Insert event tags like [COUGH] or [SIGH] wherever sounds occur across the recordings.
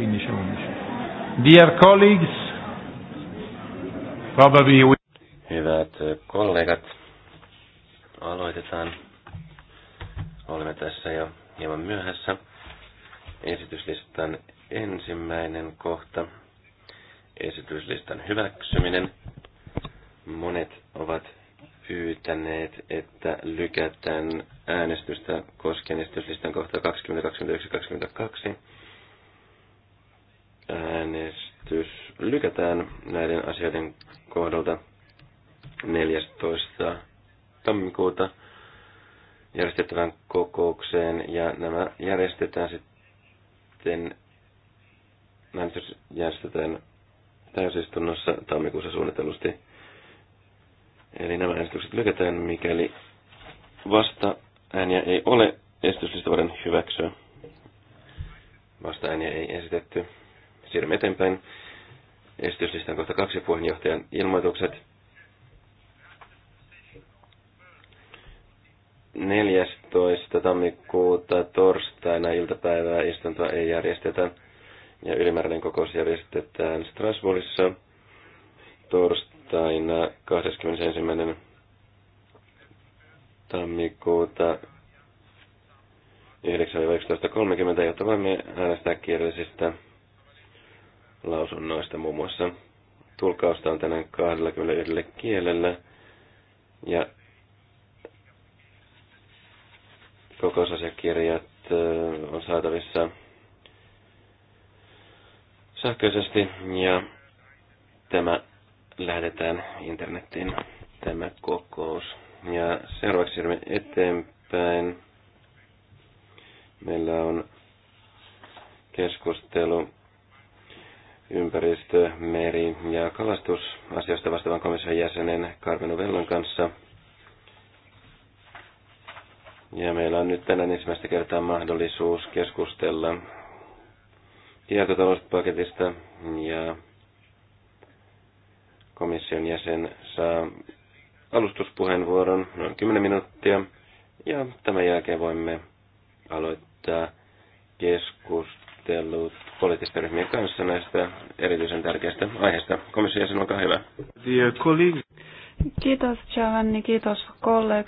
15 11. Dear colleagues, probably we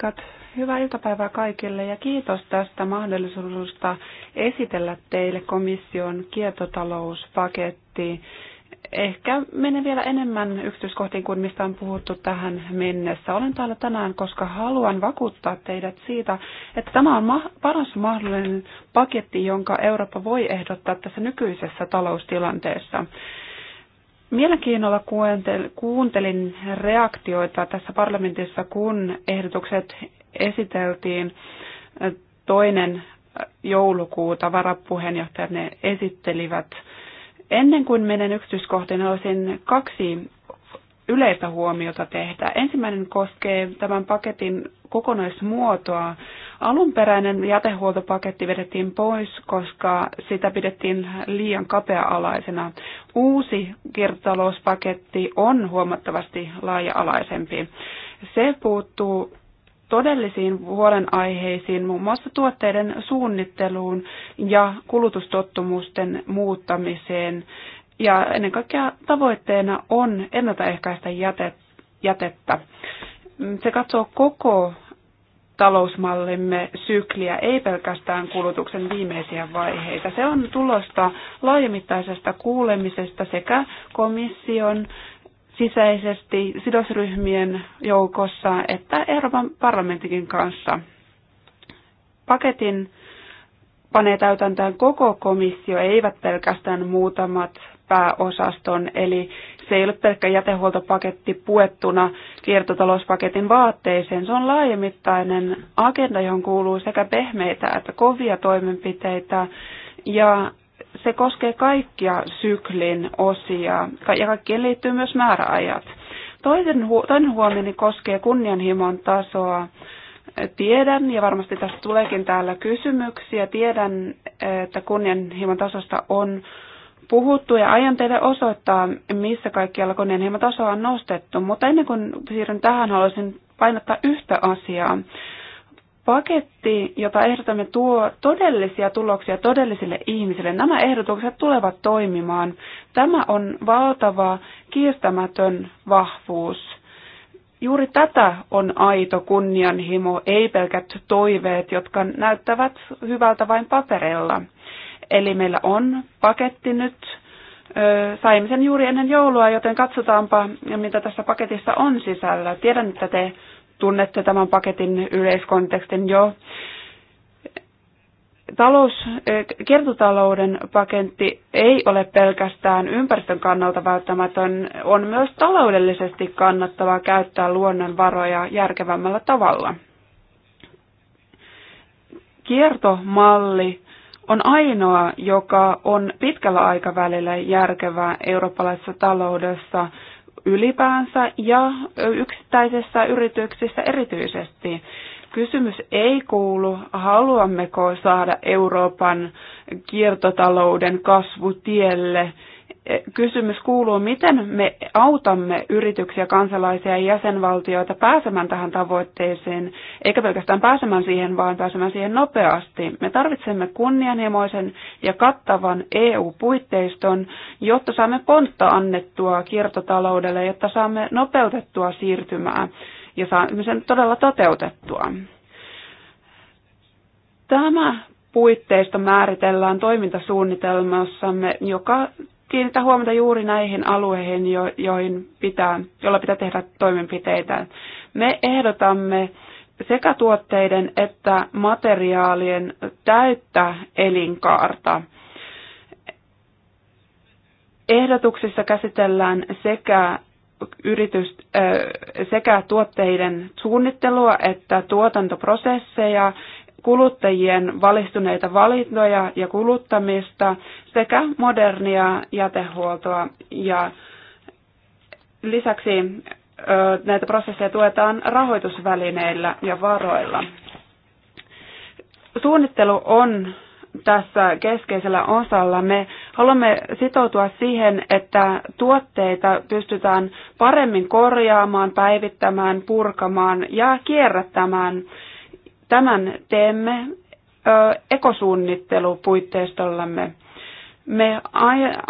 kollegat, hyvää iltapäivää kaikille ja kiitos tästä mahdollisuudesta esitellä teille komission kiertotalouspaketti. Ehkä menen vielä enemmän yksityiskohtiin kuin mistä on puhuttu tähän mennessä. Olen täällä tänään, koska haluan vakuuttaa teidät siitä, että tämä on ma- paras mahdollinen paketti, jonka Eurooppa voi ehdottaa tässä nykyisessä taloustilanteessa. Mielenkiinnolla kuuntelin reaktioita tässä parlamentissa, kun ehdotukset esiteltiin toinen joulukuuta varapuheenjohtajat ne esittelivät. Ennen kuin menen yksityiskohtiin, haluaisin kaksi yleistä huomiota tehdä. Ensimmäinen koskee tämän paketin kokonaismuotoa Alunperäinen jätehuoltopaketti vedettiin pois, koska sitä pidettiin liian kapea-alaisena. Uusi kiertotalouspaketti on huomattavasti laaja-alaisempi. Se puuttuu todellisiin huolenaiheisiin, muun muassa tuotteiden suunnitteluun ja kulutustottumusten muuttamiseen. Ja ennen kaikkea tavoitteena on ennaltaehkäistä jätettä. Se katsoo koko talousmallimme sykliä, ei pelkästään kulutuksen viimeisiä vaiheita. Se on tulosta laajamittaisesta kuulemisesta sekä komission sisäisesti sidosryhmien joukossa että Euroopan parlamentikin kanssa. Paketin panee täytäntöön koko komissio, eivät pelkästään muutamat pääosaston eli se ei ole pelkkä jätehuoltopaketti puettuna kiertotalouspaketin vaatteeseen. Se on laajemittainen agenda, johon kuuluu sekä pehmeitä että kovia toimenpiteitä. Ja se koskee kaikkia syklin osia ja kaikkien liittyy myös määräajat. Toinen, hu- toinen huomioni koskee kunnianhimon tasoa. Tiedän, ja varmasti tässä tuleekin täällä kysymyksiä, tiedän, että kunnianhimon tasosta on puhuttu ja aion teille osoittaa, missä kaikkialla kunnianhimotasoa on nostettu. Mutta ennen kuin siirryn tähän, haluaisin painottaa yhtä asiaa. Paketti, jota ehdotamme, tuo todellisia tuloksia todellisille ihmisille. Nämä ehdotukset tulevat toimimaan. Tämä on valtava, kiistämätön vahvuus. Juuri tätä on aito kunnianhimo, ei pelkät toiveet, jotka näyttävät hyvältä vain paperilla. Eli meillä on paketti nyt. Saimme sen juuri ennen joulua, joten katsotaanpa, mitä tässä paketissa on sisällä. Tiedän, että te tunnette tämän paketin yleiskontekstin jo. Talous, kiertotalouden paketti ei ole pelkästään ympäristön kannalta välttämätön, on myös taloudellisesti kannattavaa käyttää luonnonvaroja järkevämmällä tavalla. Kiertomalli on ainoa, joka on pitkällä aikavälillä järkevää eurooppalaisessa taloudessa ylipäänsä ja yksittäisissä yrityksissä erityisesti. Kysymys ei kuulu, haluammeko saada Euroopan kiertotalouden kasvutielle – kysymys kuuluu, miten me autamme yrityksiä, kansalaisia ja jäsenvaltioita pääsemään tähän tavoitteeseen, eikä pelkästään pääsemään siihen, vaan pääsemään siihen nopeasti. Me tarvitsemme kunnianhimoisen ja kattavan EU-puitteiston, jotta saamme pontta annettua kiertotaloudelle, jotta saamme nopeutettua siirtymää ja saamme sen todella toteutettua. Tämä puitteista määritellään toimintasuunnitelmassamme, joka kiinnitä huomiota juuri näihin alueihin, jo, joihin pitää, jolla pitää tehdä toimenpiteitä. Me ehdotamme sekä tuotteiden että materiaalien täyttä elinkaarta. Ehdotuksissa käsitellään sekä yritys, sekä tuotteiden suunnittelua että tuotantoprosesseja kuluttajien valistuneita valintoja ja kuluttamista sekä modernia jätehuoltoa. Ja lisäksi näitä prosesseja tuetaan rahoitusvälineillä ja varoilla. Suunnittelu on tässä keskeisellä osalla. Me haluamme sitoutua siihen, että tuotteita pystytään paremmin korjaamaan, päivittämään, purkamaan ja kierrättämään Tämän teemme ekosuunnittelupuitteistollamme. Me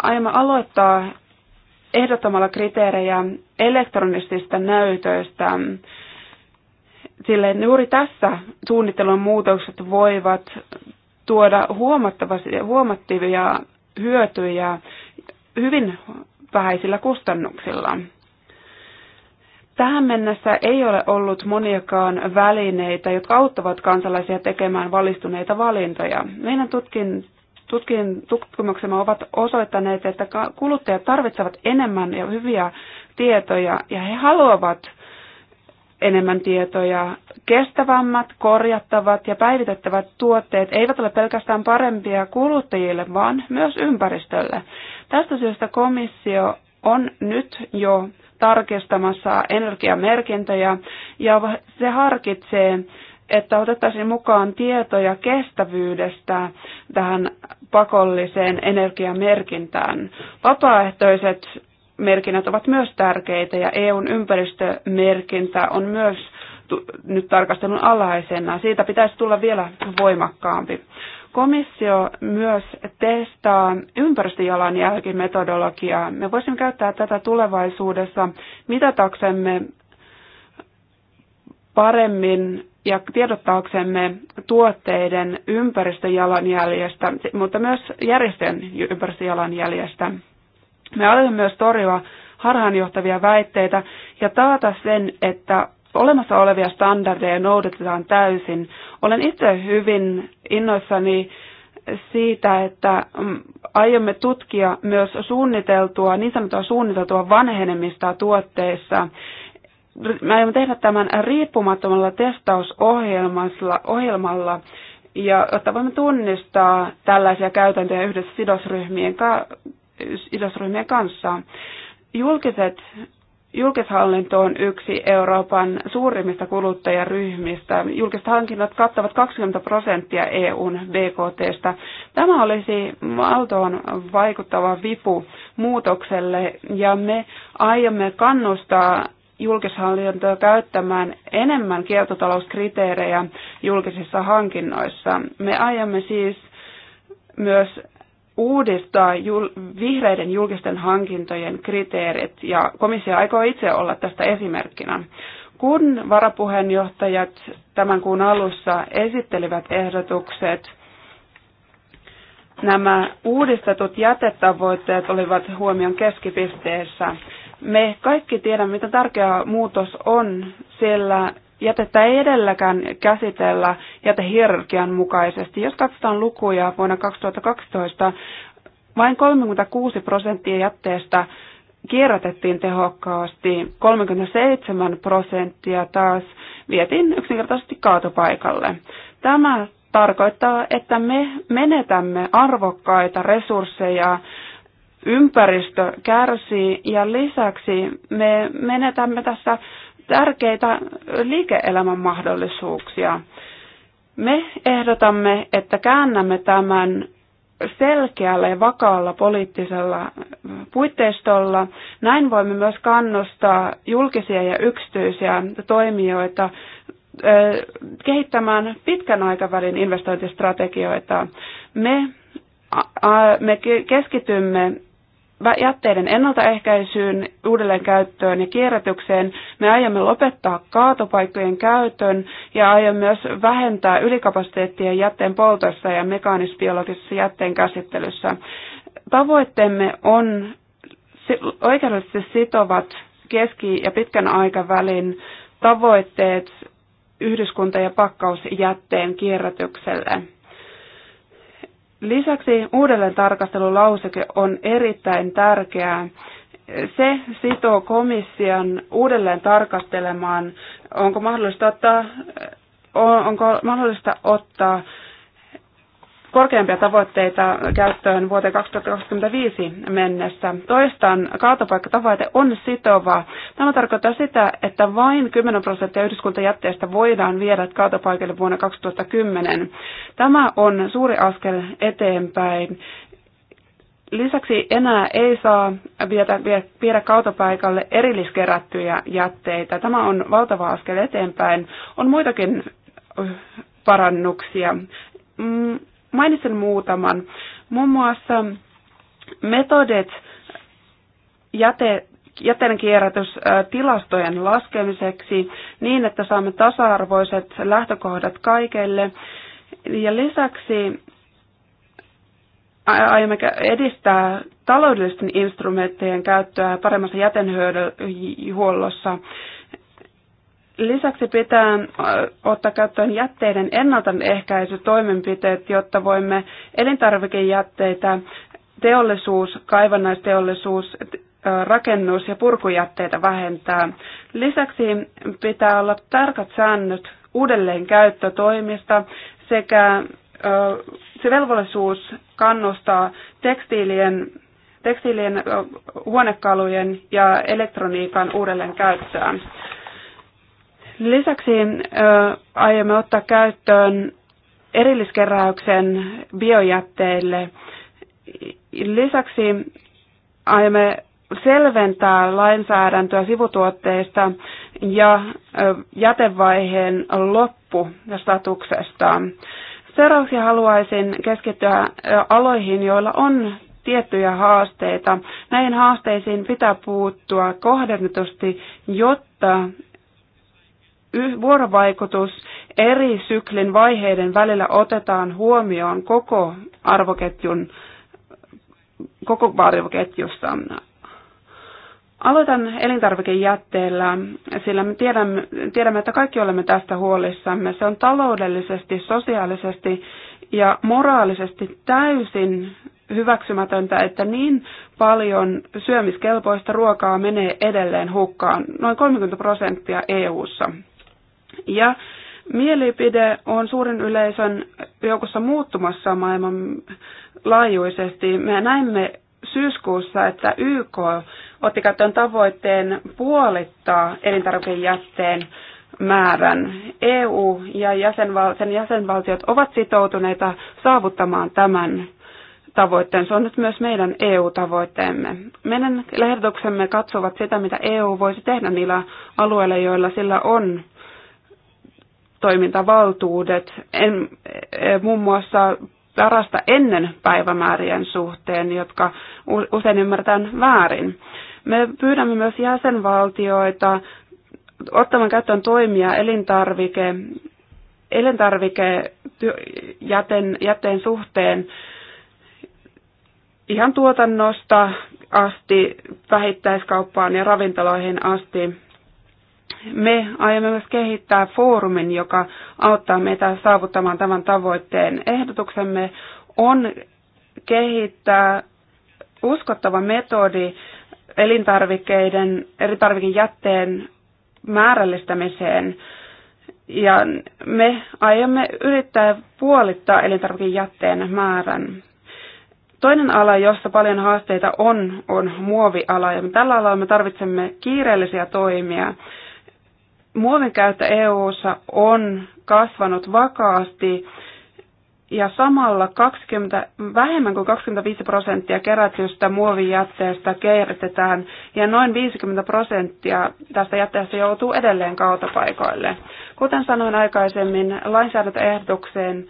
aiomme aloittaa ehdottamalla kriteerejä elektronisista näytöistä, sillä juuri tässä suunnittelun muutokset voivat tuoda huomattavia hyötyjä hyvin vähäisillä kustannuksilla. Tähän mennessä ei ole ollut moniakaan välineitä, jotka auttavat kansalaisia tekemään valistuneita valintoja. Meidän tutkin, tutkin, tutkimuksemme ovat osoittaneet, että kuluttajat tarvitsevat enemmän ja hyviä tietoja ja he haluavat enemmän tietoja. Kestävämmät, korjattavat ja päivitettävät tuotteet eivät ole pelkästään parempia kuluttajille, vaan myös ympäristölle. Tästä syystä komissio on nyt jo tarkistamassa energiamerkintöjä ja se harkitsee, että otettaisiin mukaan tietoja kestävyydestä tähän pakolliseen energiamerkintään. Vapaaehtoiset merkinnät ovat myös tärkeitä ja EUn ympäristömerkintä on myös nyt tarkastelun alaisena. Siitä pitäisi tulla vielä voimakkaampi. Komissio myös testaa ympäristöjalanjälkimetodologiaa. Me voisimme käyttää tätä tulevaisuudessa mitataksemme paremmin ja tiedottaaksemme tuotteiden ympäristöjalanjäljestä, mutta myös järjestöjen ympäristöjalanjäljestä. Me aloimme myös torjua harhaanjohtavia väitteitä ja taata sen, että olemassa olevia standardeja noudatetaan täysin. Olen itse hyvin innoissani siitä, että mm, aiomme tutkia myös suunniteltua, niin sanottua suunniteltua vanhenemista tuotteissa. Mä aion tehdä tämän riippumattomalla testausohjelmalla, ohjelmalla, ja jotta voimme tunnistaa tällaisia käytäntöjä yhdessä sidosryhmien, ka, sidosryhmien kanssa. Julkiset Julkishallinto on yksi Euroopan suurimmista kuluttajaryhmistä. Julkiset hankinnat kattavat 20 prosenttia EUn BKTstä. Tämä olisi Maltoon vaikuttava vipu muutokselle ja me aiomme kannustaa julkishallintoa käyttämään enemmän kiertotalouskriteerejä julkisissa hankinnoissa. Me aiomme siis myös uudistaa jul- vihreiden julkisten hankintojen kriteerit ja komissio aikoo itse olla tästä esimerkkinä. Kun varapuheenjohtajat tämän kuun alussa esittelivät ehdotukset, nämä uudistetut jätetavoitteet olivat huomion keskipisteessä. Me kaikki tiedämme, mitä tärkeä muutos on, sillä jätettä ei edelläkään käsitellä jätehierarkian mukaisesti. Jos katsotaan lukuja vuonna 2012, vain 36 prosenttia jätteestä kierrätettiin tehokkaasti, 37 prosenttia taas vietiin yksinkertaisesti kaatopaikalle. Tämä tarkoittaa, että me menetämme arvokkaita resursseja, ympäristö kärsii ja lisäksi me menetämme tässä tärkeitä liike-elämän mahdollisuuksia. Me ehdotamme, että käännämme tämän selkeällä ja vakaalla poliittisella puitteistolla. Näin voimme myös kannustaa julkisia ja yksityisiä toimijoita kehittämään pitkän aikavälin investointistrategioita. Me, me keskitymme jätteiden ennaltaehkäisyyn, uudelleenkäyttöön ja kierrätykseen. Me aiomme lopettaa kaatopaikkojen käytön ja aiomme myös vähentää ylikapasiteettia jätteen poltossa ja mekaanisbiologisessa jätteen käsittelyssä. Tavoitteemme on oikeudellisesti sitovat keski- ja pitkän aikavälin tavoitteet yhdyskunta- ja pakkausjätteen kierrätykselle. Lisäksi uudelleen tarkastelulauseke on erittäin tärkeää. Se sitoo komission uudelleen tarkastelemaan, onko mahdollista ottaa, onko mahdollista ottaa korkeampia tavoitteita käyttöön vuoteen 2025 mennessä. Toistaan kaatopaikkatavoite on sitova. Tämä tarkoittaa sitä, että vain 10 prosenttia yhdyskuntajätteestä voidaan viedä kaatopaikalle vuonna 2010. Tämä on suuri askel eteenpäin. Lisäksi enää ei saa viedä, viedä kaatopaikalle erilliskerättyjä jätteitä. Tämä on valtava askel eteenpäin. On muitakin parannuksia. Mm, mainitsen muutaman. Muun muassa metodit jäte, kierrätys tilastojen laskemiseksi niin, että saamme tasa-arvoiset lähtökohdat kaikille. Ja lisäksi aiomme edistää taloudellisten instrumenttien käyttöä paremmassa jätehuollossa Lisäksi pitää ottaa käyttöön jätteiden ennaltaehkäisytoimenpiteet, jotta voimme elintarvikejätteitä, teollisuus, kaivannaisteollisuus, rakennus- ja purkujätteitä vähentää. Lisäksi pitää olla tarkat säännöt uudelleenkäyttötoimista sekä se velvollisuus kannustaa tekstiilien, tekstiilien huonekalujen ja elektroniikan uudelleenkäyttöön. käyttöön. Lisäksi aiomme ottaa käyttöön erilliskeräyksen biojätteille. Lisäksi aiomme selventää lainsäädäntöä sivutuotteista ja jätevaiheen loppustatuksesta. Seuraavaksi haluaisin keskittyä aloihin, joilla on tiettyjä haasteita. Näihin haasteisiin pitää puuttua kohdennetusti, jotta vuorovaikutus eri syklin vaiheiden välillä otetaan huomioon koko arvoketjun, koko arvoketjusta. Aloitan elintarvikejätteellä, sillä me tiedämme, tiedämme, että kaikki olemme tästä huolissamme. Se on taloudellisesti, sosiaalisesti ja moraalisesti täysin hyväksymätöntä, että niin paljon syömiskelpoista ruokaa menee edelleen hukkaan, noin 30 prosenttia EU-ssa. Ja mielipide on suurin yleisön joukossa muuttumassa maailman laajuisesti. Me näimme syyskuussa, että YK otti käyttöön tavoitteen puolittaa elintarvikejätteen määrän. EU ja jäsenval- sen jäsenvaltiot ovat sitoutuneita saavuttamaan tämän tavoitteen. Se on nyt myös meidän EU-tavoitteemme. Meidän ehdotuksemme katsovat sitä, mitä EU voisi tehdä niillä alueilla, joilla sillä on toimintavaltuudet en, e, muun muassa parasta ennen päivämäärien suhteen, jotka usein ymmärretään väärin. Me pyydämme myös jäsenvaltioita ottamaan käyttöön toimia elintarvike, jäten, jätteen suhteen ihan tuotannosta asti, vähittäiskauppaan ja ravintoloihin asti. Me aiomme myös kehittää foorumin, joka auttaa meitä saavuttamaan tämän tavoitteen. Ehdotuksemme on kehittää uskottava metodi elintarvikkeiden, elintarvikejätteen määrällistämiseen. Ja me aiomme yrittää puolittaa elintarvikejätteen määrän. Toinen ala, jossa paljon haasteita on, on muoviala. Ja tällä alalla me tarvitsemme kiireellisiä toimia muovin käyttö EU:ssa on kasvanut vakaasti ja samalla 20, vähemmän kuin 25 prosenttia kerätystä muovijätteestä kierrätetään ja noin 50 prosenttia tästä jätteestä joutuu edelleen kautapaikoille. Kuten sanoin aikaisemmin, lainsäädäntöehdotukseen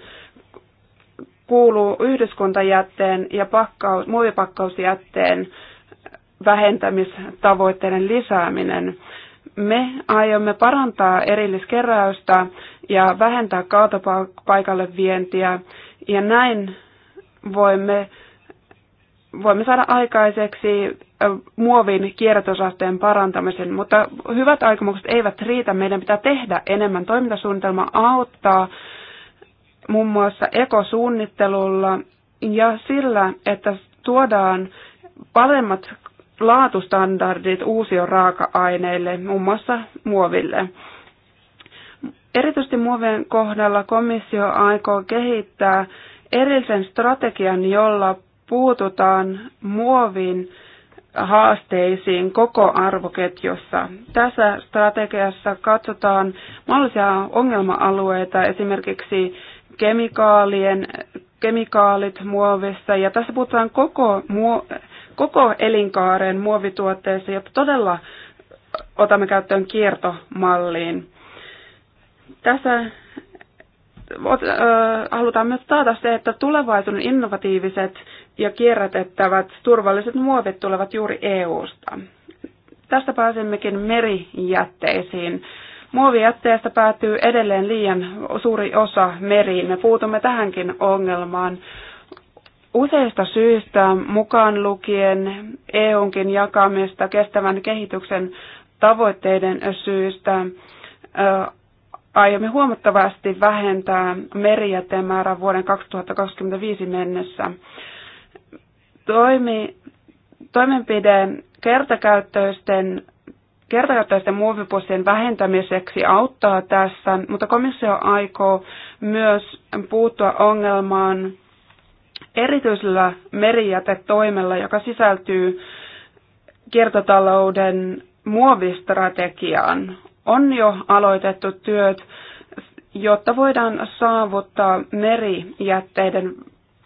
kuuluu yhdyskuntajätteen ja pakkaus, muovipakkausjätteen vähentämistavoitteiden lisääminen. Me aiomme parantaa erilliskeräystä ja vähentää kaatopaikalle vientiä ja näin voimme, voimme saada aikaiseksi muovin kierrätysasteen parantamisen, mutta hyvät aikomukset eivät riitä. Meidän pitää tehdä enemmän. Toimintasuunnitelma auttaa muun muassa ekosuunnittelulla ja sillä, että tuodaan paremmat laatustandardit uusioraaka aineille muun muassa muoville. Erityisesti muovien kohdalla komissio aikoo kehittää erillisen strategian, jolla puututaan muovin haasteisiin koko arvoketjussa. Tässä strategiassa katsotaan mahdollisia ongelma-alueita, esimerkiksi kemikaalien, kemikaalit muovissa, ja tässä puhutaan koko muo- koko elinkaaren muovituotteessa, jotta todella otamme käyttöön kiertomalliin. Tässä halutaan myös taata se, että tulevaisuuden innovatiiviset ja kierrätettävät turvalliset muovit tulevat juuri EU-sta. Tästä pääsemmekin merijätteisiin. Muovijätteestä päätyy edelleen liian suuri osa meriin. Me puutumme tähänkin ongelmaan useista syistä, mukaan lukien EUnkin jakamista kestävän kehityksen tavoitteiden syistä, aiomme huomattavasti vähentää merijäteen vuoden 2025 mennessä. Toimi, toimenpide kertakäyttöisten kertakäyttöisten muovipussien vähentämiseksi auttaa tässä, mutta komissio aikoo myös puuttua ongelmaan erityisellä merijätetoimella, joka sisältyy kiertotalouden muovistrategiaan, on jo aloitettu työt, jotta voidaan saavuttaa merijätteiden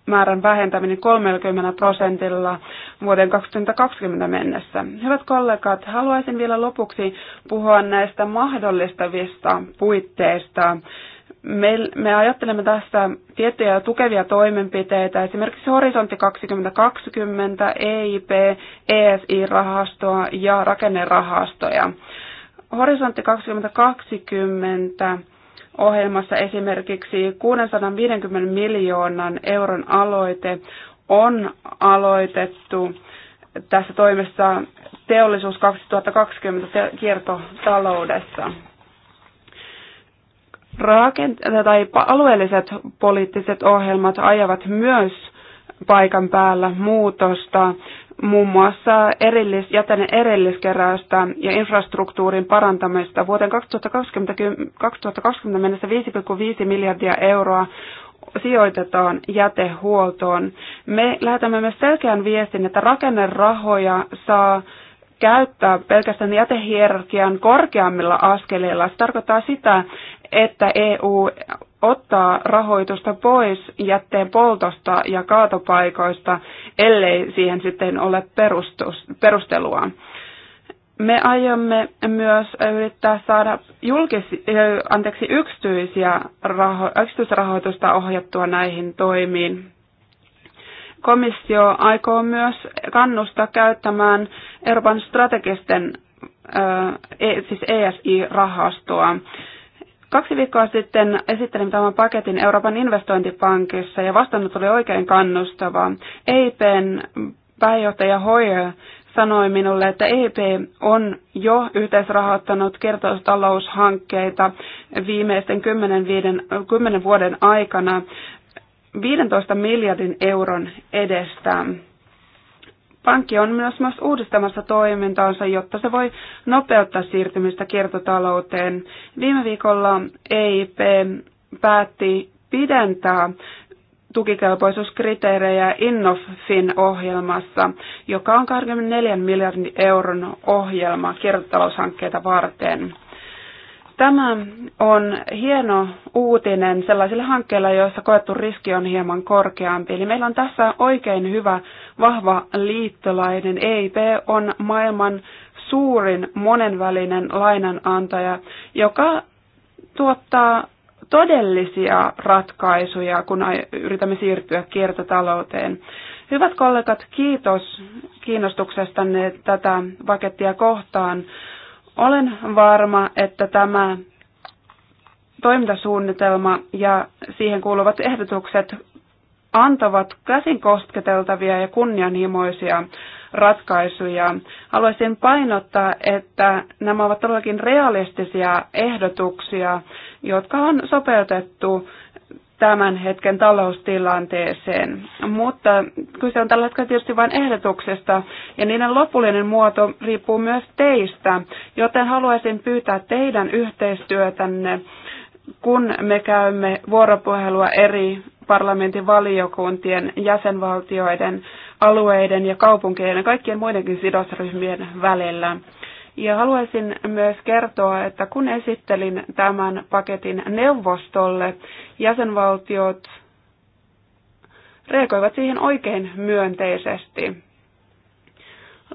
määrän vähentäminen 30 prosentilla vuoden 2020 mennessä. Hyvät kollegat, haluaisin vielä lopuksi puhua näistä mahdollistavista puitteista me, me ajattelemme tässä tiettyjä tukevia toimenpiteitä, esimerkiksi Horisontti 2020, EIP, ESI-rahastoa ja rakennerahastoja. Horisontti 2020 ohjelmassa esimerkiksi 650 miljoonan euron aloite on aloitettu tässä toimessa teollisuus 2020 kiertotaloudessa rakent- tai alueelliset poliittiset ohjelmat ajavat myös paikan päällä muutosta, muun muassa erillis, jäteiden erilliskeräystä ja infrastruktuurin parantamista. Vuoteen 2020, 2020 mennessä 5,5 miljardia euroa sijoitetaan jätehuoltoon. Me lähetämme myös selkeän viestin, että rakennerahoja saa käyttää pelkästään jätehierarkian korkeammilla askeleilla. Se tarkoittaa sitä, että EU ottaa rahoitusta pois jätteen poltosta ja kaatopaikoista, ellei siihen sitten ole perustus, perustelua. Me aiomme myös yrittää saada julkis, anteeksi, yksityisiä raho, yksityisrahoitusta ohjattua näihin toimiin. Komissio aikoo myös kannustaa käyttämään Euroopan strategisten, e-, siis ESI-rahastoa Kaksi viikkoa sitten esittelin tämän paketin Euroopan investointipankissa ja vastannut oli oikein kannustava. EIPn pääjohtaja Hoyer sanoi minulle, että EIP on jo yhteisrahoittanut kertostaloushankkeita viimeisten 10, 5, 10 vuoden aikana 15 miljardin euron edestä. Pankki on myös, myös uudistamassa toimintaansa, jotta se voi nopeuttaa siirtymistä kiertotalouteen. Viime viikolla EIP päätti pidentää tukikelpoisuuskriteerejä Innofin ohjelmassa, joka on 24 miljardin euron ohjelma kiertotaloushankkeita varten. Tämä on hieno uutinen sellaisille hankkeille, joissa koettu riski on hieman korkeampi. Eli meillä on tässä oikein hyvä, vahva liittolainen. EIP on maailman suurin monenvälinen lainanantaja, joka tuottaa todellisia ratkaisuja, kun yritämme siirtyä kiertotalouteen. Hyvät kollegat, kiitos kiinnostuksestanne tätä pakettia kohtaan. Olen varma, että tämä toimintasuunnitelma ja siihen kuuluvat ehdotukset antavat käsin kosketeltavia ja kunnianhimoisia ratkaisuja. Haluaisin painottaa, että nämä ovat todellakin realistisia ehdotuksia, jotka on sopeutettu tämän hetken taloustilanteeseen. Mutta kyse on tällä hetkellä tietysti vain ehdotuksesta, ja niiden lopullinen muoto riippuu myös teistä, joten haluaisin pyytää teidän yhteistyötänne, kun me käymme vuoropuhelua eri parlamentin valiokuntien, jäsenvaltioiden, alueiden ja kaupunkien ja kaikkien muidenkin sidosryhmien välillä. Ja haluaisin myös kertoa, että kun esittelin tämän paketin neuvostolle, jäsenvaltiot reagoivat siihen oikein myönteisesti.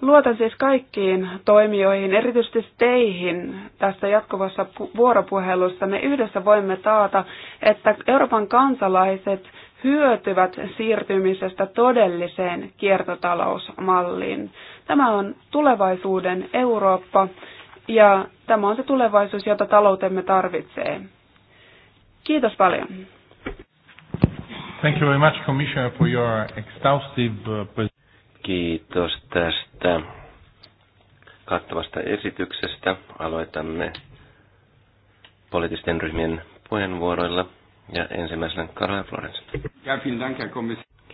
Luotan siis kaikkiin toimijoihin, erityisesti teihin tässä jatkuvassa vuoropuhelussa. Me yhdessä voimme taata, että Euroopan kansalaiset hyötyvät siirtymisestä todelliseen kiertotalousmalliin. Tämä on tulevaisuuden Eurooppa ja tämä on se tulevaisuus, jota taloutemme tarvitsee. Kiitos paljon. Thank you very much, Commissioner, for your exhaustive uh, Kiitos tästä kattavasta esityksestä. Aloitamme poliittisten ryhmien puheenvuoroilla ja ensimmäisenä Karla Florence.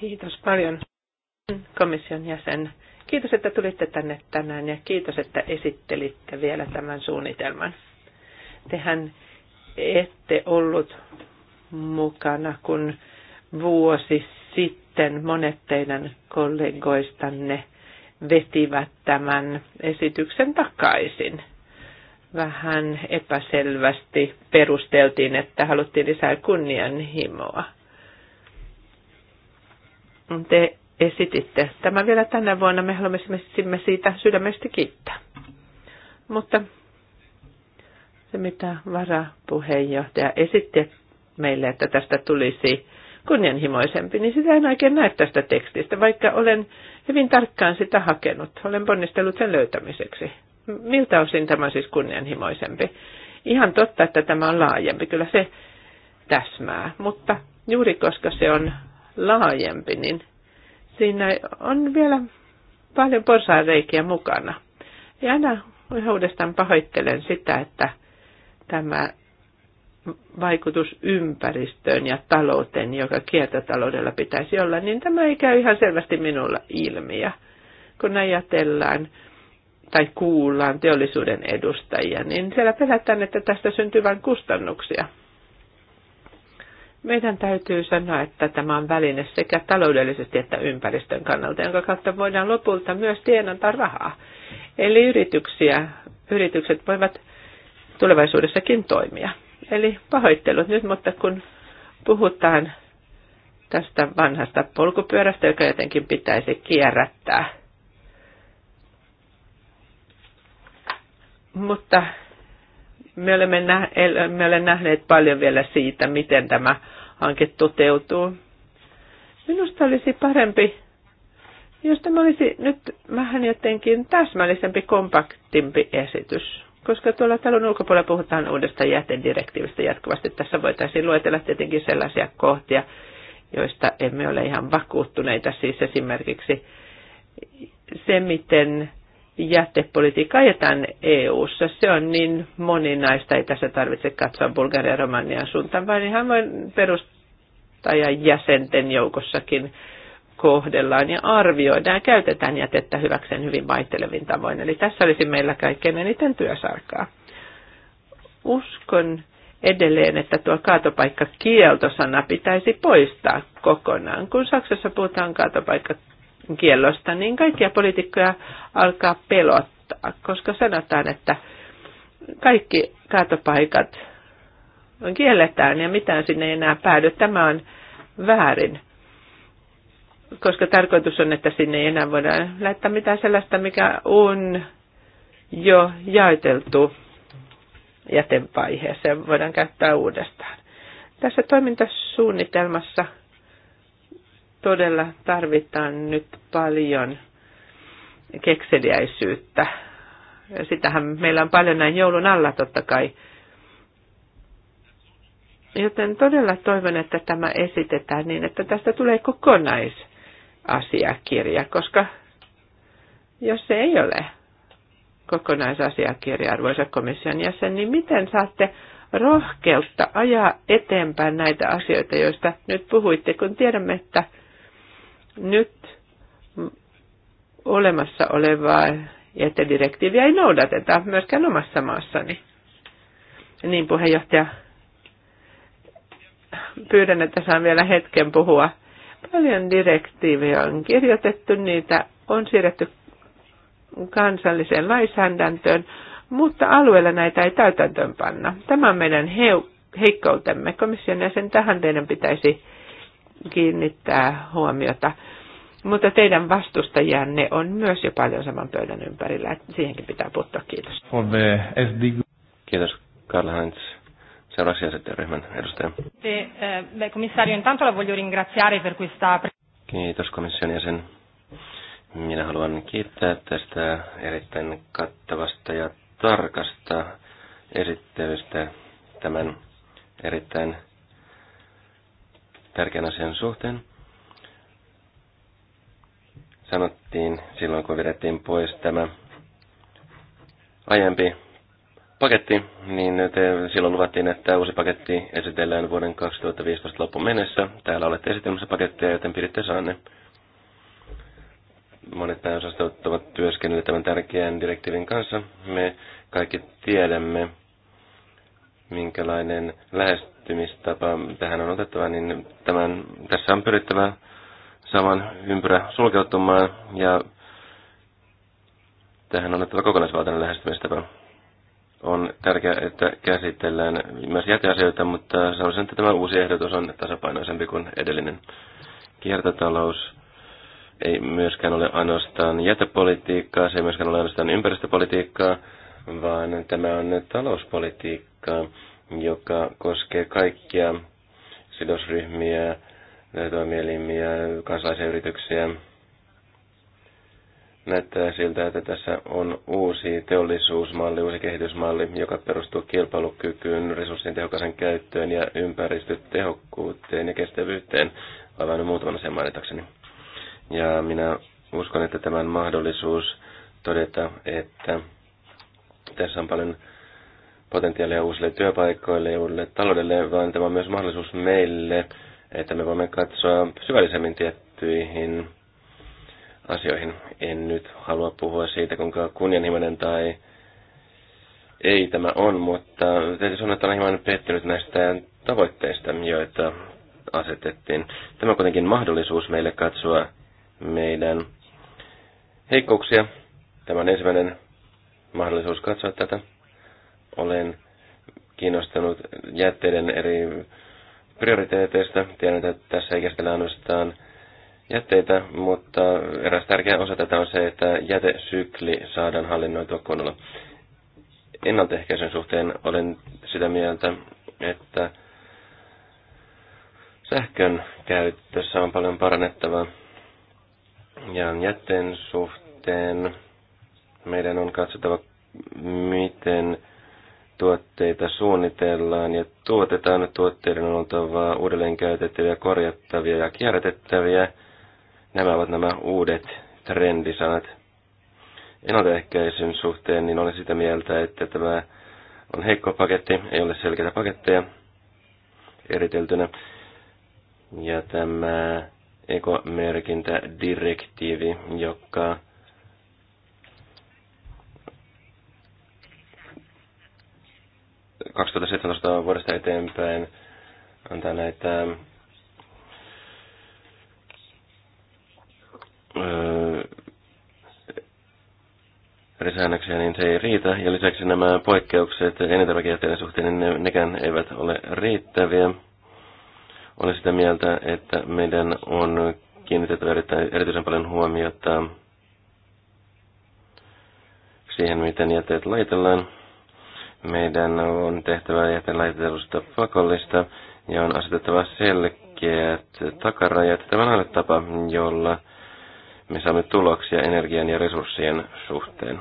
Kiitos paljon komission jäsen Kiitos, että tulitte tänne tänään ja kiitos, että esittelitte vielä tämän suunnitelman. Tehän ette ollut mukana, kun vuosi sitten monet teidän kollegoistanne vetivät tämän esityksen takaisin. Vähän epäselvästi perusteltiin, että haluttiin lisää kunnianhimoa. Te esititte. Tämä vielä tänä vuonna me haluamme siitä sydämestä kiittää. Mutta se, mitä varapuheenjohtaja esitti meille, että tästä tulisi kunnianhimoisempi, niin sitä en oikein näe tästä tekstistä, vaikka olen hyvin tarkkaan sitä hakenut. Olen ponnistellut sen löytämiseksi. Miltä osin tämä on siis kunnianhimoisempi? Ihan totta, että tämä on laajempi, kyllä se täsmää, mutta juuri koska se on laajempi, niin siinä on vielä paljon porsaareikiä mukana. Ja aina uudestaan pahoittelen sitä, että tämä vaikutus ympäristöön ja talouteen, joka kiertotaloudella pitäisi olla, niin tämä ei käy ihan selvästi minulla ilmi. Ja kun ajatellaan tai kuullaan teollisuuden edustajia, niin siellä pelätään, että tästä syntyy vain kustannuksia. Meidän täytyy sanoa, että tämä on väline sekä taloudellisesti että ympäristön kannalta, jonka kautta voidaan lopulta myös tienata rahaa. Eli yrityksiä, yritykset voivat tulevaisuudessakin toimia. Eli pahoittelut nyt, mutta kun puhutaan tästä vanhasta polkupyörästä, joka jotenkin pitäisi kierrättää. Mutta me olemme, nä- me olemme nähneet paljon vielä siitä, miten tämä hanke toteutuu. Minusta olisi parempi, jos tämä olisi nyt vähän jotenkin täsmällisempi, kompaktimpi esitys koska tuolla talon ulkopuolella puhutaan uudesta jätedirektiivistä jatkuvasti. Tässä voitaisiin luetella tietenkin sellaisia kohtia, joista emme ole ihan vakuuttuneita, siis esimerkiksi se, miten jätepolitiikka ajetaan EU-ssa. Se on niin moninaista, ei tässä tarvitse katsoa Bulgarian ja Romanian suuntaan, vaan ihan voi perustajan jäsenten joukossakin kohdellaan ja arvioidaan ja käytetään jätettä hyväkseen hyvin vaihtelevin tavoin. Eli tässä olisi meillä kaikkein eniten työsarkaa. Uskon edelleen, että tuo kaatopaikkakieltosana pitäisi poistaa kokonaan. Kun Saksassa puhutaan kaatopaikka kiellosta, niin kaikkia poliitikkoja alkaa pelottaa, koska sanotaan, että kaikki kaatopaikat kielletään ja mitään sinne ei enää päädy. Tämä on väärin, koska tarkoitus on, että sinne ei enää voida laittaa mitään sellaista, mikä on jo jaeteltu jätevaiheeseen, voidaan käyttää uudestaan. Tässä toimintasuunnitelmassa – todella tarvitaan nyt paljon kekseliäisyyttä. Sitähän meillä on paljon näin joulun alla totta kai. Joten todella toivon, että tämä esitetään niin, että tästä tulee kokonaisasiakirja, koska jos se ei ole kokonaisasiakirja, arvoisa komission jäsen, niin miten saatte rohkeutta ajaa eteenpäin näitä asioita, joista nyt puhuitte, kun tiedämme, että nyt olemassa olevaa jätedirektiiviä ei noudateta myöskään omassa maassani. Niin puheenjohtaja, pyydän, että saan vielä hetken puhua. Paljon direktiivejä on kirjoitettu, niitä on siirretty kansalliseen lainsäädäntöön, mutta alueella näitä ei täytäntöön panna. Tämä on meidän heikkoutemme. Komission jäsen tähän teidän pitäisi kiinnittää huomiota. Mutta teidän vastustajanne on myös jo paljon saman pöydän ympärillä. Siihenkin pitää puuttua. Kiitos. Kiitos Karl-Heinz. Seuraavaksi jäsenryhmän edustaja. Komissario, eh, intanto la voglio ringraziare per questa... Kiitos komission jäsen. Minä haluan kiittää tästä erittäin kattavasta ja tarkasta esittelystä tämän erittäin tärkeän asian suhteen. Sanottiin silloin, kun vedettiin pois tämä aiempi paketti, niin te eh, silloin luvattiin, että uusi paketti esitellään vuoden 2015 loppuun mennessä. Täällä olette esitelmässä pakettia, joten piditte saanne. Monet pääosastot ovat työskennelleet tämän tärkeän direktiivin kanssa. Me kaikki tiedämme, minkälainen lähestymistapa lähestymistapa tähän on otettava, niin tämän, tässä on pyrittävä saman ympyrä sulkeutumaan ja tähän on otettava kokonaisvaltainen lähestymistapa. On tärkeää, että käsitellään myös jäteasioita, mutta sanoisin, että tämä uusi ehdotus on tasapainoisempi kuin edellinen. Kiertotalous ei myöskään ole ainoastaan jätepolitiikkaa, se ei myöskään ole ainoastaan ympäristöpolitiikkaa, vaan tämä on talouspolitiikkaa joka koskee kaikkia sidosryhmiä, toimielimiä, kansalaisia yrityksiä. Näyttää siltä, että tässä on uusi teollisuusmalli, uusi kehitysmalli, joka perustuu kilpailukykyyn, resurssien tehokkaaseen käyttöön ja ympäristötehokkuuteen ja kestävyyteen, aivan muutaman asian mainitakseni. Ja minä uskon, että tämän mahdollisuus todeta, että tässä on paljon potentiaalia uusille työpaikoille ja uudelle taloudelle, vaan tämä on myös mahdollisuus meille, että me voimme katsoa syvällisemmin tiettyihin asioihin. En nyt halua puhua siitä, kuinka kunnianhimoinen tai ei tämä on, mutta täytyy sanoa, että olen hieman pettynyt näistä tavoitteista, joita asetettiin. Tämä on kuitenkin mahdollisuus meille katsoa meidän heikkouksia. Tämä on ensimmäinen mahdollisuus katsoa tätä. Olen kiinnostunut jätteiden eri prioriteeteista. Tiedän, että tässä ei käsitellä ainoastaan jätteitä, mutta eräs tärkeä osa tätä on se, että jätesykli saadaan hallinnoitua kunnolla. Ennaltaehkäisyn suhteen olen sitä mieltä, että sähkön käytössä on paljon parannettavaa. Ja jätteen suhteen meidän on katsottava, miten tuotteita suunnitellaan ja tuotetaan, tuotteiden on oltava uudelleen käytettäviä, korjattavia ja kierrätettäviä. Nämä ovat nämä uudet trendisanat. Ennaltaehkäisyn suhteen niin olen sitä mieltä, että tämä on heikko paketti, ei ole selkeitä paketteja eriteltynä. Ja tämä ekomerkintädirektiivi, joka 2017 vuodesta eteenpäin antaa näitä eri säännöksiä, niin se ei riitä. Ja lisäksi nämä poikkeukset elintarvikejätteiden suhteen, niin ne, nekään eivät ole riittäviä. Olen sitä mieltä, että meidän on kiinnitettävä erityisen paljon huomiota siihen, miten jätteet laitellaan. Meidän on tehtävä jätelaitteilusta pakollista ja on asetettava selkeät takarajat. Tämä on tapa, jolla me saamme tuloksia energian ja resurssien suhteen.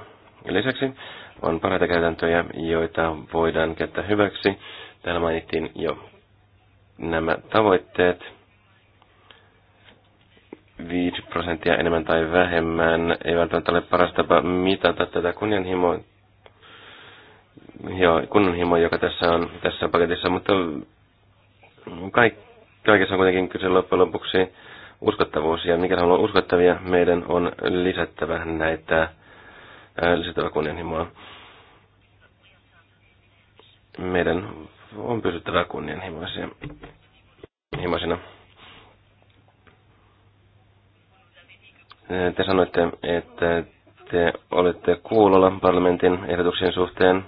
Lisäksi on parhaita käytäntöjä, joita voidaan käyttää hyväksi. Täällä mainittiin jo nämä tavoitteet. 5 prosenttia enemmän tai vähemmän ei välttämättä ole paras tapa mitata tätä kunnianhimoa ja kunnanhimo, joka tässä on tässä paketissa, mutta kaikessa on kuitenkin kyse loppujen lopuksi uskottavuus, ja mikä on uskottavia, meidän on lisättävä näitä äh, lisättävä kunnianhimoa. Meidän on pysyttävä kunnianhimoisia. Himoisina. Te sanoitte, että te olette kuulolla parlamentin ehdotuksien suhteen.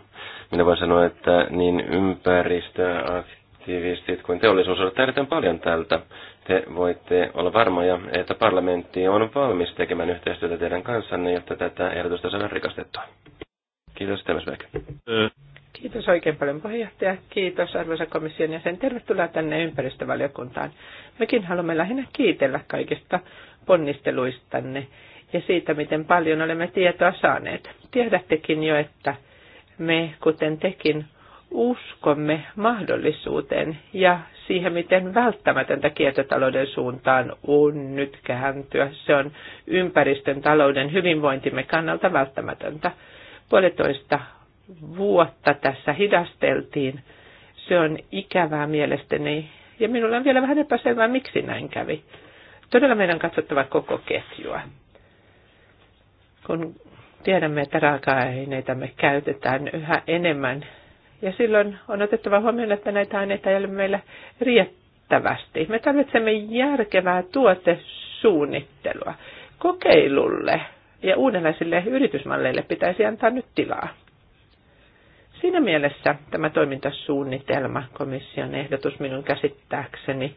Minä voin sanoa, että niin ympäristöaktivistit kuin teollisuus ovat erittäin paljon tältä. Te voitte olla varmoja, että parlamentti on valmis tekemään yhteistyötä teidän kanssanne, jotta tätä ehdotusta saadaan rikastettua. Kiitos, Temesbeck. Kiitos oikein paljon puheenjohtaja. Kiitos arvoisa komission jäsen. Tervetuloa tänne ympäristövaliokuntaan. Mekin haluamme lähinnä kiitellä kaikista ponnisteluistanne ja siitä, miten paljon olemme tietoa saaneet. Tiedättekin jo, että me, kuten tekin, uskomme mahdollisuuteen ja siihen, miten välttämätöntä kiertotalouden suuntaan on nyt kääntyä. Se on ympäristön, talouden, hyvinvointimme kannalta välttämätöntä. Puolitoista vuotta tässä hidasteltiin. Se on ikävää mielestäni ja minulla on vielä vähän epäselvää, miksi näin kävi. Todella meidän on katsottava koko ketjua. Kun Tiedämme, että raaka me käytetään yhä enemmän ja silloin on otettava huomioon, että näitä aineita ei ole meillä riittävästi. Me tarvitsemme järkevää tuotesuunnittelua. Kokeilulle ja uudenlaisille yritysmalleille pitäisi antaa nyt tilaa. Siinä mielessä tämä toimintasuunnitelma, komission ehdotus minun käsittääkseni,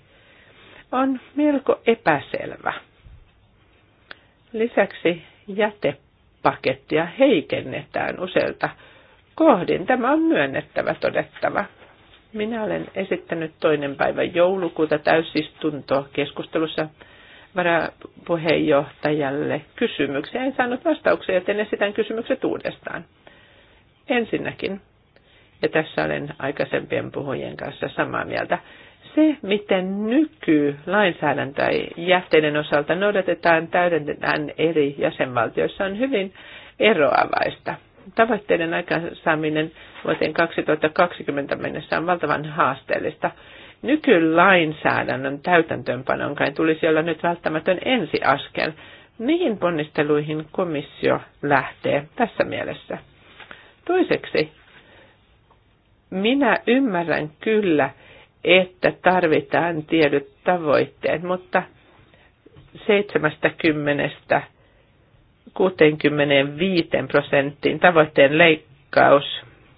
on melko epäselvä. Lisäksi jäte pakettia heikennetään useilta kohdin. Tämä on myönnettävä, todettava. Minä olen esittänyt toinen päivä joulukuuta täysistunto keskustelussa varapuheenjohtajalle kysymyksiä. En saanut vastauksia, joten esitän kysymykset uudestaan. Ensinnäkin, ja tässä olen aikaisempien puhujien kanssa samaa mieltä, se, miten nykylainsäädäntöä jätteiden osalta noudatetaan, täydennetään eri jäsenvaltioissa, on hyvin eroavaista. Tavoitteiden aikaansaaminen vuoteen 2020 mennessä on valtavan haasteellista. Nykylainsäädännön täytäntöönpanon kai tulisi olla nyt välttämätön ensiaskel. Mihin ponnisteluihin komissio lähtee tässä mielessä? Toiseksi, minä ymmärrän kyllä, että tarvitaan tiedyt tavoitteet, mutta 70 65 prosenttiin tavoitteen leikkaus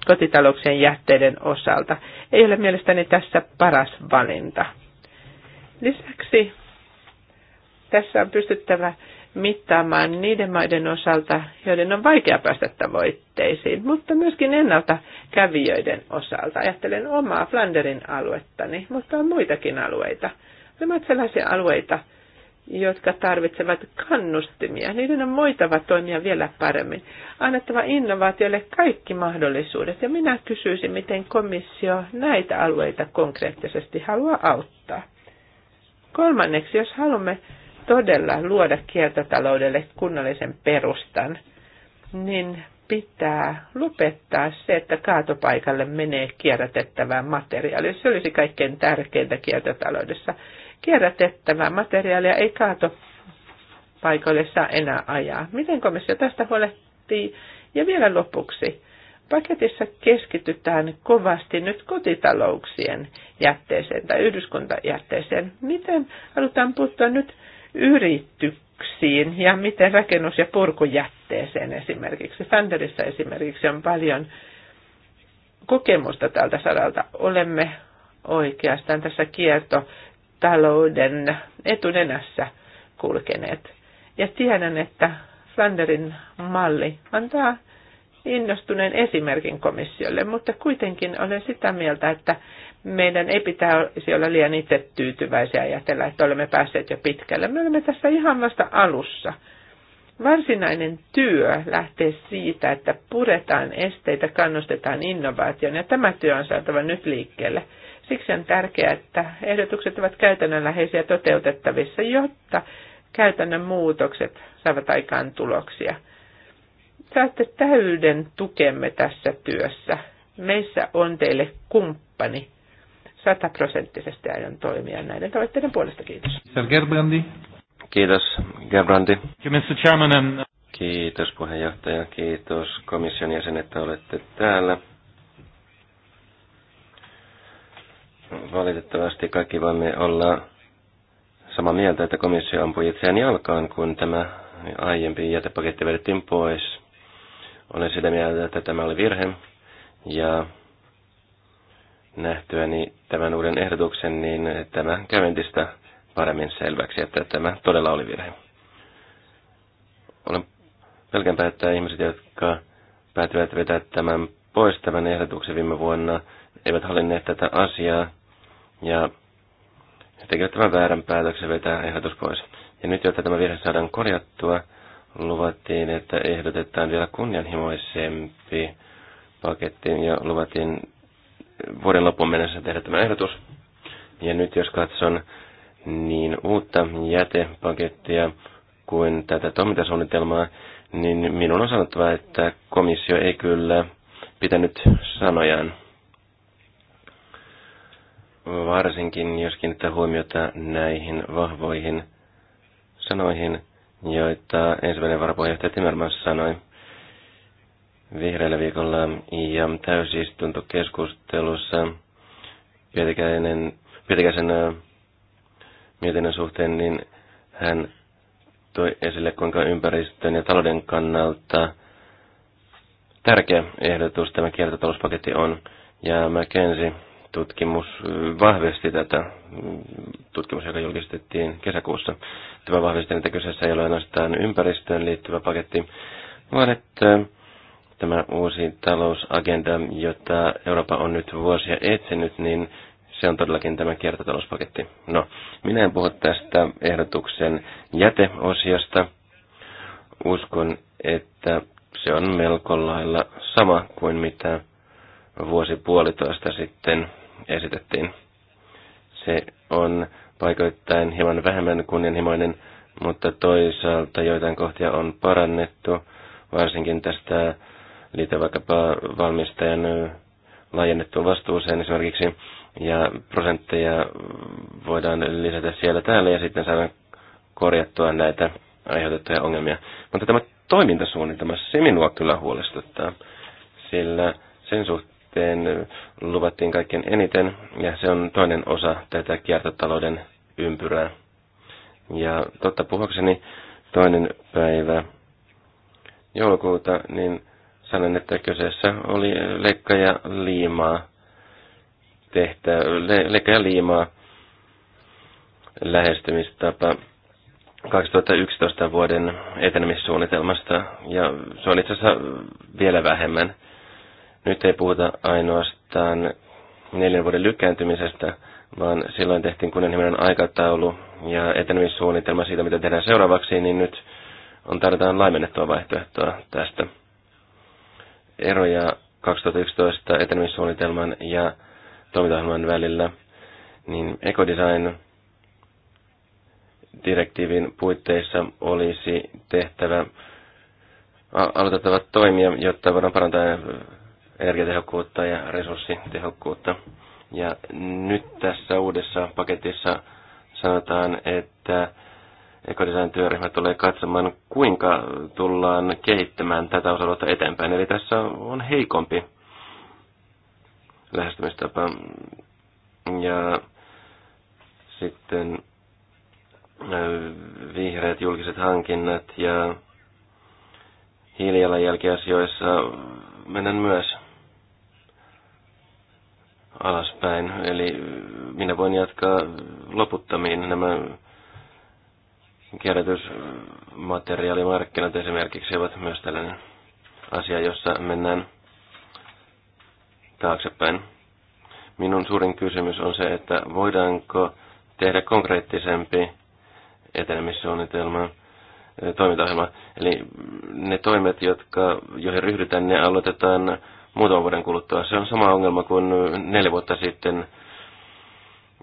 kotitalouksien jätteiden osalta ei ole mielestäni tässä paras valinta. Lisäksi tässä on pystyttävä mittaamaan niiden maiden osalta, joiden on vaikea päästä tavoitteisiin, mutta myöskin ennalta kävijöiden osalta. Ajattelen omaa Flanderin aluettani, mutta on muitakin alueita. Nämä ovat sellaisia alueita, jotka tarvitsevat kannustimia. Niiden on voitava toimia vielä paremmin. Annettava innovaatioille kaikki mahdollisuudet. Ja minä kysyisin, miten komissio näitä alueita konkreettisesti haluaa auttaa. Kolmanneksi, jos haluamme todella luoda kiertotaloudelle kunnallisen perustan, niin pitää lopettaa se, että kaatopaikalle menee kierrätettävää materiaalia. Se olisi kaikkein tärkeintä kiertotaloudessa. Kierrätettävää materiaalia ei kaatopaikoille saa enää ajaa. Miten komissio tästä huolehtii? Ja vielä lopuksi. Paketissa keskitytään kovasti nyt kotitalouksien jätteeseen tai yhdyskuntajätteeseen. Miten halutaan puuttua nyt yrityksiin ja miten rakennus- ja purkujätteeseen esimerkiksi. Fanderissä esimerkiksi on paljon kokemusta tältä saralta. Olemme oikeastaan tässä kiertotalouden etunenässä kulkeneet. Ja tiedän, että Flanderin malli antaa innostuneen esimerkin komissiolle, mutta kuitenkin olen sitä mieltä, että meidän ei pitäisi olla liian itse tyytyväisiä ajatella, että olemme päässeet jo pitkälle. Me olemme tässä ihan vasta alussa. Varsinainen työ lähtee siitä, että puretaan esteitä, kannustetaan innovaatioon ja tämä työ on saatava nyt liikkeelle. Siksi on tärkeää, että ehdotukset ovat käytännönläheisiä toteutettavissa, jotta käytännön muutokset saavat aikaan tuloksia. Saatte täyden tukemme tässä työssä. Meissä on teille kumppani sataprosenttisesti aion toimia näiden tavoitteiden puolesta. Kiitos. Gerbrandi. Kiitos, Gerbrandi. Uh, kiitos puheenjohtaja, kiitos komission jäsen, että olette täällä. Valitettavasti kaikki voimme olla samaa mieltä, että komissio ampui itseään jalkaan, kun tämä aiempi jätepaketti vedettiin pois. Olen sitä mieltä, että tämä oli virhe ja nähtyäni tämän uuden ehdotuksen, niin tämä käy entistä paremmin selväksi, että tämä todella oli virhe. Olen pelkän että ihmiset, jotka päätyvät vetää tämän pois tämän ehdotuksen viime vuonna, eivät hallinneet tätä asiaa ja tekevät tämän väärän päätöksen vetää ehdotus pois. Ja nyt, jotta tämä virhe saadaan korjattua, luvattiin, että ehdotetaan vielä kunnianhimoisempi paketti ja luvattiin vuoden loppuun mennessä tehdä tämä ehdotus. Ja nyt jos katson niin uutta jätepakettia kuin tätä toimintasuunnitelmaa, niin minun on sanottava, että komissio ei kyllä pitänyt sanojaan. Varsinkin jos kiinnittää huomiota näihin vahvoihin sanoihin, joita ensimmäinen varapuheenjohtaja Timmermans sanoi vihreällä viikolla ja täysistuntokeskustelussa Pietikäisen äh, mietinnön suhteen, niin hän toi esille, kuinka ympäristön ja talouden kannalta tärkeä ehdotus tämä kiertotalouspaketti on. Ja McKenzie tutkimus äh, vahvisti tätä, mm, tutkimus, joka julkistettiin kesäkuussa. Tämä vahvisti, että kyseessä ei ole ainoastaan ympäristöön liittyvä paketti, vaan että tämä uusi talousagenda, jota Eurooppa on nyt vuosia etsinyt, niin se on todellakin tämä kiertotalouspaketti. No, minä en puhu tästä ehdotuksen jäteosiosta. Uskon, että se on melko lailla sama kuin mitä vuosi puolitoista sitten esitettiin. Se on paikoittain hieman vähemmän kunnianhimoinen, mutta toisaalta joitain kohtia on parannettu, varsinkin tästä liittyen vaikkapa valmistajan laajennettuun vastuuseen esimerkiksi, ja prosentteja voidaan lisätä siellä täällä ja sitten saadaan korjattua näitä aiheutettuja ongelmia. Mutta tämä toimintasuunnitelma, se minua kyllä huolestuttaa, sillä sen suhteen luvattiin kaikkein eniten, ja se on toinen osa tätä kiertotalouden ympyrää. Ja totta puhukseni toinen päivä joulukuuta, niin Sanon, että kyseessä oli lekka ja liimaa tehtä, le, lekka ja liimaa lähestymistapa 2011 vuoden etenemissuunnitelmasta, ja se on itse asiassa vielä vähemmän. Nyt ei puhuta ainoastaan neljän vuoden lykkääntymisestä, vaan silloin tehtiin kunnianhimoinen aikataulu ja etenemissuunnitelma siitä, mitä tehdään seuraavaksi, niin nyt on tarjotaan laimennettua vaihtoehtoa tästä eroja 2011 etenemissuunnitelman ja toimintaohjelman välillä, niin ekodesign direktiivin puitteissa olisi tehtävä aloitettava toimia, jotta voidaan parantaa energiatehokkuutta ja resurssitehokkuutta. Ja nyt tässä uudessa paketissa sanotaan, että ekodesign-työryhmä tulee katsomaan, kuinka tullaan kehittämään tätä osa eteenpäin. Eli tässä on heikompi lähestymistapa. Ja sitten äh, vihreät julkiset hankinnat ja hiilijalanjälkiasioissa mennään myös alaspäin. Eli minä voin jatkaa loputtamiin nämä kierrätysmateriaalimarkkinat esimerkiksi ovat myös tällainen asia, jossa mennään taaksepäin. Minun suurin kysymys on se, että voidaanko tehdä konkreettisempi etenemissuunnitelma, eh, toimintaohjelma. Eli ne toimet, jotka, joihin ryhdytään, ne aloitetaan muutaman vuoden kuluttua. Se on sama ongelma kuin neljä vuotta sitten.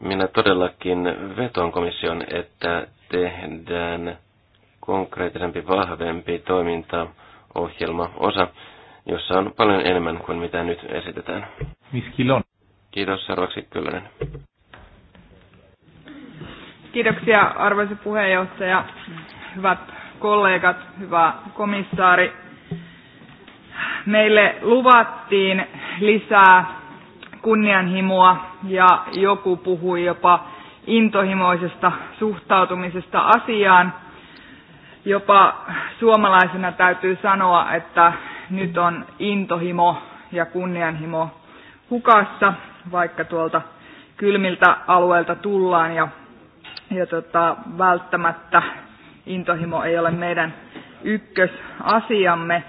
Minä todellakin vetoon komission, että tehdään konkreettisempi, vahvempi toimintaohjelma osa, jossa on paljon enemmän kuin mitä nyt esitetään. Miskilon. Kiitos, seuraavaksi Kyllönen. Kiitoksia arvoisa puheenjohtaja, hyvät kollegat, hyvä komissaari. Meille luvattiin lisää kunnianhimoa ja joku puhui jopa intohimoisesta suhtautumisesta asiaan. Jopa suomalaisena täytyy sanoa, että nyt on intohimo ja kunnianhimo hukassa, vaikka tuolta kylmiltä alueelta tullaan ja, ja tota, välttämättä intohimo ei ole meidän ykkösasiamme.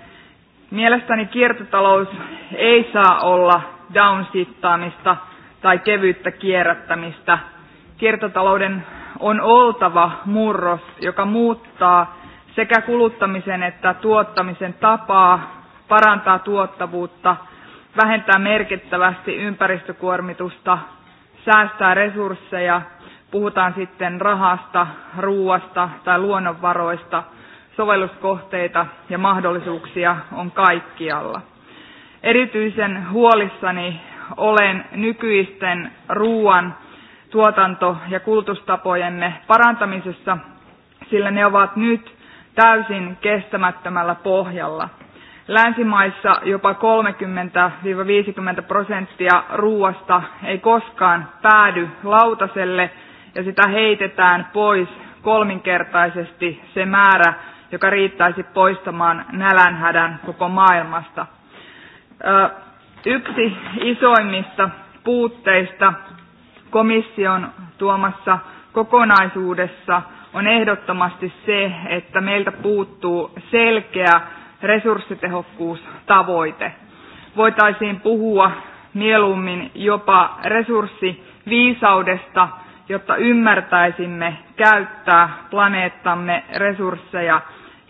Mielestäni kiertotalous ei saa olla downsittaamista tai kevyyttä kierrättämistä – Kiertotalouden on oltava murros, joka muuttaa sekä kuluttamisen että tuottamisen tapaa, parantaa tuottavuutta, vähentää merkittävästi ympäristökuormitusta, säästää resursseja, puhutaan sitten rahasta, ruuasta tai luonnonvaroista, sovelluskohteita ja mahdollisuuksia on kaikkialla. Erityisen huolissani olen nykyisten ruuan tuotanto- ja kulutustapojemme parantamisessa, sillä ne ovat nyt täysin kestämättömällä pohjalla. Länsimaissa jopa 30-50 prosenttia ruuasta ei koskaan päädy lautaselle ja sitä heitetään pois kolminkertaisesti se määrä, joka riittäisi poistamaan nälänhädän koko maailmasta. Yksi isoimmista puutteista komission tuomassa kokonaisuudessa on ehdottomasti se, että meiltä puuttuu selkeä resurssitehokkuustavoite. Voitaisiin puhua mieluummin jopa resurssiviisaudesta, jotta ymmärtäisimme käyttää planeettamme resursseja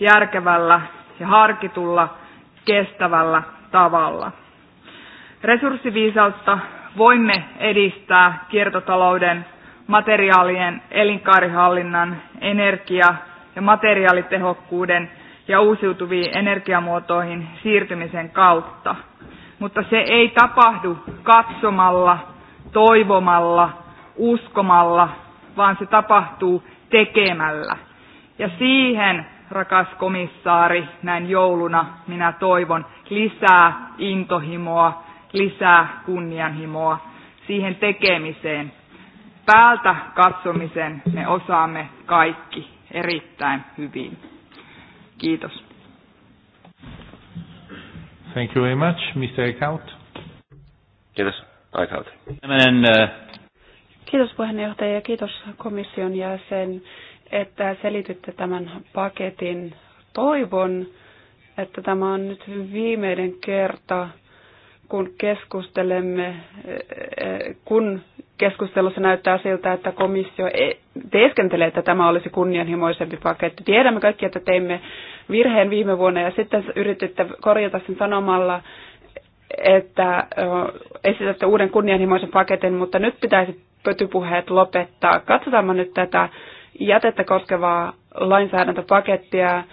järkevällä ja harkitulla kestävällä tavalla. Resurssiviisautta voimme edistää kiertotalouden, materiaalien, elinkaarihallinnan, energia- ja materiaalitehokkuuden ja uusiutuviin energiamuotoihin siirtymisen kautta. Mutta se ei tapahdu katsomalla, toivomalla, uskomalla, vaan se tapahtuu tekemällä. Ja siihen, rakas komissaari, näin jouluna minä toivon lisää intohimoa, lisää kunnianhimoa siihen tekemiseen. Päältä katsomisen me osaamme kaikki erittäin hyvin. Kiitos. Thank you very much, Mr. Eichhout. Kiitos, Eichhout. Äh, kiitos puheenjohtaja ja kiitos komission jäsen, että selitytte tämän paketin. Toivon, että tämä on nyt viimeinen kerta, kun keskustelemme, kun keskustelussa näyttää siltä, että komissio e-, teeskentelee, että tämä olisi kunnianhimoisempi paketti. Tiedämme kaikki, että teimme virheen viime vuonna ja sitten yrititte korjata sen sanomalla, että esitätte uuden kunnianhimoisen paketin, mutta nyt pitäisi pötypuheet lopettaa. Katsotaanpa nyt tätä jätettä koskevaa lainsäädäntöpakettia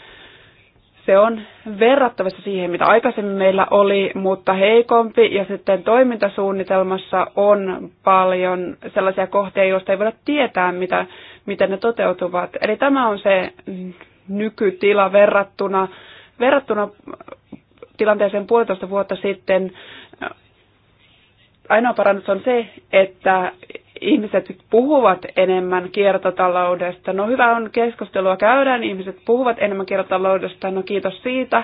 se on verrattavissa siihen, mitä aikaisemmin meillä oli, mutta heikompi. Ja sitten toimintasuunnitelmassa on paljon sellaisia kohtia, joista ei voida tietää, mitä, miten ne toteutuvat. Eli tämä on se nykytila verrattuna, verrattuna tilanteeseen puolitoista vuotta sitten. Ainoa parannus on se, että ihmiset puhuvat enemmän kiertotaloudesta. No hyvä on, keskustelua käydään, ihmiset puhuvat enemmän kiertotaloudesta, no kiitos siitä,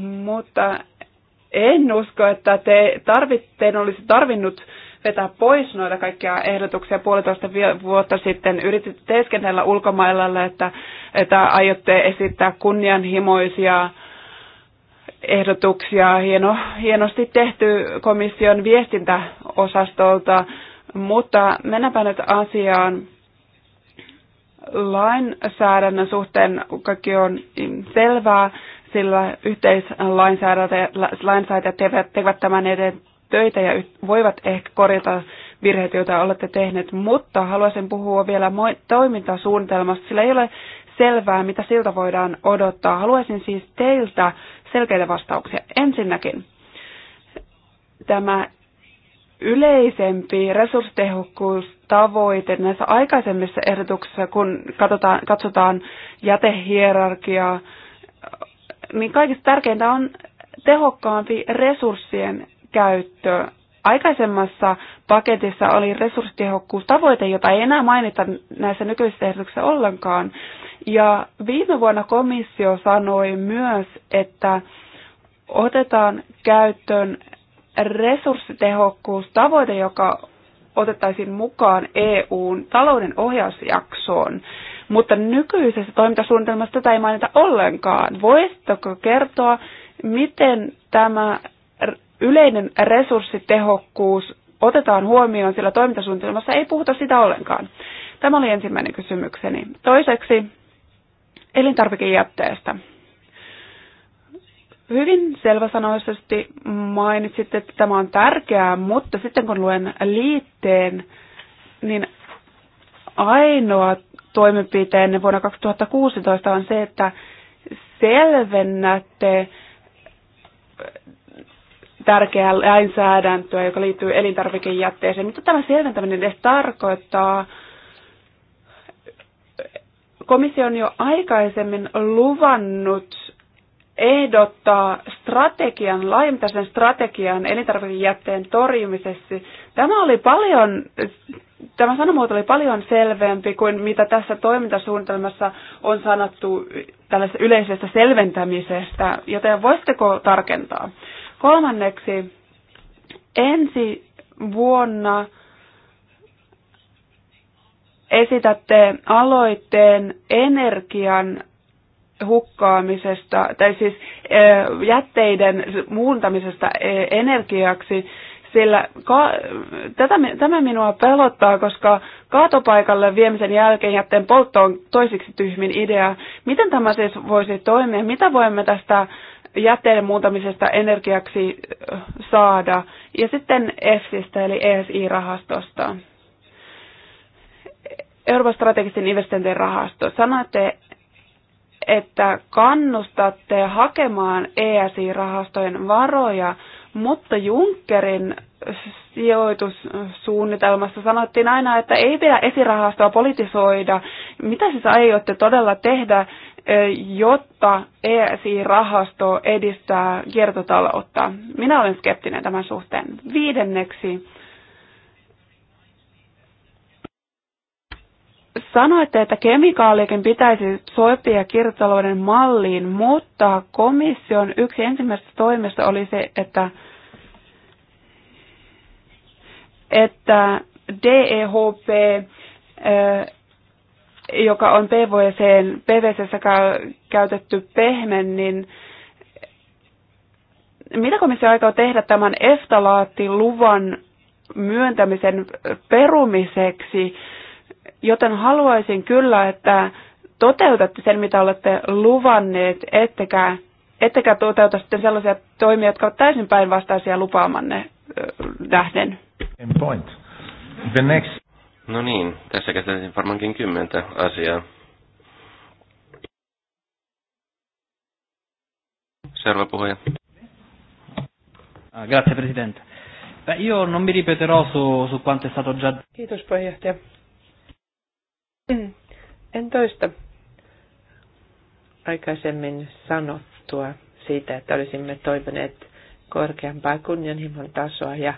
mutta en usko, että te tarvit, teidän olisi tarvinnut vetää pois noita kaikkia ehdotuksia. Puolitoista vuotta sitten yritit teeskennellä ulkomailla, että, että aiotte esittää kunnianhimoisia ehdotuksia. Hieno, hienosti tehty komission viestintäosastolta mutta mennäänpä nyt asiaan lainsäädännön suhteen kaikki on selvää, sillä yhteislainsäätäjät tekevät tämän eteen töitä ja voivat ehkä korjata virheitä, joita olette tehneet, mutta haluaisin puhua vielä toimintasuunnitelmasta, sillä ei ole selvää, mitä siltä voidaan odottaa. Haluaisin siis teiltä selkeitä vastauksia. Ensinnäkin tämä yleisempi resurssitehokkuustavoite näissä aikaisemmissa ehdotuksissa, kun katsotaan, katsotaan jätehierarkiaa, niin kaikista tärkeintä on tehokkaampi resurssien käyttö. Aikaisemmassa paketissa oli resurssitehokkuustavoite, jota ei enää mainita näissä nykyisissä ehdotuksissa ollenkaan. Ja viime vuonna komissio sanoi myös, että otetaan käyttöön resurssitehokkuustavoite, joka otettaisiin mukaan EUn talouden ohjausjaksoon, mutta nykyisessä toimintasuunnitelmassa tätä ei mainita ollenkaan. Voisitko kertoa, miten tämä yleinen resurssitehokkuus otetaan huomioon, sillä toimintasuunnitelmassa ei puhuta sitä ollenkaan? Tämä oli ensimmäinen kysymykseni. Toiseksi elintarvikejätteestä hyvin selväsanoisesti mainitsit, että tämä on tärkeää, mutta sitten kun luen liitteen, niin ainoa toimenpiteenne vuonna 2016 on se, että selvennätte tärkeää lainsäädäntöä, joka liittyy elintarvikejätteeseen. Mitä tämä selventäminen edes tarkoittaa? Komissio on jo aikaisemmin luvannut ehdottaa strategian, laajemmin strategian elintarvikejätteen torjumisessa. Tämä oli paljon, tämä sanomuoto oli paljon selvempi kuin mitä tässä toimintasuunnitelmassa on sanottu tällaisesta yleisestä selventämisestä, joten voisitteko tarkentaa? Kolmanneksi, ensi vuonna esitätte aloitteen energian hukkaamisesta, tai siis jätteiden muuntamisesta energiaksi, sillä ka- tätä, tämä minua pelottaa, koska kaatopaikalle viemisen jälkeen jätteen poltto on toisiksi tyhmin idea. Miten tämä siis voisi toimia? Mitä voimme tästä jätteiden muuntamisesta energiaksi saada? Ja sitten EFSistä eli ESI-rahastosta. Euroopan strategisten investointien rahasto. Sanoitte, että kannustatte hakemaan ESI-rahastojen varoja, mutta Junckerin sijoitussuunnitelmassa sanottiin aina, että ei pidä esirahastoa politisoida. Mitä siis aiotte todella tehdä, jotta ESI-rahasto edistää kiertotaloutta? Minä olen skeptinen tämän suhteen. Viidenneksi sanoitte, että kemikaalikin pitäisi sopia kiertotalouden malliin, mutta komission yksi ensimmäisistä toimista oli se, että, että DEHP, e joka on PVC, PVCssä käytetty pehmen, niin mitä komissio aikoo tehdä tämän eftalaattiluvan myöntämisen perumiseksi? Joten haluaisin kyllä, että toteutatte sen, mitä olette luvanneet, ettekä, ettekä toteuta sitten sellaisia toimia, jotka ovat täysin päinvastaisia lupaamanne nähden. Point. The next. No niin, tässä käsitellään varmaankin kymmentä asiaa. Seuraava puhuja. Ah, grazie Presidente. Beh, io non mi ripeterò su, su quanto è stato già... Kiitos puheenjohtaja. Mm. En toista aikaisemmin sanottua siitä, että olisimme toivoneet korkeampaa kunnianhimon tasoa ja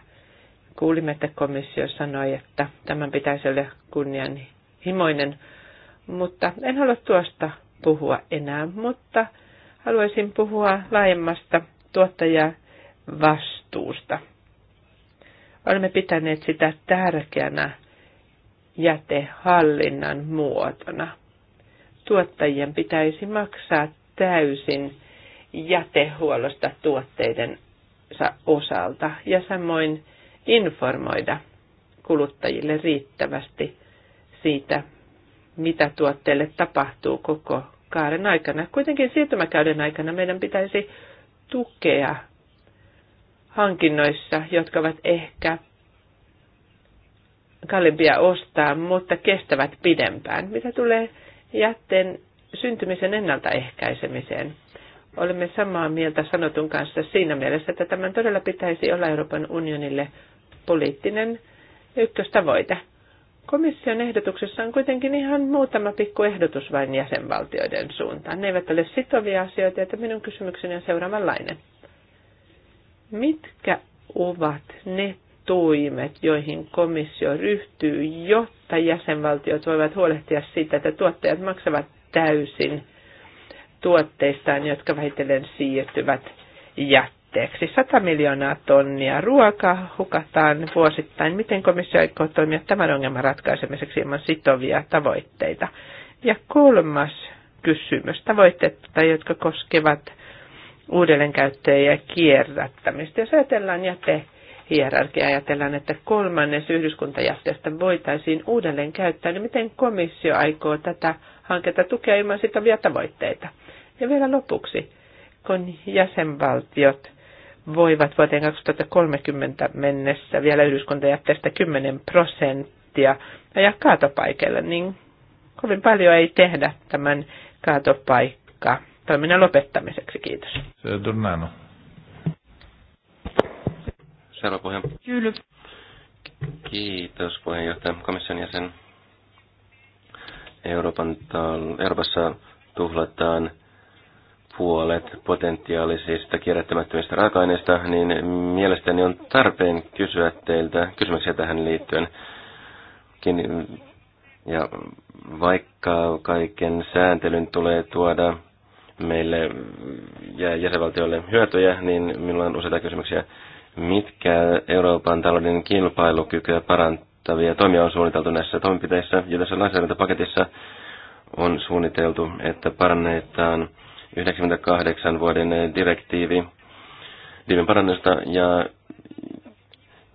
kuulimme, että komissio sanoi, että tämän pitäisi olla kunnianhimoinen, mutta en halua tuosta puhua enää, mutta haluaisin puhua laajemmasta tuottajavastuusta. Olemme pitäneet sitä tärkeänä jätehallinnan muotona. Tuottajien pitäisi maksaa täysin jätehuollosta tuotteiden osalta ja samoin informoida kuluttajille riittävästi siitä, mitä tuotteelle tapahtuu koko kaaren aikana. Kuitenkin siirtymäkäyden aikana meidän pitäisi tukea hankinnoissa, jotka ovat ehkä kalliimpia ostaa, mutta kestävät pidempään. Mitä tulee jätteen syntymisen ennaltaehkäisemiseen? Olemme samaa mieltä sanotun kanssa siinä mielessä, että tämän todella pitäisi olla Euroopan unionille poliittinen ykköstavoite. Komission ehdotuksessa on kuitenkin ihan muutama pikku ehdotus vain jäsenvaltioiden suuntaan. Ne eivät ole sitovia asioita, että minun kysymykseni on seuraavanlainen. Mitkä ovat ne toimet, joihin komissio ryhtyy, jotta jäsenvaltiot voivat huolehtia siitä, että tuottajat maksavat täysin tuotteistaan, jotka vähitellen siirtyvät jätteeksi. 100 miljoonaa tonnia ruokaa hukataan vuosittain. Miten komissio aikoo toimia tämän ongelman ratkaisemiseksi ilman sitovia tavoitteita? Ja kolmas kysymys, tavoitteet, jotka koskevat uudelleenkäyttöä ja kierrättämistä. Jos ajatellaan jäte hierarkia ajatellaan, että kolmannes yhdyskuntajätteestä voitaisiin uudelleen käyttää, niin miten komissio aikoo tätä hanketta tukea ilman sitovia tavoitteita? Ja vielä lopuksi, kun jäsenvaltiot voivat vuoteen 2030 mennessä vielä yhdyskuntajätteestä 10 prosenttia ajaa kaatopaikalle, niin kovin paljon ei tehdä tämän kaatopaikka toiminnan lopettamiseksi. Kiitos. Se on rouva puheen... Kyllä. Kiitos puheenjohtaja, komission jäsen. Euroopan tal- Euroopassa tuhlataan puolet potentiaalisista kierrättämättömistä raaka-aineista, niin mielestäni on tarpeen kysyä teiltä kysymyksiä tähän liittyen. Ja vaikka kaiken sääntelyn tulee tuoda meille ja jäsenvaltioille hyötyjä, niin minulla on useita kysymyksiä mitkä Euroopan talouden kilpailukykyä parantavia toimia on suunniteltu näissä toimenpiteissä ja tässä lainsäädäntöpaketissa on suunniteltu, että parannetaan 98 vuoden direktiivi viime parannusta ja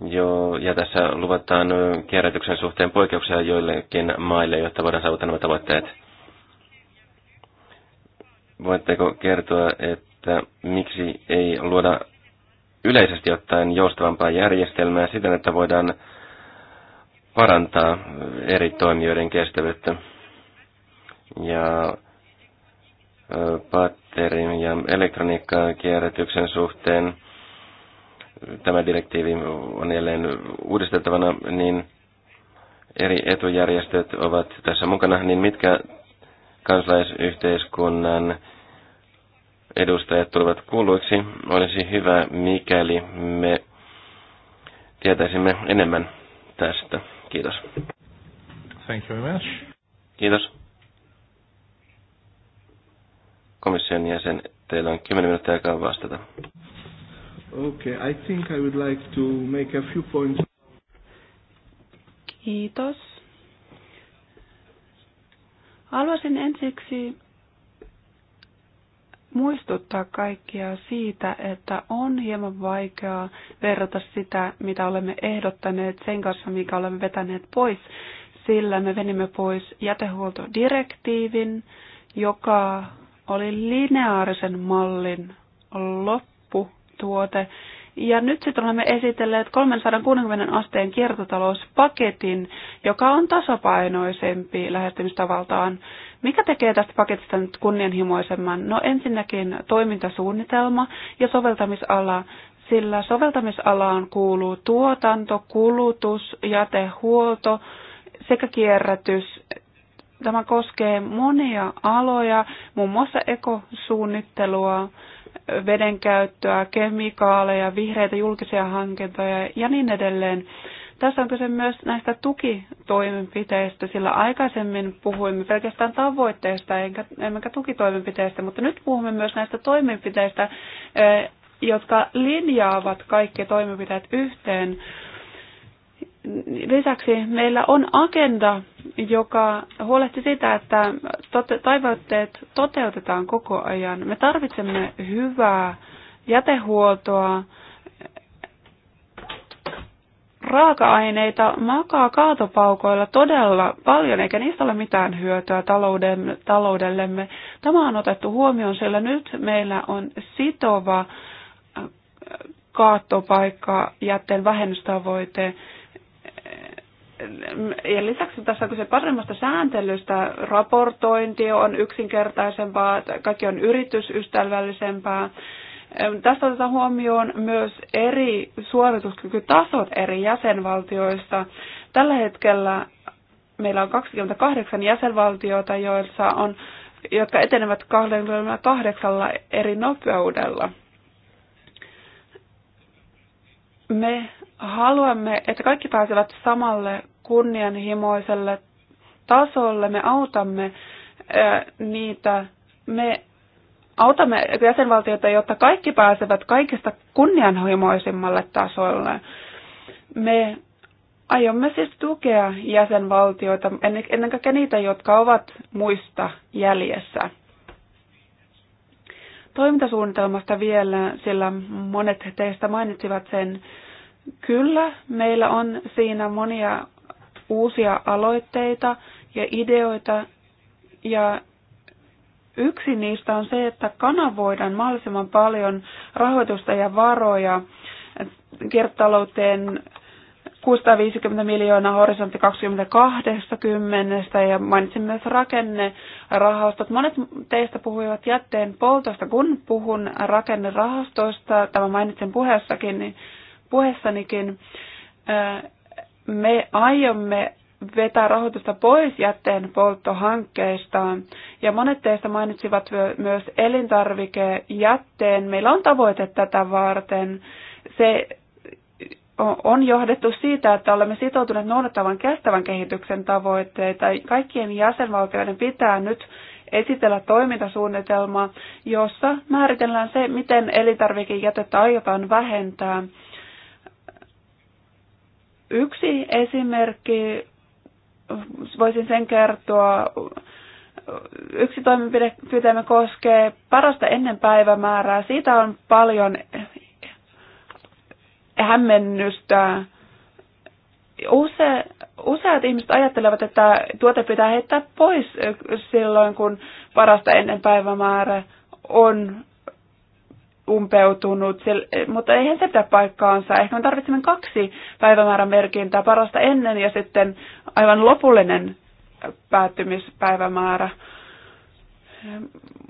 jo ja tässä luvataan kierrätyksen suhteen poikkeuksia joillekin maille, jotta voidaan saavuttaa nämä tavoitteet. Voitteko kertoa, että miksi ei luoda yleisesti ottaen joustavampaa järjestelmää siten, että voidaan parantaa eri toimijoiden kestävyyttä. Ja patterin ja elektroniikkakierrätyksen suhteen tämä direktiivi on jälleen uudistettavana, niin eri etujärjestöt ovat tässä mukana, niin mitkä kansalaisyhteiskunnan edustajat tulevat kuuluiksi. Olisi hyvä, mikäli me tietäisimme enemmän tästä. Kiitos. Thank you very much. Kiitos. Komission jäsen, teillä on 10 minuuttia aikaa vastata. Okay, I think I would like to make a few points. Kiitos. Haluaisin ensiksi muistuttaa kaikkia siitä, että on hieman vaikeaa verrata sitä, mitä olemme ehdottaneet sen kanssa, mikä olemme vetäneet pois, sillä me venimme pois jätehuoltodirektiivin, joka oli lineaarisen mallin lopputuote. Ja nyt sitten olemme esitelleet 360 asteen kiertotalouspaketin, joka on tasapainoisempi lähestymistavaltaan mikä tekee tästä paketista nyt kunnianhimoisemman? No ensinnäkin toimintasuunnitelma ja soveltamisala, sillä soveltamisalaan kuuluu tuotanto, kulutus, jätehuolto sekä kierrätys. Tämä koskee monia aloja, muun muassa ekosuunnittelua, vedenkäyttöä, kemikaaleja, vihreitä julkisia hankintoja ja niin edelleen. Tässä on kyse myös näistä tukitoimenpiteistä, sillä aikaisemmin puhuimme pelkästään tavoitteista enkä, emmekä tukitoimenpiteistä, mutta nyt puhumme myös näistä toimenpiteistä, jotka linjaavat kaikki toimenpiteet yhteen. Lisäksi meillä on agenda, joka huolehtii sitä, että tavoitteet toteutetaan koko ajan. Me tarvitsemme hyvää jätehuoltoa, raaka-aineita makaa kaatopaukoilla todella paljon, eikä niistä ole mitään hyötyä taloudellemme. Tämä on otettu huomioon, sillä nyt meillä on sitova äh, kaattopaikka jätteen vähennystavoite. Äh, ja lisäksi tässä on kyse paremmasta sääntelystä. Raportointi on yksinkertaisempaa, kaikki on yritysystävällisempää tässä otetaan huomioon myös eri suorituskykytasot eri jäsenvaltioista. Tällä hetkellä meillä on 28 jäsenvaltiota, joissa on, jotka etenevät 28 eri nopeudella. Me haluamme, että kaikki pääsevät samalle kunnianhimoiselle tasolle. Me autamme niitä. Me Autamme jäsenvaltioita, jotta kaikki pääsevät kaikista kunnianhimoisimmalle tasolle. Me aiomme siis tukea jäsenvaltioita, ennen kaikkea niitä, jotka ovat muista jäljessä. Toimintasuunnitelmasta vielä, sillä monet teistä mainitsivat sen. Kyllä, meillä on siinä monia uusia aloitteita ja ideoita, ja Yksi niistä on se, että kanavoidaan mahdollisimman paljon rahoitusta ja varoja kiertotalouteen 650 miljoonaa horisontti 2020 ja mainitsin myös rakennerahastot. Monet teistä puhuivat jätteen poltosta, kun puhun rakennerahastoista, tämä mainitsin puheessakin, niin- puheessanikin. Me aiomme vetää rahoitusta pois jätteen polttohankkeistaan. Ja monet teistä mainitsivat myös elintarvikejätteen. Meillä on tavoite tätä varten. Se on johdettu siitä, että olemme sitoutuneet noudattavan kestävän kehityksen tavoitteita. Kaikkien jäsenvaltioiden pitää nyt esitellä toimintasuunnitelma, jossa määritellään se, miten elintarvikejätettä aiotaan vähentää. Yksi esimerkki voisin sen kertoa. Yksi toimenpiteemme koskee parasta ennen päivämäärää. Siitä on paljon hämmennystä. Use, useat ihmiset ajattelevat, että tuote pitää heittää pois silloin, kun parasta ennen päivämäärä on umpeutunut, eh, mutta eihän se pidä paikkaansa. Ehkä me tarvitsemme kaksi päivämäärän merkintää, parasta ennen ja sitten aivan lopullinen päättymispäivämäärä.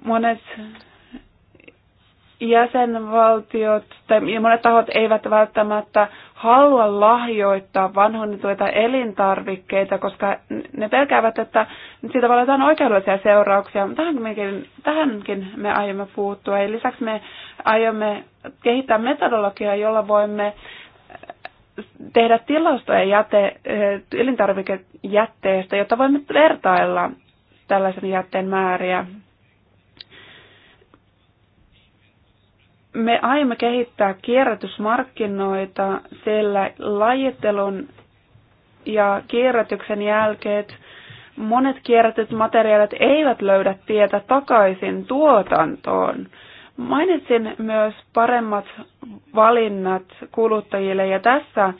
Monet jäsenvaltiot tai monet tahot eivät välttämättä halua lahjoittaa vanhonnetuita elintarvikkeita, koska ne pelkäävät, että siitä voi olla jotain oikeudellisia seurauksia. Tähänkin, tähänkin me aiomme puuttua. Eli lisäksi me aiomme kehittää metodologiaa, jolla voimme tehdä tilastoja jäte, elintarvikejätteestä, jotta voimme vertailla tällaisen jätteen määriä. me aiomme kehittää kierrätysmarkkinoita, sillä lajittelun ja kierrätyksen jälkeet monet kierrätyt materiaalit eivät löydä tietä takaisin tuotantoon. Mainitsin myös paremmat valinnat kuluttajille ja tässä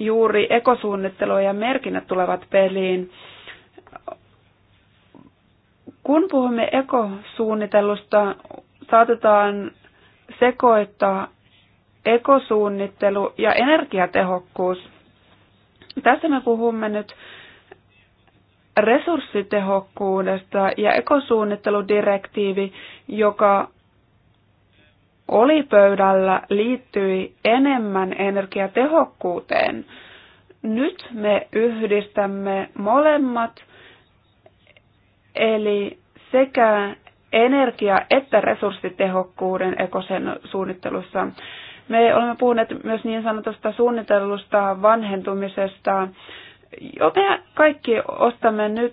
juuri ekosuunnittelu ja merkinnät tulevat peliin. Kun puhumme ekosuunnittelusta, saatetaan sekoittaa ekosuunnittelu ja energiatehokkuus. Tässä me puhumme nyt resurssitehokkuudesta ja ekosuunnitteludirektiivi, joka oli pöydällä, liittyi enemmän energiatehokkuuteen. Nyt me yhdistämme molemmat, eli sekä energia- että resurssitehokkuuden ekosen suunnittelussa. Me olemme puhuneet myös niin sanotusta suunnittelusta, vanhentumisesta. Me kaikki ostamme nyt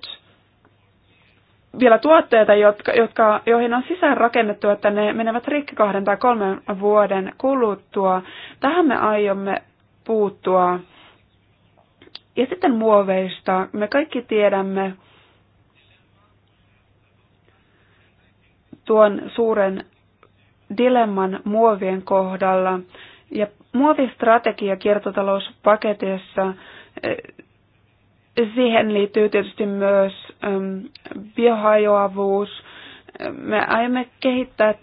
vielä tuotteita, jotka, jotka, joihin on sisään rakennettu, että ne menevät rikki kahden tai kolmen vuoden kuluttua. Tähän me aiomme puuttua. Ja sitten muoveista. Me kaikki tiedämme, tuon suuren dilemman muovien kohdalla. Ja muovistrategia kiertotalouspaketissa, eh, siihen liittyy tietysti myös biohajoavuus. Me aiomme kehittää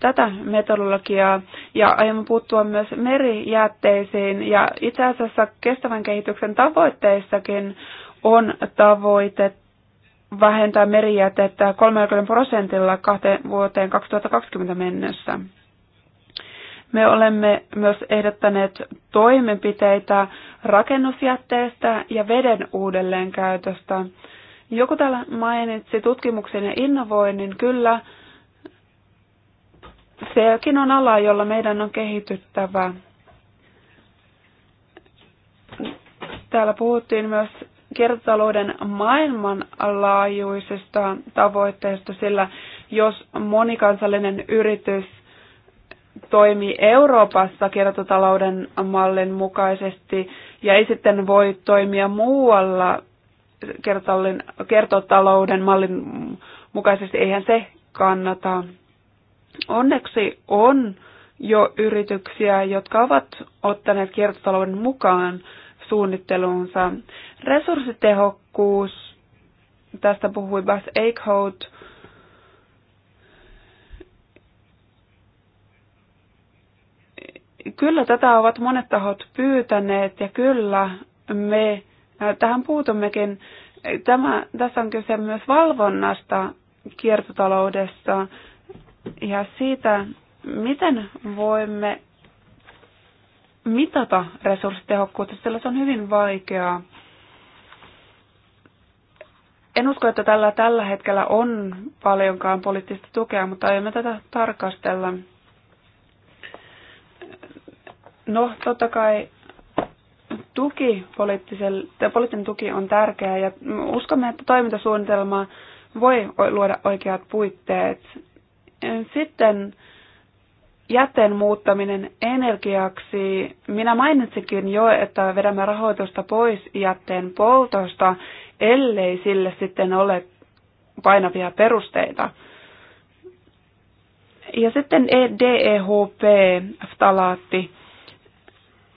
tätä metodologiaa ja aiomme puuttua myös merijätteisiin ja itse asiassa kestävän kehityksen tavoitteissakin on tavoitetta vähentää merijätettä 30 prosentilla kahteen vuoteen 2020 mennessä. Me olemme myös ehdottaneet toimenpiteitä rakennusjätteestä ja veden uudelleenkäytöstä. Joku täällä mainitsi tutkimuksen ja innovoinnin. Kyllä, sekin on ala, jolla meidän on kehityttävä. Täällä puhuttiin myös kiertotalouden maailmanlaajuisesta tavoitteesta, sillä jos monikansallinen yritys toimii Euroopassa kiertotalouden mallin mukaisesti ja ei sitten voi toimia muualla kiertotalouden mallin mukaisesti, eihän se kannata. Onneksi on jo yrityksiä, jotka ovat ottaneet kiertotalouden mukaan suunnitteluunsa. Resurssitehokkuus, tästä puhui Bas Eichhout, Kyllä tätä ovat monet tahot pyytäneet ja kyllä me äh, tähän puutummekin. Tämä, tässä on kyse myös valvonnasta kiertotaloudessa ja siitä, miten voimme mitata resurssitehokkuutta, sillä se on hyvin vaikeaa. En usko, että tällä, tällä hetkellä on paljonkaan poliittista tukea, mutta aiomme tätä tarkastella. No, totta kai tuki, poliittinen tuki on tärkeää ja uskomme, että toimintasuunnitelmaa voi luoda oikeat puitteet. Sitten jätteen muuttaminen energiaksi. Minä mainitsikin jo, että vedämme rahoitusta pois jätteen poltosta, ellei sille sitten ole painavia perusteita. Ja sitten e DEHP, ftalaatti.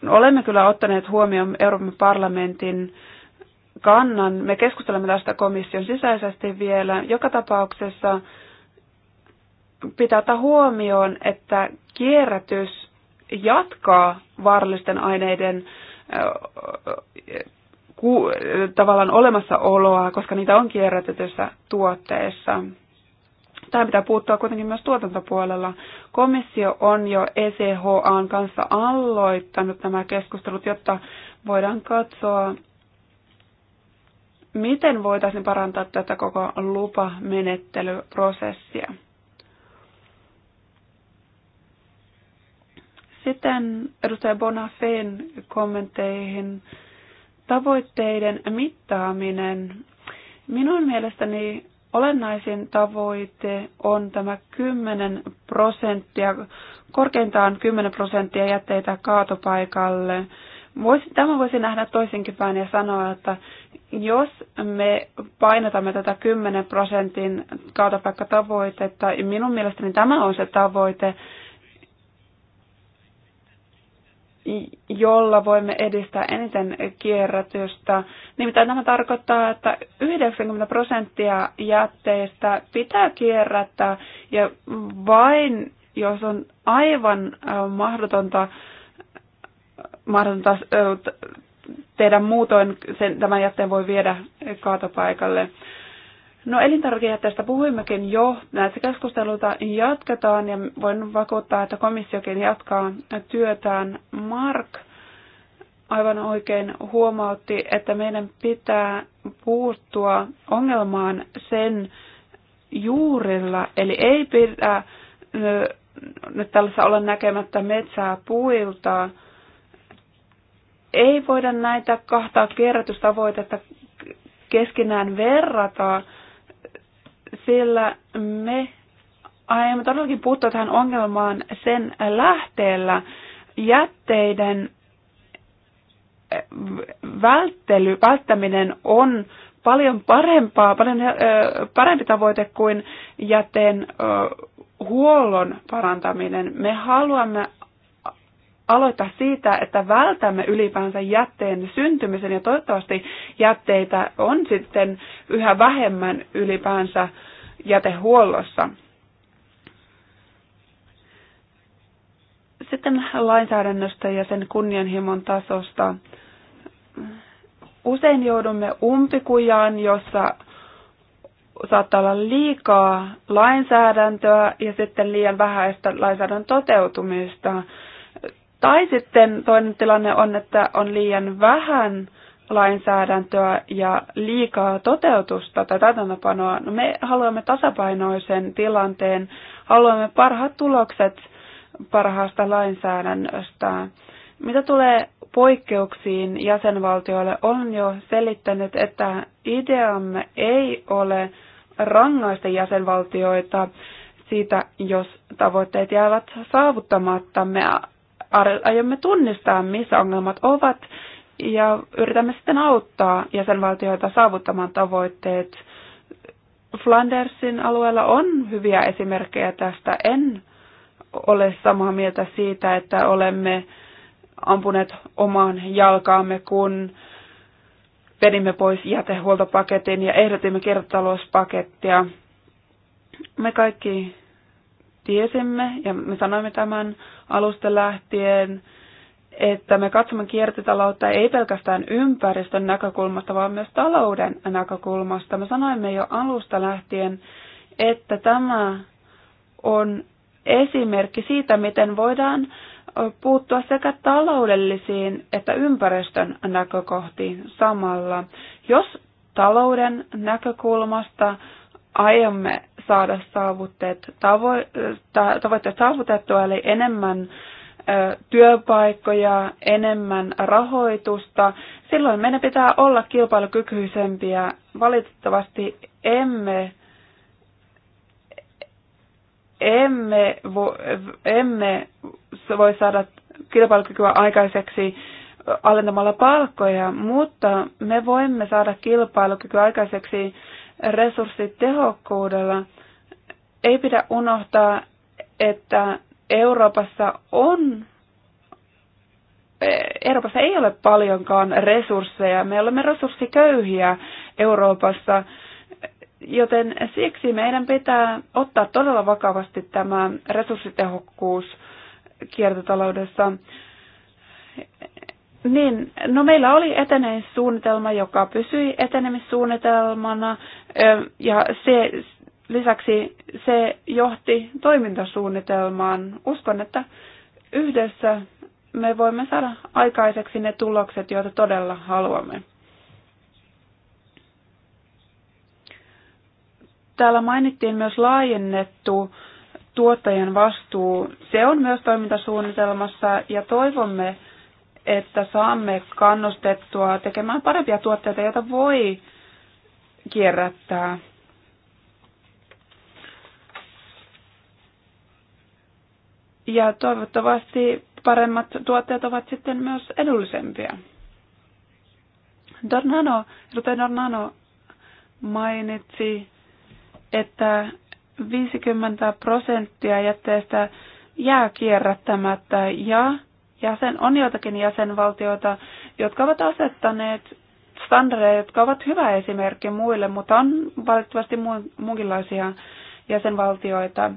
Olemme kyllä ottaneet huomioon Euroopan parlamentin kannan. Me keskustelemme tästä komission sisäisesti vielä. Joka tapauksessa pitää ottaa huomioon, että kierrätys jatkaa vaarallisten aineiden tavallaan olemassaoloa, koska niitä on kierrätetyssä tuotteessa. Tämä pitää puuttua kuitenkin myös tuotantopuolella. Komissio on jo ECHAn kanssa aloittanut nämä keskustelut, jotta voidaan katsoa, miten voitaisiin parantaa tätä koko lupamenettelyprosessia. Sitten edustaja Bonafeen kommentteihin tavoitteiden mittaaminen. Minun mielestäni olennaisin tavoite on tämä 10 prosenttia, korkeintaan 10 prosenttia jätteitä kaatopaikalle. tämä voisi nähdä toisinkin päin ja sanoa, että jos me painotamme tätä 10 prosentin kaatopaikkatavoitetta, minun mielestäni tämä on se tavoite, jolla voimme edistää eniten kierrätystä. Nimittäin tämä tarkoittaa, että 90 prosenttia jätteistä pitää kierrättää ja vain jos on aivan äh, mahdotonta, mahdotonta äh, tehdä muutoin, sen, tämän jätteen voi viedä kaatopaikalle. No elintarvikejätteestä puhuimmekin jo, näitä keskusteluita jatketaan ja voin vakuuttaa, että komissiokin jatkaa työtään. Mark aivan oikein huomautti, että meidän pitää puuttua ongelmaan sen juurilla, eli ei pidä nyt tällaisessa olla näkemättä metsää puilta Ei voida näitä kahta kierrätystavoitetta keskenään verrata, sillä me aiemme todellakin puuttua tähän ongelmaan sen lähteellä jätteiden eh, välttely, välttäminen on paljon parempaa, paljon eh, parempi tavoite kuin jätteen eh, huollon parantaminen. Me haluamme aloittaa siitä, että vältämme ylipäänsä jätteen syntymisen ja toivottavasti jätteitä on sitten yhä vähemmän ylipäänsä jätehuollossa. Sitten lainsäädännöstä ja sen kunnianhimon tasosta. Usein joudumme umpikujaan, jossa saattaa olla liikaa lainsäädäntöä ja sitten liian vähäistä lainsäädännön toteutumista. Tai sitten toinen tilanne on, että on liian vähän lainsäädäntöä ja liikaa toteutusta tai täytäntöpanoa. No me haluamme tasapainoisen tilanteen, haluamme parhaat tulokset parhaasta lainsäädännöstä. Mitä tulee poikkeuksiin jäsenvaltioille, on jo selittänyt, että ideamme ei ole rangaista jäsenvaltioita siitä, jos tavoitteet jäävät saavuttamatta. Me aiomme tunnistaa, missä ongelmat ovat, ja yritämme sitten auttaa jäsenvaltioita saavuttamaan tavoitteet. Flandersin alueella on hyviä esimerkkejä tästä. En ole samaa mieltä siitä, että olemme ampuneet omaan jalkaamme, kun vedimme pois jätehuoltopaketin ja ehdotimme kiertotalouspakettia. Me kaikki tiesimme ja me sanoimme tämän alusta lähtien, että me katsomme kiertotaloutta ei pelkästään ympäristön näkökulmasta, vaan myös talouden näkökulmasta. Me sanoimme jo alusta lähtien, että tämä on esimerkki siitä, miten voidaan puuttua sekä taloudellisiin että ympäristön näkökohtiin samalla. Jos talouden näkökulmasta aiomme saada saavutteet tavo- tavoitteet saavutettua, eli enemmän työpaikkoja, enemmän rahoitusta, silloin meidän pitää olla kilpailukykyisempiä. Valitettavasti emme, emme, vo, emme voi saada kilpailukykyä aikaiseksi alentamalla palkkoja, mutta me voimme saada kilpailukykyä aikaiseksi resurssitehokkuudella. Ei pidä unohtaa, että Euroopassa on e, Euroopassa ei ole paljonkaan resursseja. Me olemme resurssiköyhiä Euroopassa, joten siksi meidän pitää ottaa todella vakavasti tämä resurssitehokkuus kiertotaloudessa. Niin, no meillä oli etenemissuunnitelma, joka pysyi etenemissuunnitelmana ja se, lisäksi se johti toimintasuunnitelmaan. Uskon, että yhdessä me voimme saada aikaiseksi ne tulokset, joita todella haluamme. Täällä mainittiin myös laajennettu tuottajan vastuu. Se on myös toimintasuunnitelmassa ja toivomme, että saamme kannustettua tekemään parempia tuotteita, joita voi kierrättää. Ja toivottavasti paremmat tuotteet ovat sitten myös edullisempia. Dornano, edustaja Dornano mainitsi, että 50 prosenttia jätteestä jää kierrättämättä ja jäsen, on joitakin jäsenvaltioita, jotka ovat asettaneet standardeja, jotka ovat hyvä esimerkki muille, mutta on valitettavasti muunkinlaisia jäsenvaltioita.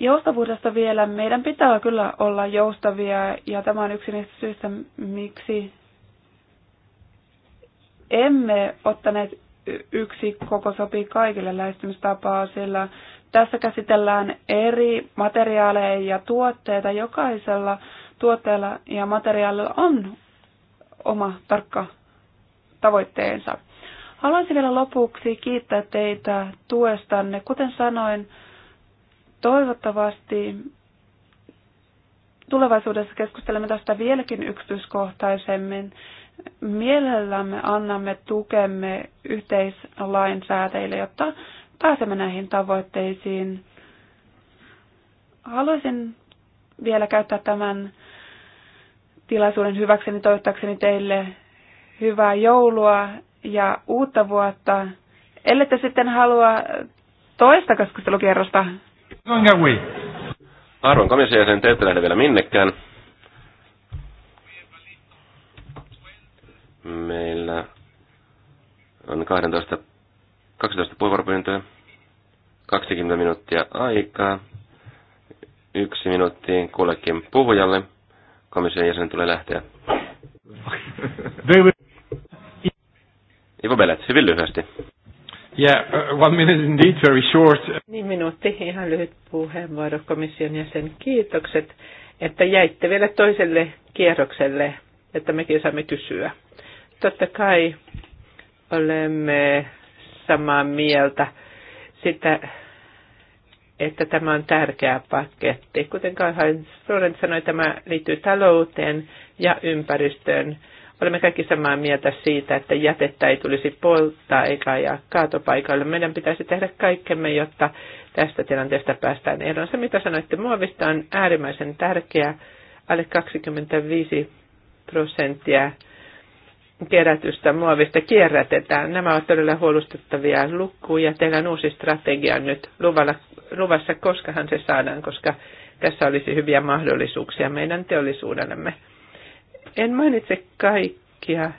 Joustavuudesta vielä. Meidän pitää kyllä olla joustavia ja tämä on yksi niistä syistä, miksi emme ottaneet yksi koko sopii kaikille lähestymistapaa, sillä tässä käsitellään eri materiaaleja ja tuotteita. Jokaisella tuotteella ja materiaalilla on oma tarkka tavoitteensa. Haluaisin vielä lopuksi kiittää teitä tuestanne. Kuten sanoin, toivottavasti tulevaisuudessa keskustelemme tästä vieläkin yksityiskohtaisemmin. Mielellämme annamme tukemme yhteislainsäätäjille, jotta pääsemme näihin tavoitteisiin. Haluaisin vielä käyttää tämän tilaisuuden hyväkseni toivottakseni teille hyvää joulua ja uutta vuotta. Ellette sitten halua toista keskustelukierrosta. Arvon komission jäsen, te ette lähde vielä minnekään. Meillä on 12, 12 puheenvuoropyyntöä, 20 minuuttia aikaa, yksi minuutti kullekin puhujalle komission jäsen tulee lähteä. [LAUGHS] Ivo Belet, hyvin lyhyesti. Yeah, uh, one minute indeed, very short. Niin minuutti, ihan lyhyt puheenvuoro komission jäsen. Kiitokset, että jäitte vielä toiselle kierrokselle, että mekin saamme kysyä. Totta kai olemme samaa mieltä sitä että tämä on tärkeä paketti. Kuten Karl-Heinz Florent sanoi, tämä liittyy talouteen ja ympäristöön. Olemme kaikki samaa mieltä siitä, että jätettä ei tulisi polttaa eikä ja kaatopaikalle. Meidän pitäisi tehdä kaikkemme, jotta tästä tilanteesta päästään eroon. Se, mitä sanoitte muovista, on äärimmäisen tärkeää. Alle 25 prosenttia kerätystä muovista kierrätetään. Nämä ovat todella huolestuttavia lukuja. Teillä on uusi strategia nyt luvalla, luvassa, koskahan se saadaan, koska tässä olisi hyviä mahdollisuuksia meidän teollisuudellemme. En mainitse kaikkia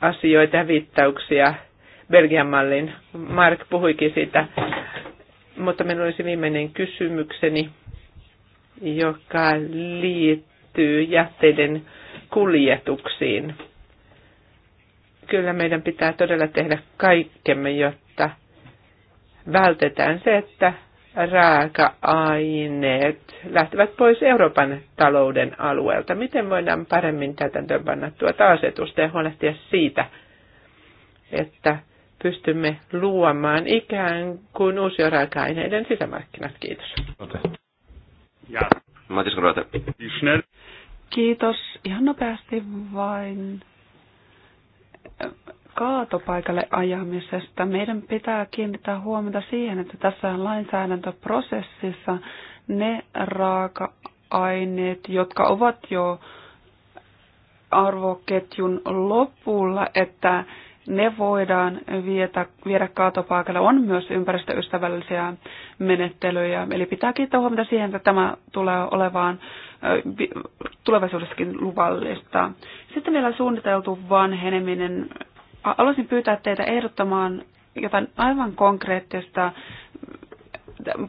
asioita ja viittauksia Belgian mallin. Mark puhuikin siitä, mutta minulla olisi viimeinen kysymykseni, joka liittyy jätteiden kuljetuksiin kyllä meidän pitää todella tehdä kaikkemme, jotta vältetään se, että raaka-aineet lähtevät pois Euroopan talouden alueelta. Miten voidaan paremmin täytäntöönpanna tuota asetusta ja huolehtia siitä, että pystymme luomaan ikään kuin uusia raaka-aineiden sisämarkkinat. Kiitos. Ja. Kiitos. Ihan nopeasti vain kaatopaikalle ajamisesta. Meidän pitää kiinnittää huomiota siihen, että tässä lainsäädäntöprosessissa ne raaka-aineet, jotka ovat jo arvoketjun lopulla, että ne voidaan vietä, viedä kaatopaikalle. On myös ympäristöystävällisiä menettelyjä. Eli pitää kiittää huomiota siihen, että tämä tulee olevaan tulevaisuudessakin luvallista. Sitten vielä suunniteltu vanheneminen. Haluaisin pyytää teitä ehdottamaan jotain aivan konkreettista.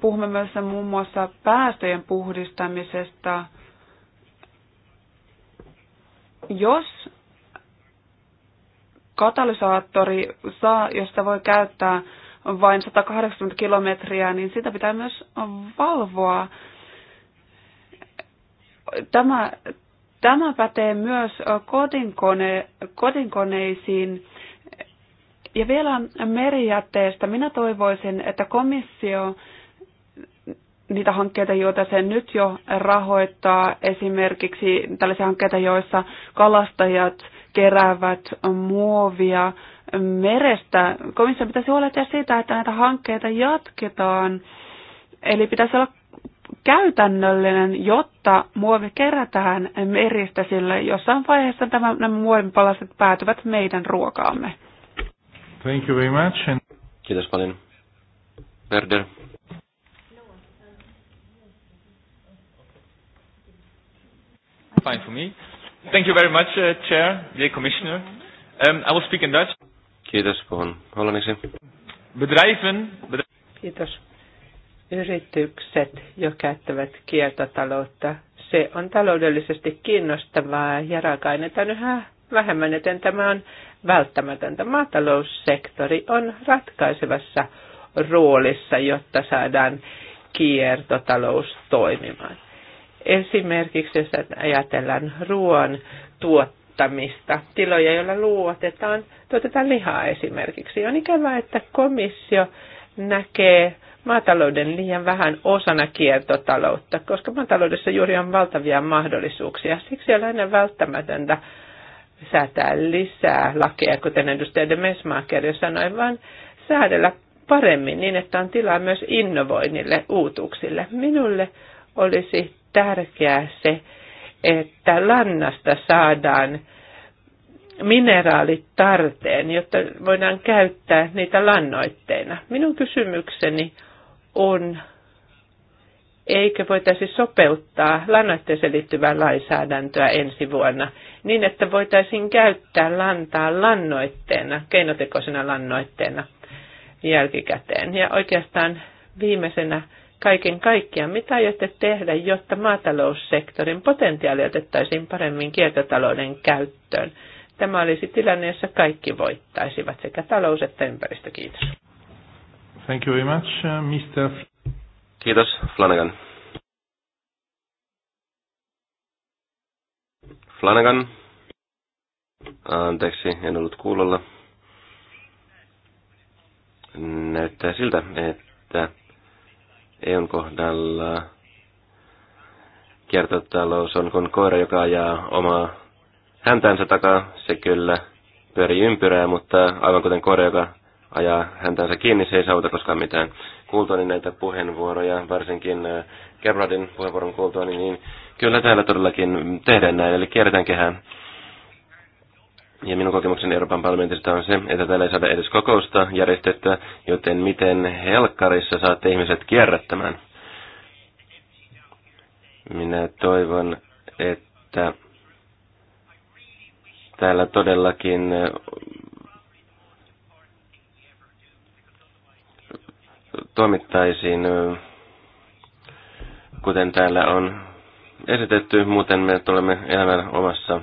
Puhumme myös muun muassa päästöjen puhdistamisesta. Jos katalysaattori saa, josta voi käyttää vain 180 kilometriä, niin sitä pitää myös valvoa. Tämä Tämä pätee myös kotinkone, kotinkoneisiin. Ja vielä merijätteestä. Minä toivoisin, että komissio niitä hankkeita, joita se nyt jo rahoittaa, esimerkiksi tällaisia hankkeita, joissa kalastajat keräävät muovia merestä. Komissio pitäisi huolehtia siitä, että näitä hankkeita jatketaan. Eli pitäisi olla käytännöllinen, jotta muovi kerätään meristä, sillä jossain vaiheessa tämä, nämä muovipalaset päätyvät meidän ruokaamme. Thank you very much. And... Kiitos paljon. Werder. Fine for me. Thank you very much, uh, Chair, the Commissioner. Um, I will speak in Dutch. Kiitos, puhun hollanniksi. Bedrijven. Bedri- Kiitos yritykset jo käyttävät kiertotaloutta. Se on taloudellisesti kiinnostavaa ja raaka-aineita yhä vähemmän, joten tämä on välttämätöntä. Maataloussektori on ratkaisevassa roolissa, jotta saadaan kiertotalous toimimaan. Esimerkiksi jos ajatellaan ruoan tuottamista, tiloja, joilla luotetaan, tuotetaan lihaa esimerkiksi. On ikävää, että komissio näkee maatalouden liian vähän osana kiertotaloutta, koska maataloudessa juuri on valtavia mahdollisuuksia. Siksi on aina välttämätöntä säätää lisää lakeja, kuten edustaja de Mesmaker jo sanoi, vaan säädellä paremmin niin, että on tilaa myös innovoinnille, uutuuksille. Minulle olisi tärkeää se, että lannasta saadaan mineraalit tarteen, jotta voidaan käyttää niitä lannoitteina. Minun kysymykseni on, eikö voitaisiin sopeuttaa lannoitteeseen liittyvää lainsäädäntöä ensi vuonna niin, että voitaisiin käyttää lantaa lannoitteena, keinotekoisena lannoitteena jälkikäteen. Ja oikeastaan viimeisenä kaiken kaikkiaan, mitä aiotte tehdä, jotta maataloussektorin potentiaali otettaisiin paremmin kiertotalouden käyttöön? Tämä olisi tilanne, jossa kaikki voittaisivat, sekä talous että ympäristö. Kiitos. Thank you very much, uh, Mr. Kiitos, Flanagan. Flanagan. Anteeksi, en ollut kuulolla. Näyttää siltä, että EUn kohdalla kiertotalous on kuin koira, joka ajaa omaa häntänsä takaa. Se kyllä pyörii ympyrää, mutta aivan kuten koira, joka ajaa häntänsä kiinni, se ei saavuta koskaan mitään. Kuultuani näitä puheenvuoroja, varsinkin äh, Gerardin puheenvuoron kuultuani, niin kyllä täällä todellakin tehdään näin, eli kierretään kehään. Ja minun kokemukseni Euroopan parlamentista on se, että täällä ei saada edes kokousta järjestettyä, joten miten helkkarissa saatte ihmiset kierrättämään? Minä toivon, että täällä todellakin toimittaisiin, kuten täällä on esitetty, muuten me tulemme elämään omassa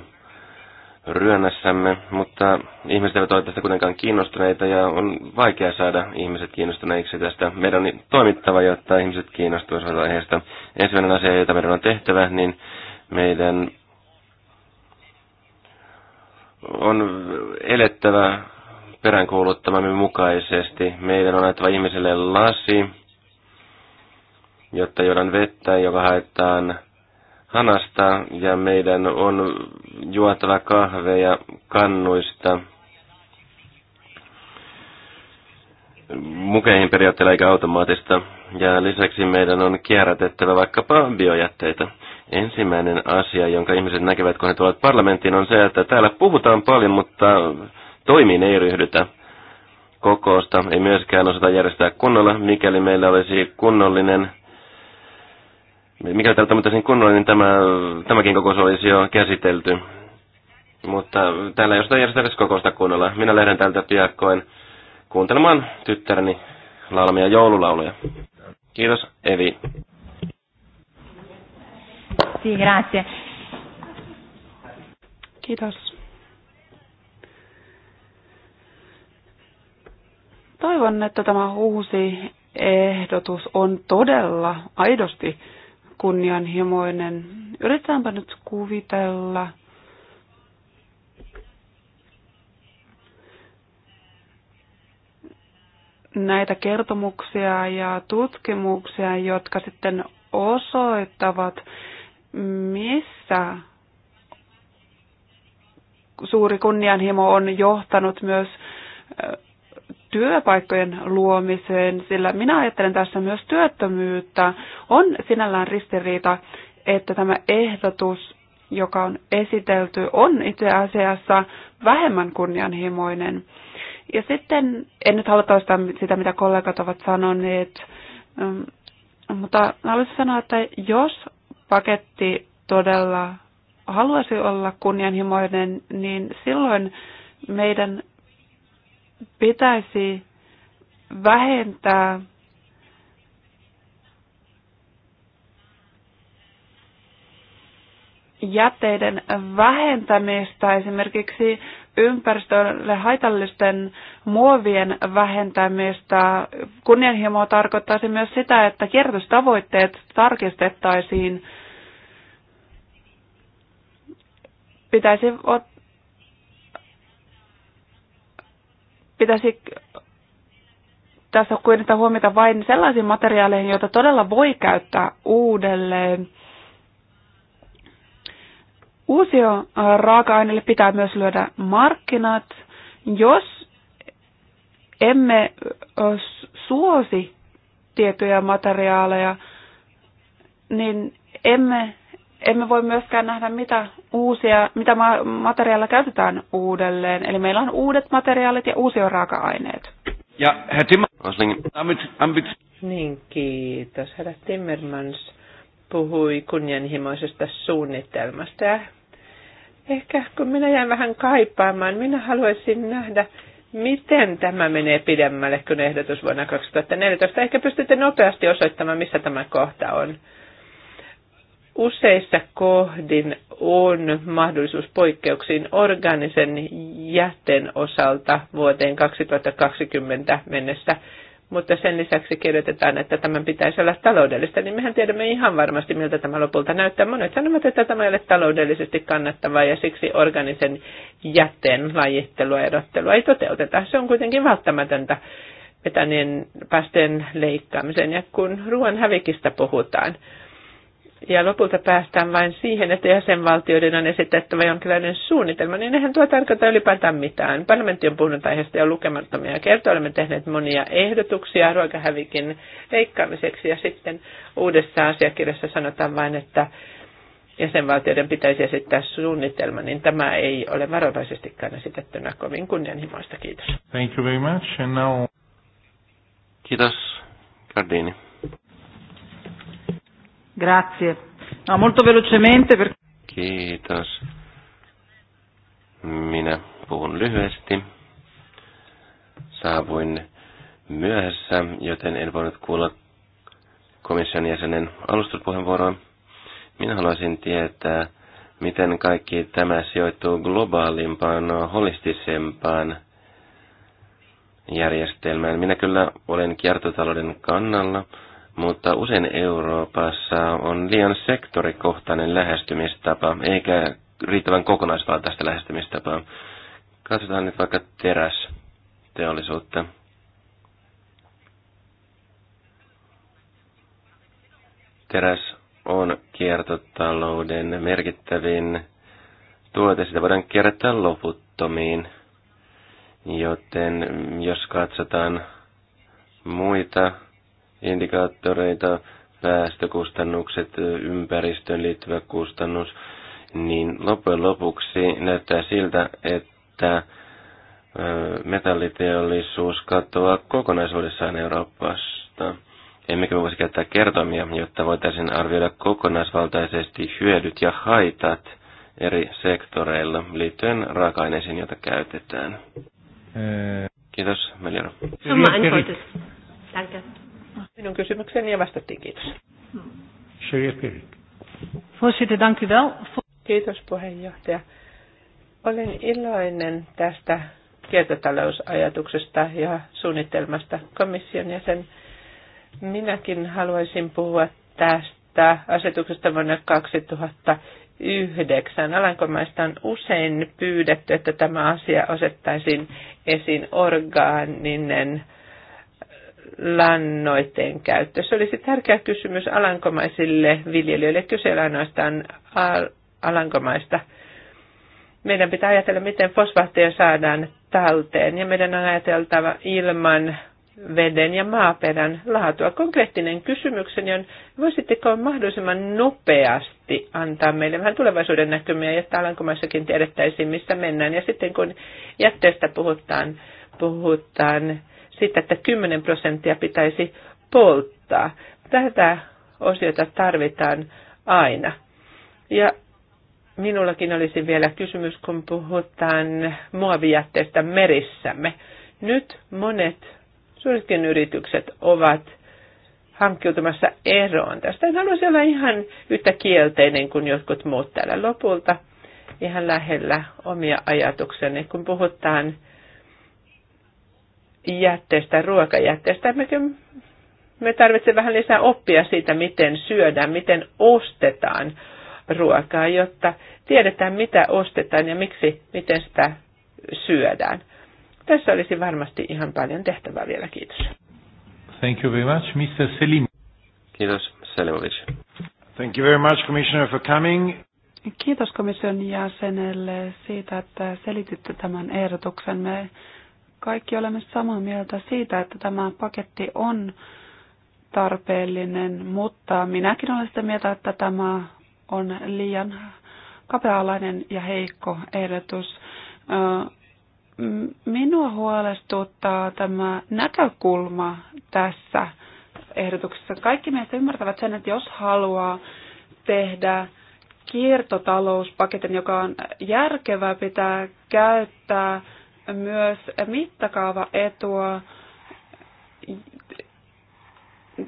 ryönnässämme, mutta ihmiset eivät ole tästä kuitenkaan kiinnostuneita ja on vaikea saada ihmiset kiinnostuneiksi tästä. Meidän on toimittava, jotta ihmiset kiinnostuisivat aiheesta. Ensimmäinen asia, jota meidän on tehtävä, niin meidän on elettävä peräänkuuluttamamme mukaisesti. Meidän on annettava ihmiselle lasi, jotta juodaan vettä, joka haetaan hanasta, ja meidän on juotava kahveja kannuista. mukeihin periaatteella eikä automaattista. Ja lisäksi meidän on kierrätettävä vaikkapa biojätteitä. Ensimmäinen asia, jonka ihmiset näkevät, kun he tulevat parlamenttiin, on se, että täällä puhutaan paljon, mutta Toimiin ei ryhdytä. Kokousta ei myöskään osata järjestää kunnolla, mikäli meillä olisi kunnollinen mikäli tältä mutta kunnolla, niin tämä, tämäkin kokous olisi jo käsitelty. Mutta täällä ei osata järjestää edes kokousta kunnolla. Minä lähden täältä piakkoin kuuntelemaan tyttäreni laulamia joululauluja. Kiitos, Evi. Sì, grazie. Kiitos. Toivon, että tämä uusi ehdotus on todella aidosti kunnianhimoinen. Yritetäänpä nyt kuvitella. näitä kertomuksia ja tutkimuksia, jotka sitten osoittavat, missä suuri kunnianhimo on johtanut myös työpaikkojen luomiseen, sillä minä ajattelen tässä myös työttömyyttä. On sinällään ristiriita, että tämä ehdotus, joka on esitelty, on itse asiassa vähemmän kunnianhimoinen. Ja sitten, en nyt halua toistaa sitä, mitä kollegat ovat sanoneet, mm, mutta haluaisin sanoa, että jos paketti todella haluaisi olla kunnianhimoinen, niin silloin meidän pitäisi vähentää jätteiden vähentämistä, esimerkiksi ympäristölle haitallisten muovien vähentämistä. Kunnianhimo tarkoittaisi myös sitä, että kierrätystavoitteet tarkistettaisiin. Pitäisi pitäisi tässä kuitenkin huomiota vain sellaisiin materiaaleihin, joita todella voi käyttää uudelleen. Uusio raaka-aineille pitää myös lyödä markkinat. Jos emme suosi tiettyjä materiaaleja, niin emme emme voi myöskään nähdä, mitä uusia, mitä materiaalia käytetään uudelleen. Eli meillä on uudet materiaalit ja uusia raaka-aineet. Ja Herr Timmermans, niin kiitos. Herra Timmermans puhui kunnianhimoisesta suunnitelmasta. Ja ehkä kun minä jään vähän kaipaamaan, minä haluaisin nähdä, miten tämä menee pidemmälle kuin ehdotus vuonna 2014. Ehkä pystytte nopeasti osoittamaan, missä tämä kohta on useissa kohdin on mahdollisuus poikkeuksiin organisen jätteen osalta vuoteen 2020 mennessä, mutta sen lisäksi kirjoitetaan, että tämän pitäisi olla taloudellista, niin mehän tiedämme ihan varmasti, miltä tämä lopulta näyttää. Monet sanovat, että tämä ei ole taloudellisesti kannattavaa ja siksi organisen jätteen lajittelua ja erottelua ei toteuteta. Se on kuitenkin välttämätöntä metanien päästöjen leikkaamiseen. Ja kun ruoan hävikistä puhutaan, ja lopulta päästään vain siihen, että jäsenvaltioiden on esitettävä jonkinlainen suunnitelma, niin eihän tuo tarkoita ylipäätään mitään. Parlamentti on puhunut aiheesta jo lukemattomia kertoja, olemme tehneet monia ehdotuksia ruokahävikin leikkaamiseksi ja sitten uudessa asiakirjassa sanotaan vain, että jäsenvaltioiden pitäisi esittää suunnitelma, niin tämä ei ole varovaisestikaan esitettynä kovin kunnianhimoista. Kiitos. Thank you very much. And now... Kiitos, Gardini. Grazie. No, molto velocemente. Per... Kiitos. Minä puhun lyhyesti. Saavuin myöhässä, joten en voinut kuulla komission jäsenen alustuspuheenvuoroa. Minä haluaisin tietää, miten kaikki tämä sijoittuu globaalimpaan, holistisempaan järjestelmään. Minä kyllä olen kiertotalouden kannalla, mutta usein Euroopassa on liian sektorikohtainen lähestymistapa, eikä riittävän kokonaisvaltaista lähestymistapaa. Katsotaan nyt vaikka terästeollisuutta. Teräs on kiertotalouden merkittävin tuote, sitä voidaan kierrättää loputtomiin. Joten jos katsotaan muita indikaattoreita, päästökustannukset, ympäristöön liittyvä kustannus, niin loppujen lopuksi näyttää siltä, että metalliteollisuus katoaa kokonaisuudessaan Euroopasta. Emmekä me voisi käyttää kertomia, jotta voitaisiin arvioida kokonaisvaltaisesti hyödyt ja haitat eri sektoreilla liittyen raaka-aineisiin, joita käytetään. Kiitos, Meliora. Danke. Minun kysymykseni ja vastattiin, kiitos. Kiitos puheenjohtaja. Olen iloinen tästä kiertotalousajatuksesta ja suunnitelmasta komission jäsen. Minäkin haluaisin puhua tästä asetuksesta vuonna 2009. Alankomaista on usein pyydetty, että tämä asia osettaisiin esiin orgaaninen lannoitteen käyttö. Se olisi tärkeä kysymys alankomaisille viljelijöille. Kyse ei ainoastaan al- alankomaista. Meidän pitää ajatella, miten fosfaatteja saadaan talteen ja meidän on ajateltava ilman veden ja maaperän laatua. Konkreettinen kysymykseni on, voisitteko mahdollisimman nopeasti antaa meille vähän tulevaisuuden näkymiä, jotta Alankomaissakin tiedettäisiin, missä mennään. Ja sitten kun jätteestä puhutaan, puhutaan sitä, että 10 prosenttia pitäisi polttaa. Tätä osiota tarvitaan aina. Ja minullakin olisi vielä kysymys, kun puhutaan muovijätteestä merissämme. Nyt monet suuritkin yritykset ovat hankkiutumassa eroon tästä. En haluaisi olla ihan yhtä kielteinen kuin jotkut muut täällä lopulta. Ihan lähellä omia ajatukseni, kun puhutaan jätteestä, ruokajätteestä. Me, me tarvitsemme vähän lisää oppia siitä, miten syödään, miten ostetaan ruokaa, jotta tiedetään, mitä ostetaan ja miksi, miten sitä syödään. Tässä olisi varmasti ihan paljon tehtävää vielä. Kiitos. Thank you very much, Mr. Selim. Kiitos, Selimovic. Thank you very much, Commissioner, for coming. Kiitos komission jäsenelle siitä, että selititte tämän ehdotuksen. Me kaikki olemme samaa mieltä siitä, että tämä paketti on tarpeellinen, mutta minäkin olen sitä mieltä, että tämä on liian kapealainen ja heikko ehdotus. Minua huolestuttaa tämä näkökulma tässä ehdotuksessa. Kaikki meistä ymmärtävät sen, että jos haluaa tehdä kiertotalouspaketin, joka on järkevää, pitää käyttää myös mittakaavaetua.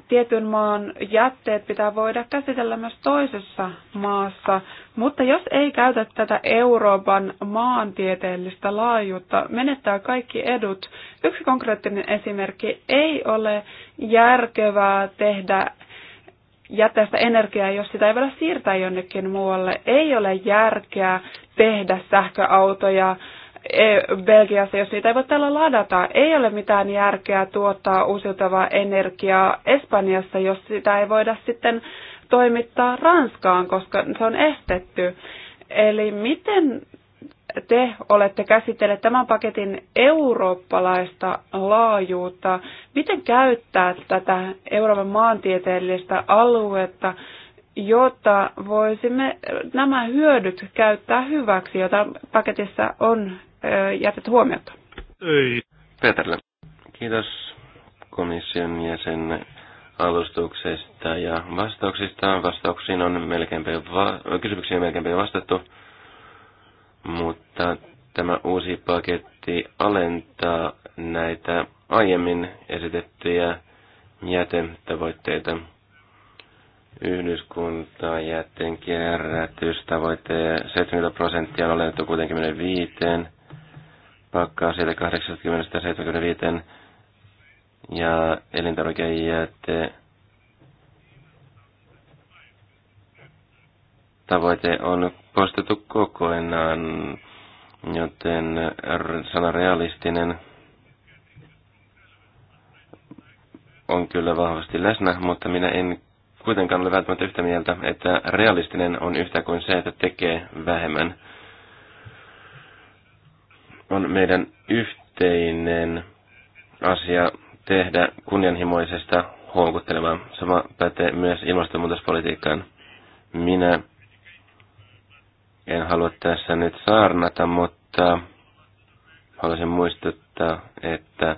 Tietyn maan jätteet pitää voida käsitellä myös toisessa maassa, mutta jos ei käytä tätä Euroopan maantieteellistä laajuutta, menettää kaikki edut. Yksi konkreettinen esimerkki ei ole järkevää tehdä jätteestä energiaa, jos sitä ei voida siirtää jonnekin muualle. Ei ole järkeä tehdä sähköautoja E, Belgiassa, jos niitä ei voi täällä ladata. Ei ole mitään järkeä tuottaa uusiutavaa energiaa Espanjassa, jos sitä ei voida sitten toimittaa Ranskaan, koska se on estetty. Eli miten te olette käsitelleet tämän paketin eurooppalaista laajuutta? Miten käyttää tätä Euroopan maantieteellistä aluetta, jotta voisimme nämä hyödyt käyttää hyväksi, jota paketissa on Jätet huomiota. Ei. Peterle. Kiitos komission jäsen alustuksesta ja vastauksista. Vastauksiin on melkein va- kysymyksiin on melkein vastattu, mutta tämä uusi paketti alentaa näitä aiemmin esitettyjä jätetavoitteita. jätteen kierrätystavoitteen 70 prosenttia on alennettu 65 pakkaa sieltä 80-75 ja elintarvikejäte tavoite on poistettu kokonaan, joten sana realistinen on kyllä vahvasti läsnä, mutta minä en kuitenkaan ole välttämättä yhtä mieltä, että realistinen on yhtä kuin se, että tekee vähemmän on meidän yhteinen asia tehdä kunnianhimoisesta houkuttelemaan. Sama pätee myös ilmastonmuutospolitiikkaan. Minä en halua tässä nyt saarnata, mutta haluaisin muistuttaa, että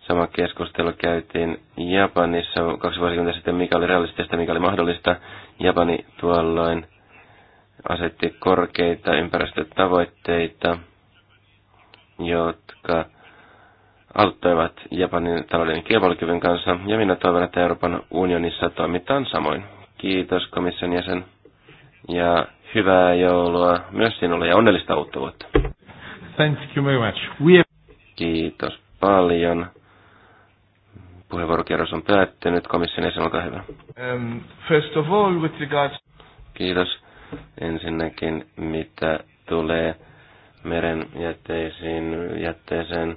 sama keskustelu käytiin Japanissa kaksi vuosikymmentä sitten, mikä oli realistista, mikä oli mahdollista. Japani tuolloin asetti korkeita ympäristötavoitteita – jotka auttoivat Japanin talouden kilpailukyvyn kanssa, ja minä toivon, että Euroopan unionissa toimitaan samoin. Kiitos komission jäsen, ja hyvää joulua myös sinulle, ja onnellista uutta vuotta. Thank you very much. We have... Kiitos paljon. Puheenvuorokierros on päättynyt. Komission jäsen, olkaa hyvä. Um, first of all, with regards... Kiitos. Ensinnäkin, mitä tulee meren jätteisiin, jätteeseen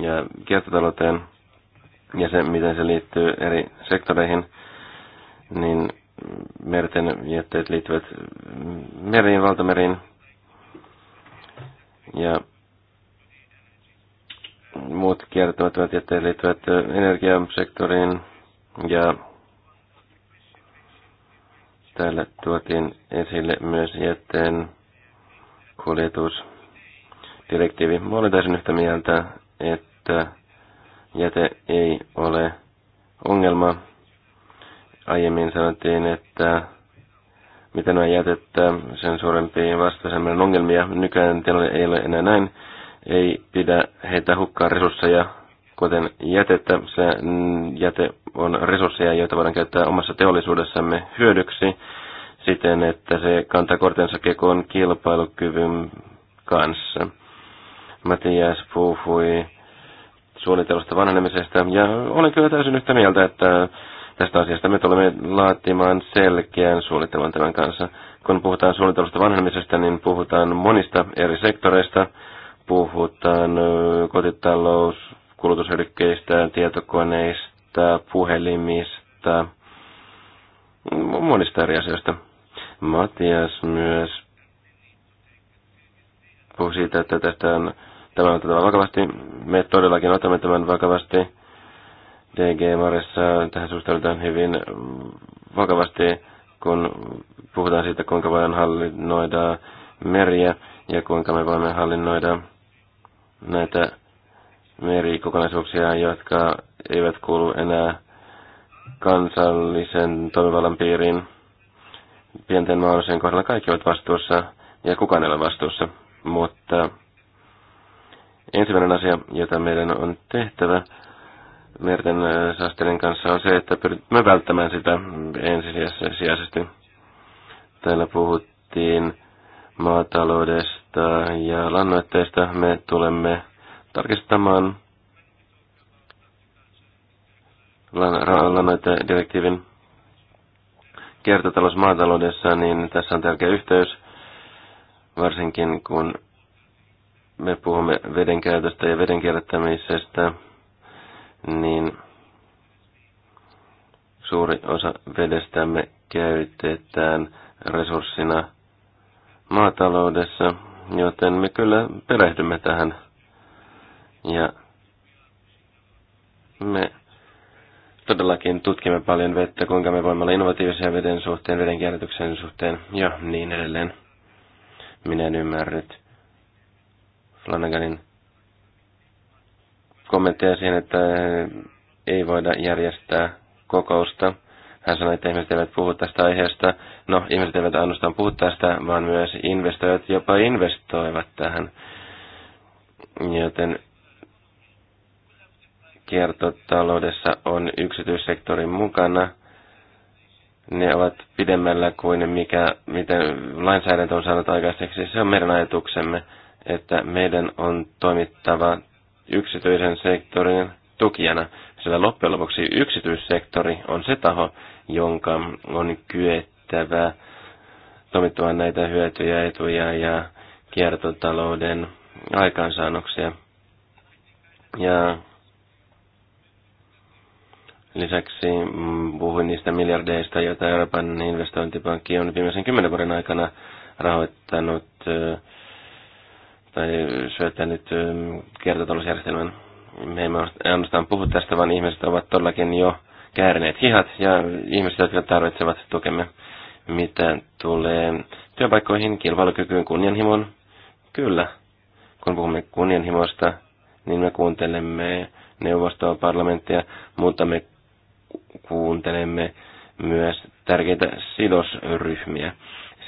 ja kiertotalouteen ja se, miten se liittyy eri sektoreihin, niin merten jätteet liittyvät meriin, valtameriin ja muut kiertämättömät jätteet liittyvät energiasektoriin ja täällä tuotiin esille myös jätteen kuljetus direktiivi. Olen täysin yhtä mieltä, että jäte ei ole ongelma. Aiemmin sanottiin, että mitä noin jätettä, sen suurempiin vastaisemmille ongelmia. Nykyään tilanne ei ole enää näin. Ei pidä heitä hukkaan resursseja, kuten jätettä. Se jäte on resursseja, joita voidaan käyttää omassa teollisuudessamme hyödyksi siten, että se kantaa kortensa kekoon kilpailukyvyn kanssa. Matias puhui suunnitelusta vanhenemisesta, ja olen kyllä täysin yhtä mieltä, että tästä asiasta me tulemme laatimaan selkeän suunnitelman tämän kanssa. Kun puhutaan suunnitelusta vanhenemisesta, niin puhutaan monista eri sektoreista. Puhutaan kotitalous, kulutushyödykkeistä, tietokoneista, puhelimista, monista eri asioista. Matias myös puhui siitä, että tästä on Tämä on otettava vakavasti. Me todellakin otamme tämän vakavasti. DG Marissa tähän suhtaudutaan hyvin vakavasti, kun puhutaan siitä, kuinka voidaan hallinnoida meriä ja kuinka me voimme hallinnoida näitä merikokonaisuuksia, jotka eivät kuulu enää kansallisen toimivallan piiriin. Pienten maanosien kohdalla kaikki ovat vastuussa ja kukaan ei ole vastuussa, mutta Ensimmäinen asia, jota meidän on tehtävä merten äh, saastelin kanssa, on se, että pyrimme välttämään sitä ensisijaisesti. Täällä puhuttiin maataloudesta ja lannoitteista. Me tulemme tarkistamaan lannoitedirektiivin kiertotalous maataloudessa, niin tässä on tärkeä yhteys, varsinkin kun me puhumme veden käytöstä ja veden kierrättämisestä, niin suuri osa vedestämme käytetään resurssina maataloudessa, joten me kyllä perehdymme tähän. Ja me todellakin tutkimme paljon vettä, kuinka me voimme olla innovatiivisia veden suhteen, veden kierrätyksen suhteen ja niin edelleen. Minä en ymmärrä Flanaganin kommentteja siihen, että ei voida järjestää kokousta. Hän sanoi, että ihmiset eivät puhu tästä aiheesta. No, ihmiset eivät ainoastaan puhu tästä, vaan myös investoijat jopa investoivat tähän. Joten kiertotaloudessa on yksityissektorin mukana. Ne ovat pidemmällä kuin mikä, miten lainsäädäntö on saanut aikaiseksi. Se on meidän ajatuksemme että meidän on toimittava yksityisen sektorin tukijana, sillä loppujen lopuksi yksityissektori on se taho, jonka on kyettävä toimittua näitä hyötyjä, etuja ja kiertotalouden aikaansaannoksia. Ja lisäksi puhuin niistä miljardeista, joita Euroopan investointipankki on viimeisen kymmenen vuoden aikana rahoittanut tai syöttänyt ähm, kiertotalousjärjestelmän. Me emme ainoastaan puhu tästä, vaan ihmiset ovat todellakin jo käärineet hihat ja ihmiset, jotka tarvitsevat tukemme. Mitä tulee työpaikkoihin, kilpailukykyyn, kunnianhimon? Kyllä. Kun puhumme kunnianhimosta, niin me kuuntelemme neuvostoa, parlamenttia, mutta me kuuntelemme myös tärkeitä sidosryhmiä.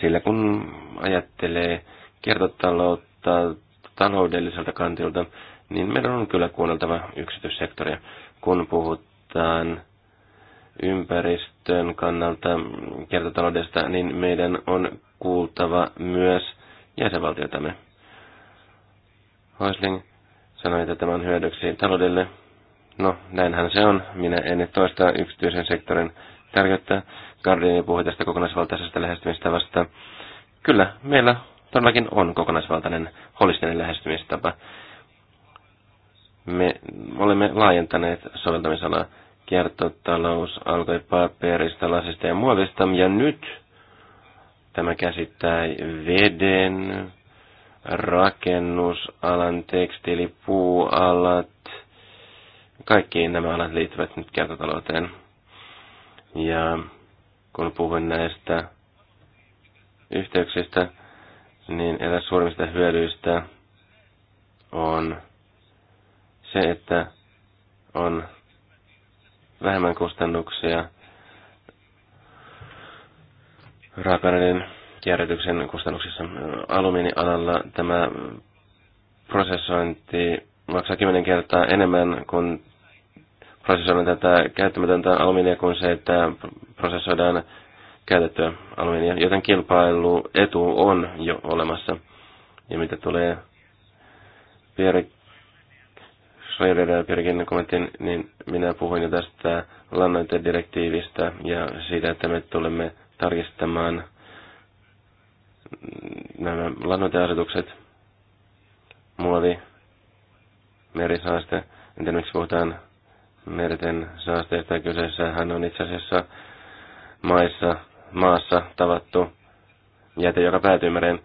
Sillä kun ajattelee kiertotaloutta, ta- taloudelliselta kantilta, niin meidän on kyllä kuunneltava yksityissektoria. Kun puhutaan ympäristön kannalta kiertotaloudesta, niin meidän on kuultava myös jäsenvaltiotamme. Hoisling sanoi, että tämä on hyödyksi taloudelle. No, näinhän se on. Minä en toista yksityisen sektorin tärkeyttä. Gardini puhui tästä kokonaisvaltaisesta lähestymistavasta. Kyllä, meillä todellakin on kokonaisvaltainen holistinen lähestymistapa. Me olemme laajentaneet soveltamisalaa. Kiertotalous alkoi paperista, lasista ja muovista, ja nyt tämä käsittää veden, rakennusalan, tekstiili, puualat, kaikki nämä alat liittyvät nyt kiertotalouteen. Ja kun puhuin näistä yhteyksistä, niin eräs suurimmista hyödyistä on se, että on vähemmän kustannuksia raaka kierrätyksen kustannuksissa. Alumiinialalla tämä prosessointi maksaa kymmenen kertaa enemmän kuin prosessoidaan tätä käyttämätöntä alumiinia kuin se, että prosessoidaan käytettyä alumiinia, joten etu on jo olemassa. Ja mitä tulee Pierre Schreiber ja Pirkin kommenttiin, niin minä puhuin jo tästä lannoitedirektiivistä ja siitä, että me tulemme tarkistamaan nämä lannoiteasetukset, muovi, merisaaste, entä miksi puhutaan merten saasteista, hän on itse asiassa maissa maassa tavattu jäte, joka päätyy mereen.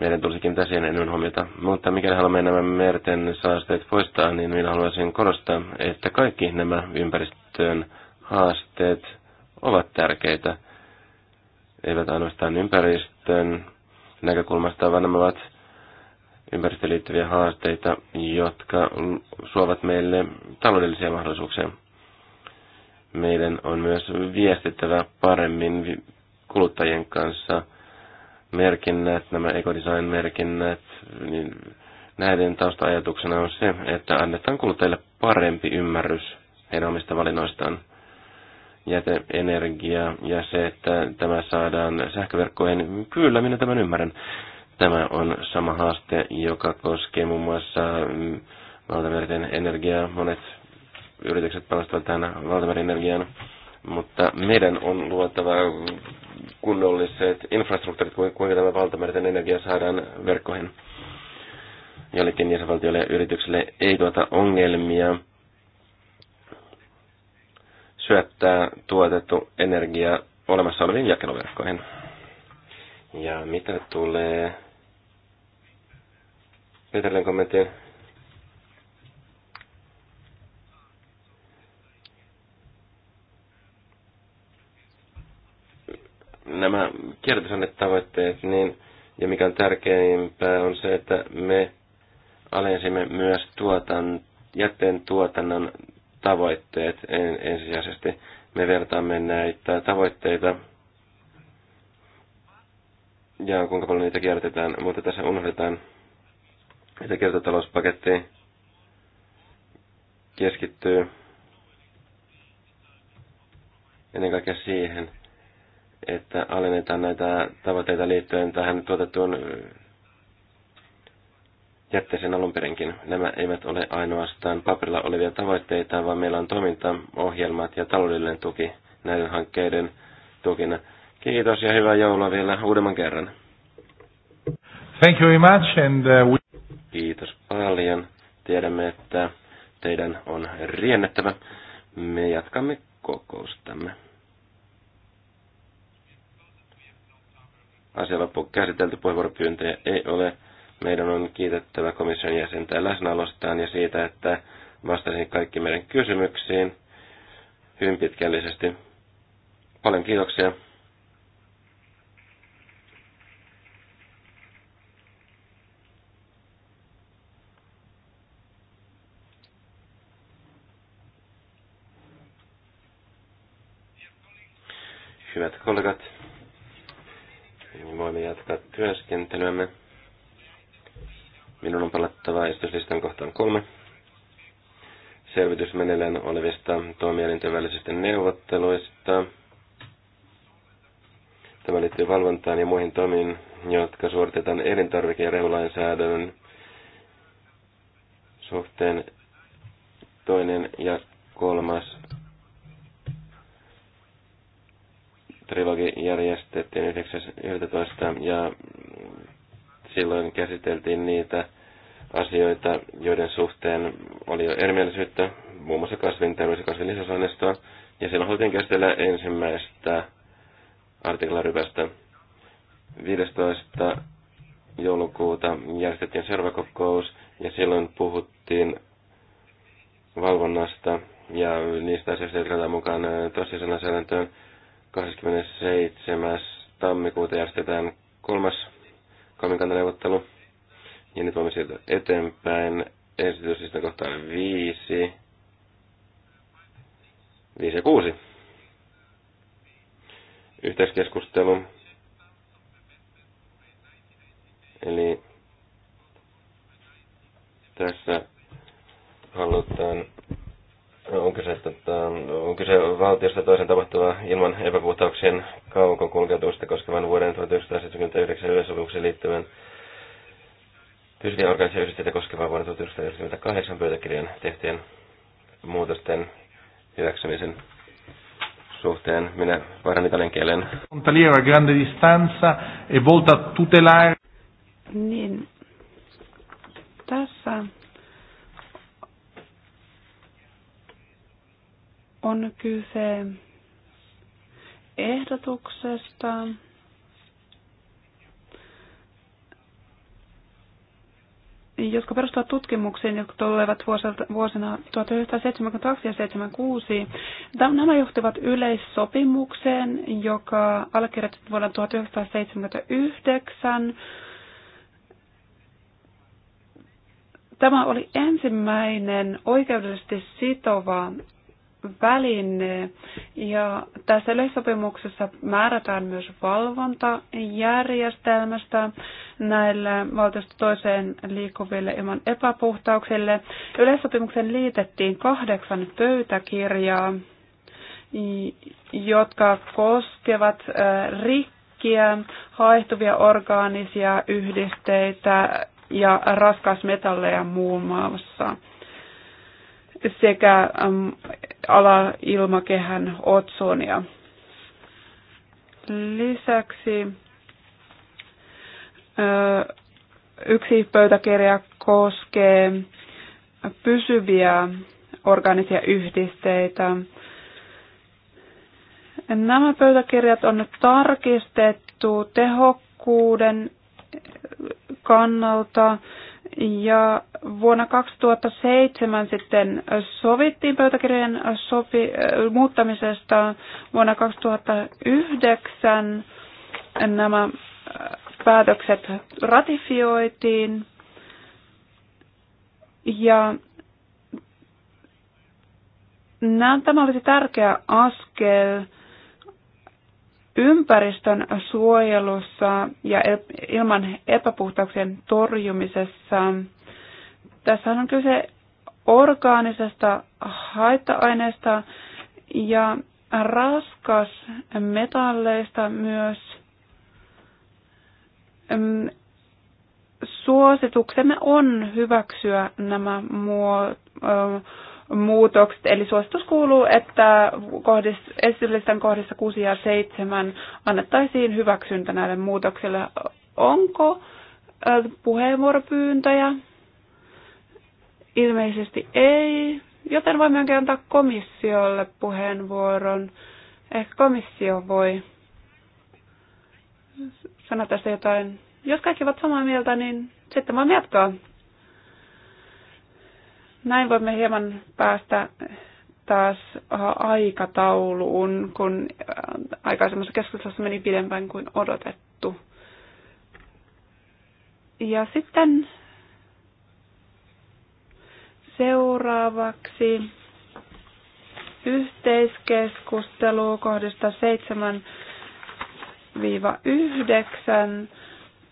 Meidän tulisikin tässä ennen huomiota. Mutta mikäli haluamme nämä merten saasteet poistaa, niin minä haluaisin korostaa, että kaikki nämä ympäristöön haasteet ovat tärkeitä. Eivät ainoastaan ympäristön näkökulmasta, vaan nämä ovat ympäristöön liittyviä haasteita, jotka suovat meille taloudellisia mahdollisuuksia. Meidän on myös viestittävä paremmin kuluttajien kanssa. Merkinnät, nämä ekodesign-merkinnät, niin näiden tausta-ajatuksena on se, että annetaan kuluttajille parempi ymmärrys heidän omista valinnoistaan jäteenergia ja se, että tämä saadaan sähköverkkojen, kyllä minä tämän ymmärrän. Tämä on sama haaste, joka koskee muun muassa mm, valtamerten energiaa. Monet yritykset panostavat tähän valtamerienergiaan. energiaan mutta meidän on luotava kunnolliset infrastruktuurit, kuinka tämä valtamerten energia saadaan verkkoihin. Jollekin jäsenvaltioille ja yrityksille ei tuota ongelmia syöttää tuotettu energia olemassa oleviin jakeluverkkoihin. Ja mitä tulee Peterlen kommenttiin, nämä kierrätysannetavoitteet, niin, ja mikä on tärkeimpää, on se, että me alensimme myös tuotan, jätteen tuotannon tavoitteet en, ensisijaisesti. Me vertaamme näitä tavoitteita ja kuinka paljon niitä kierrätetään, mutta tässä unohdetaan, että kiertotalouspaketti keskittyy ennen kaikkea siihen, että alennetaan näitä tavoitteita liittyen tähän tuotettuun jätteeseen alun perinkin. Nämä eivät ole ainoastaan paperilla olevia tavoitteita, vaan meillä on toimintaohjelmat ja taloudellinen tuki näiden hankkeiden tukina. Kiitos ja hyvää joulua vielä uudemman kerran. Thank you very much and uh, we... Kiitos paljon. Tiedämme, että teidän on riennettävä. Me jatkamme kokoustamme. asia loppu käsitelty, puheenvuoropyyntöjä ei ole. Meidän on kiitettävä komission jäsentä läsnäolostaan ja siitä, että vastasi kaikki meidän kysymyksiin hyvin pitkällisesti. Paljon kiitoksia. Hyvät kollegat voimme jatkaa työskentelyämme. Minun on palattava esityslistan kohtaan kolme. Selvitys meneillään olevista toimielinten välisistä neuvotteluista. Tämä liittyy valvontaan ja muihin toimiin, jotka suoritetaan elintarvike- ja rehulainsäädännön suhteen toinen ja kolmas trilogi järjestettiin 9.11. ja silloin käsiteltiin niitä asioita, joiden suhteen oli jo erimielisyyttä, muun muassa terveys- ja kasvillisasoinnistoa, ja silloin haluttiin käsitellä ensimmäistä artiklarypästä 15. joulukuuta järjestettiin servakokous ja silloin puhuttiin valvonnasta ja niistä asioista, jotka mukaan toisessa sääntöön. 27. tammikuuta järjestetään kolmas kolmikantaneuvottelu. Ja nyt voimme siirtyä eteenpäin. Esityslistan kohtaan 5. 5 ja 6. Yhteiskeskustelu. Eli tässä halutaan on kyse, että on kyse valtiosta toisen tapahtuvaa ilman epäpuhtauksien kaukokulkeutumista koskevan vuoden 1979 yleisopimuksen liittyvän fyysisiä organisaatioita koskevan vuoden 1998 pöytäkirjan tehtyjen muutosten hyväksymisen suhteen. Minä vaihdan italian kielen. grande distanza e volta tutelare. Niin, tässä on kyse ehdotuksesta, jotka perustuvat tutkimuksiin, jotka tulevat vuosina 1972 ja 1976. Nämä johtivat yleissopimukseen, joka allekirjoitettiin vuonna 1979. Tämä oli ensimmäinen oikeudellisesti sitova väline. Ja tässä yleissopimuksessa määrätään myös valvontajärjestelmästä näille valtiosta toiseen liikkuville ilman epäpuhtauksille. Yleissopimuksen liitettiin kahdeksan pöytäkirjaa, jotka koskevat äh, rikkiä, haehtuvia orgaanisia yhdisteitä ja raskasmetalleja muun muassa sekä alailmakehän otsonia. Lisäksi yksi pöytäkirja koskee pysyviä organisia yhdisteitä. Nämä pöytäkirjat on nyt tarkistettu tehokkuuden kannalta ja vuonna 2007 sitten sovittiin pöytäkirjojen sopi, äh, muuttamisesta. Vuonna 2009 nämä äh, päätökset ratifioitiin. Ja nämä, tämä olisi tärkeä askel Ympäristön suojelussa ja ilman epäpuhtauksien torjumisessa. Tässä on kyse orgaanisesta haitta-aineesta ja raskas metalleista myös suosituksemme on hyväksyä nämä muutokset. Eli suositus kuuluu, että kohdissa, esityslistan kohdissa 6 ja 7 annettaisiin hyväksyntä näille muutoksille. Onko puheenvuoropyyntöjä? Ilmeisesti ei, joten voimme oikein antaa komissiolle puheenvuoron. Ehkä komissio voi sanoa tästä jotain. Jos kaikki ovat samaa mieltä, niin sitten voimme jatkaa näin voimme hieman päästä taas aikatauluun, kun äh, aikaisemmassa keskustelussa meni pidempään kuin odotettu. Ja sitten seuraavaksi yhteiskeskustelu kohdista 7-9.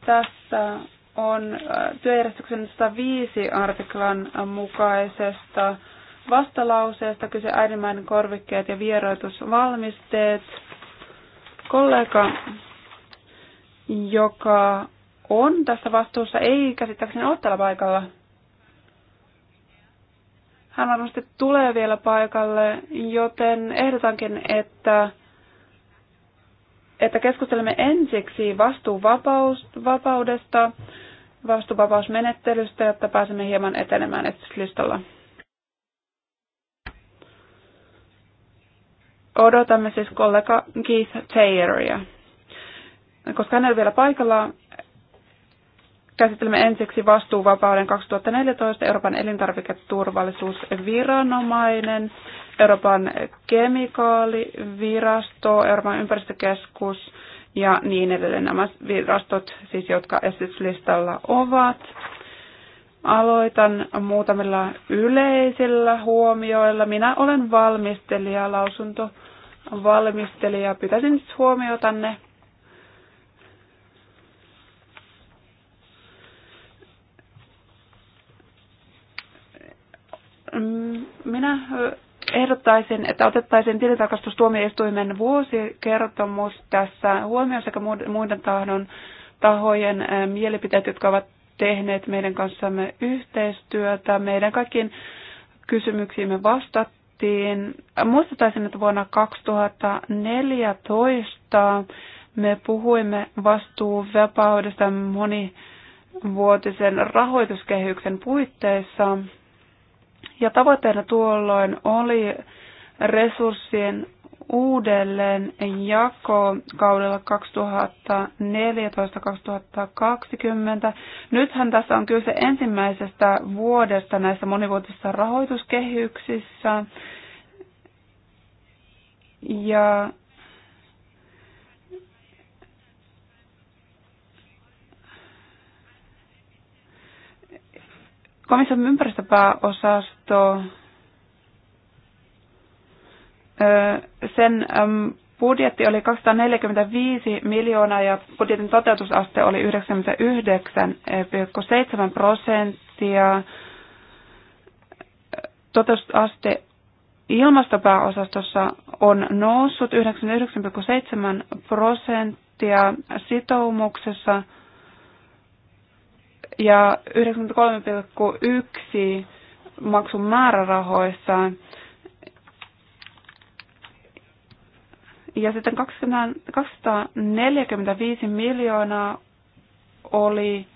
Tässä on äh, työjärjestyksen 105 artiklan mukaisesta vastalauseesta kyse äidinmäinen korvikkeet ja vieroitusvalmisteet. Kollega, joka on tässä vastuussa, ei käsittääkseni ole täällä paikalla. Hän varmasti tulee vielä paikalle, joten ehdotankin, että, että keskustelemme ensiksi vastuuvapaudesta vastuvapausmenettelystä, jotta pääsemme hieman etenemään etsyslistalla. Odotamme siis kollega Keith Tayloria. Koska hän ei ole vielä paikalla, käsittelemme ensiksi vastuuvapauden 2014 Euroopan elintarviketurvallisuusviranomainen, Euroopan kemikaalivirasto, Euroopan ympäristökeskus, ja niin edelleen nämä virastot, siis jotka esityslistalla ovat. Aloitan muutamilla yleisillä huomioilla. Minä olen valmistelija, lausunto valmistelija. Pitäisin siis huomiotanne mm, minä ehdottaisin, että otettaisiin tilintarkastustuomioistuimen vuosikertomus tässä huomioon sekä muiden tahdon tahojen mielipiteet, jotka ovat tehneet meidän kanssamme yhteistyötä. Meidän kaikkiin kysymyksiimme vastattiin. Muistaisin, että vuonna 2014 me puhuimme vastuuvapaudesta monivuotisen rahoituskehyksen puitteissa. Ja tavoitteena tuolloin oli resurssien uudelleen jako kaudella 2014-2020. Nythän tässä on kyse ensimmäisestä vuodesta näissä monivuotisissa rahoituskehyksissä. Ja Komission ympäristöpääosasto, sen budjetti oli 245 miljoonaa ja budjetin toteutusaste oli 99,7 prosenttia. Toteutusaste ilmastopääosastossa on noussut 99,7 prosenttia sitoumuksessa ja 93,1 maksun määrärahoissaan. Ja sitten 245 miljoonaa oli,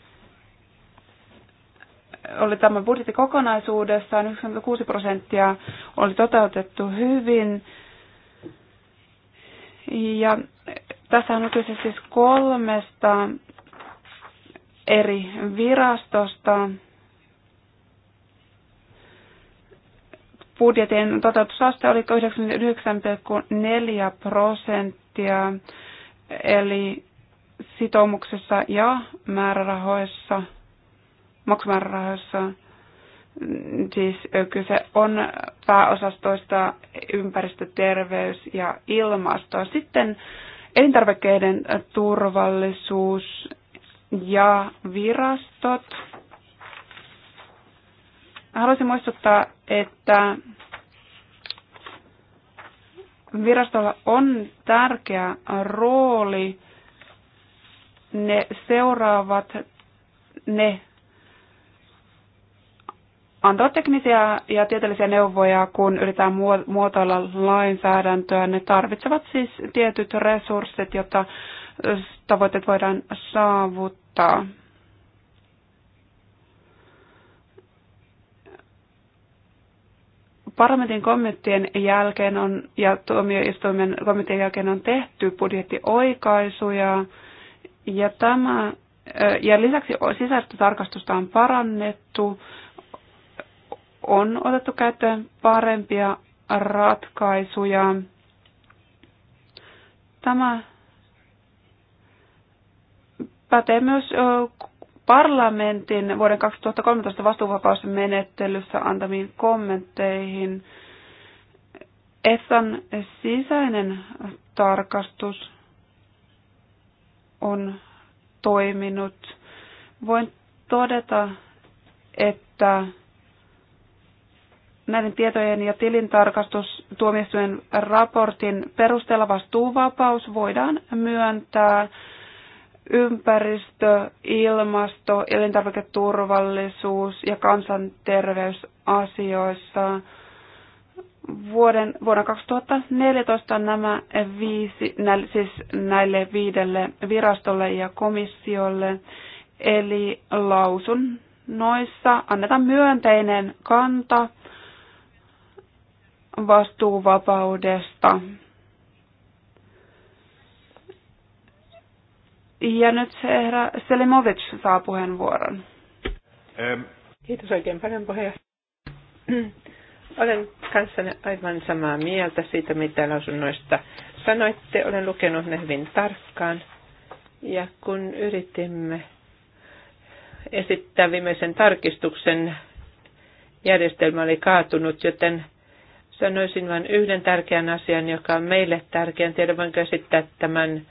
oli tämä budjetti kokonaisuudessaan, 96 prosenttia oli toteutettu hyvin. Ja tässä on kyse siis kolmesta eri virastosta. Budjetin toteutusaste oli 99,4 prosenttia, eli sitoumuksessa ja määrärahoissa, maksumäärärahoissa, siis kyse on pääosastoista ympäristö, terveys ja ilmasto. Sitten elintarvikkeiden turvallisuus ja virastot. Haluaisin muistuttaa, että virastolla on tärkeä rooli. Ne seuraavat, ne antavat teknisiä ja tieteellisiä neuvoja, kun yritetään muotoilla lainsäädäntöä. Ne tarvitsevat siis tietyt resurssit, jotta tavoitteet voidaan saavuttaa. Parlamentin kommenttien jälkeen on, ja tuomioistuimen kommenttien jälkeen on tehty budjettioikaisuja, ja, tämä, ja lisäksi sisäistä tarkastusta on parannettu, on otettu käyttöön parempia ratkaisuja. Tämä pätee myös parlamentin vuoden 2013 vastuuvapausmenettelyssä antamiin kommentteihin. ESSAn sisäinen tarkastus on toiminut. Voin todeta, että näiden tietojen ja tilintarkastustuomioistuimen raportin perusteella vastuuvapaus voidaan myöntää ympäristö, ilmasto, elintarviketurvallisuus ja kansanterveysasioissa. Vuoden, vuonna 2014 nämä viisi, nä, siis näille viidelle virastolle ja komissiolle, eli lausunnoissa annetaan myönteinen kanta vastuuvapaudesta Ja nyt herra Selimovic saa puheenvuoron. Ähm. Kiitos oikein paljon puheenjohtaja. [CLEARS THROAT] Olen kanssanne aivan samaa mieltä siitä, mitä lausunnoista sanoitte. Olen lukenut ne hyvin tarkkaan. Ja kun yritimme esittää viimeisen tarkistuksen, järjestelmä oli kaatunut, joten sanoisin vain yhden tärkeän asian, joka on meille tärkeän. Tiedän, voinko esittää tämän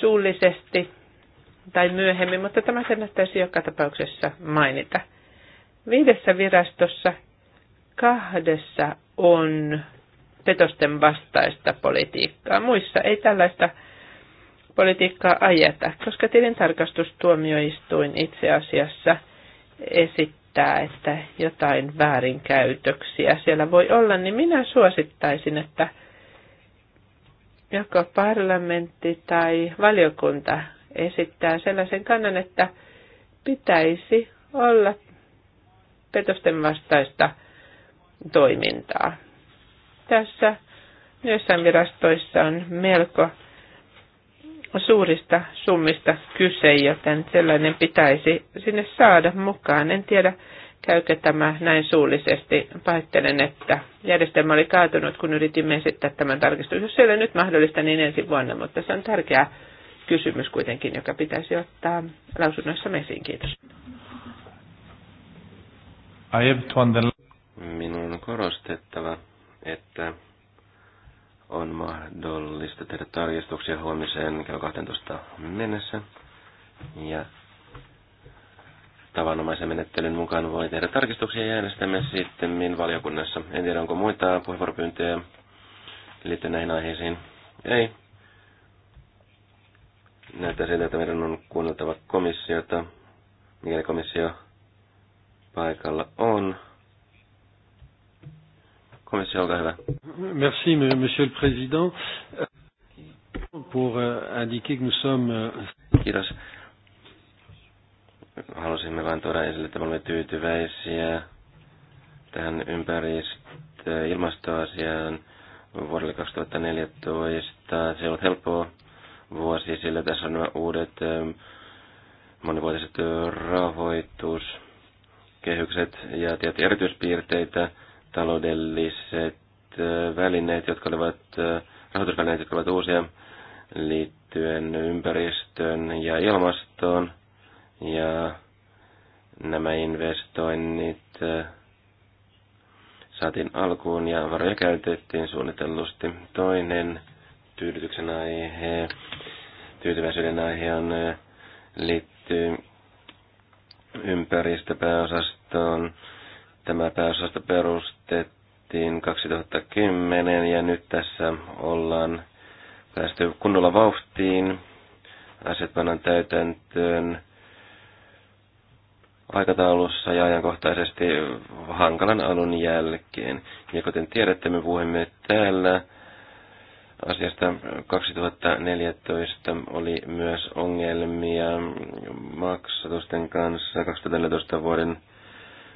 suullisesti tai myöhemmin, mutta tämä näyttäisi joka tapauksessa mainita. Viidessä virastossa kahdessa on petosten vastaista politiikkaa. Muissa ei tällaista politiikkaa ajeta, koska tilintarkastustuomioistuin itse asiassa esittää, että jotain väärinkäytöksiä siellä voi olla, niin minä suosittaisin, että joko parlamentti tai valiokunta esittää sellaisen kannan, että pitäisi olla petosten vastaista toimintaa. Tässä joissain virastoissa on melko suurista summista kyse, joten sellainen pitäisi sinne saada mukaan. En tiedä, Käykö tämä näin suullisesti? Pahoittelen, että järjestelmä oli kaatunut, kun yritimme esittää tämän tarkistuksen. Jos se ei ole nyt mahdollista, niin ensi vuonna, mutta se on tärkeä kysymys kuitenkin, joka pitäisi ottaa lausunnoissa esiin. Kiitos. Minun on korostettava, että on mahdollista tehdä tarkistuksia huomiseen kello 12 mennessä. Ja tavanomaisen menettelyn mukaan voi tehdä tarkistuksia ja äänestämme sitten valiokunnassa. En tiedä, onko muita puheenvuoropyyntöjä liittyen näihin aiheisiin. Ei. Näyttää siltä, että meidän on kuunneltava komissiota, mikäli komissio paikalla on. Komissio, olkaa hyvä. Merci, monsieur le président. Pour euh, indiquer que nous sommes... Euh, Kiitos Halusimme vain tuoda esille, että olemme tyytyväisiä tähän ympäristö- ilmastoasiaan vuodelle 2014. Se on ollut helppoa vuosi, sillä tässä on nämä uudet ähm, monivuotiset rahoituskehykset ja tietysti erityispiirteitä, taloudelliset äh, välineet, jotka olivat, äh, rahoitusvälineet, jotka ovat uusia liittyen ympäristöön ja ilmastoon ja nämä investoinnit äh, saatiin alkuun ja varoja käytettiin suunnitellusti. Toinen tyydytyksen aihe, tyytyväisyyden aihe on äh, liittyy ympäristöpääosastoon. Tämä pääosasto perustettiin 2010 ja nyt tässä ollaan päästy kunnolla vauhtiin. Asiat pannaan täytäntöön aikataulussa ja ajankohtaisesti hankalan alun jälkeen. Ja kuten tiedätte, me puhumme täällä asiasta 2014 oli myös ongelmia maksatusten kanssa. 2014 vuoden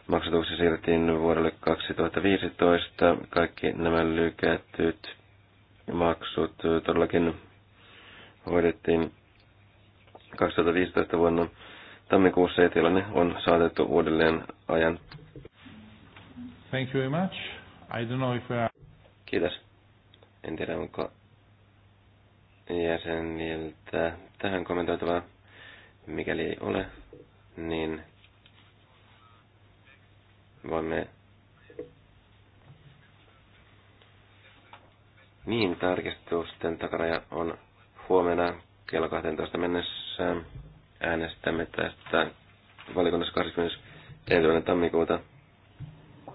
maksatuksia siirrettiin vuodelle 2015. Kaikki nämä lykätyt maksut todellakin hoidettiin 2015 vuonna. Tammikuussa tilanne on saatettu uudelleen ajan. Thank you very much. I don't know if we uh, are... Kiitos. En tiedä, onko jäseniltä tähän kommentoitavaa. Mikäli ei ole, niin voimme Niin, tarkistusten takaraja on huomenna kello 12 mennessä. Äänestämme tästä valikunnassa 21. tammikuuta.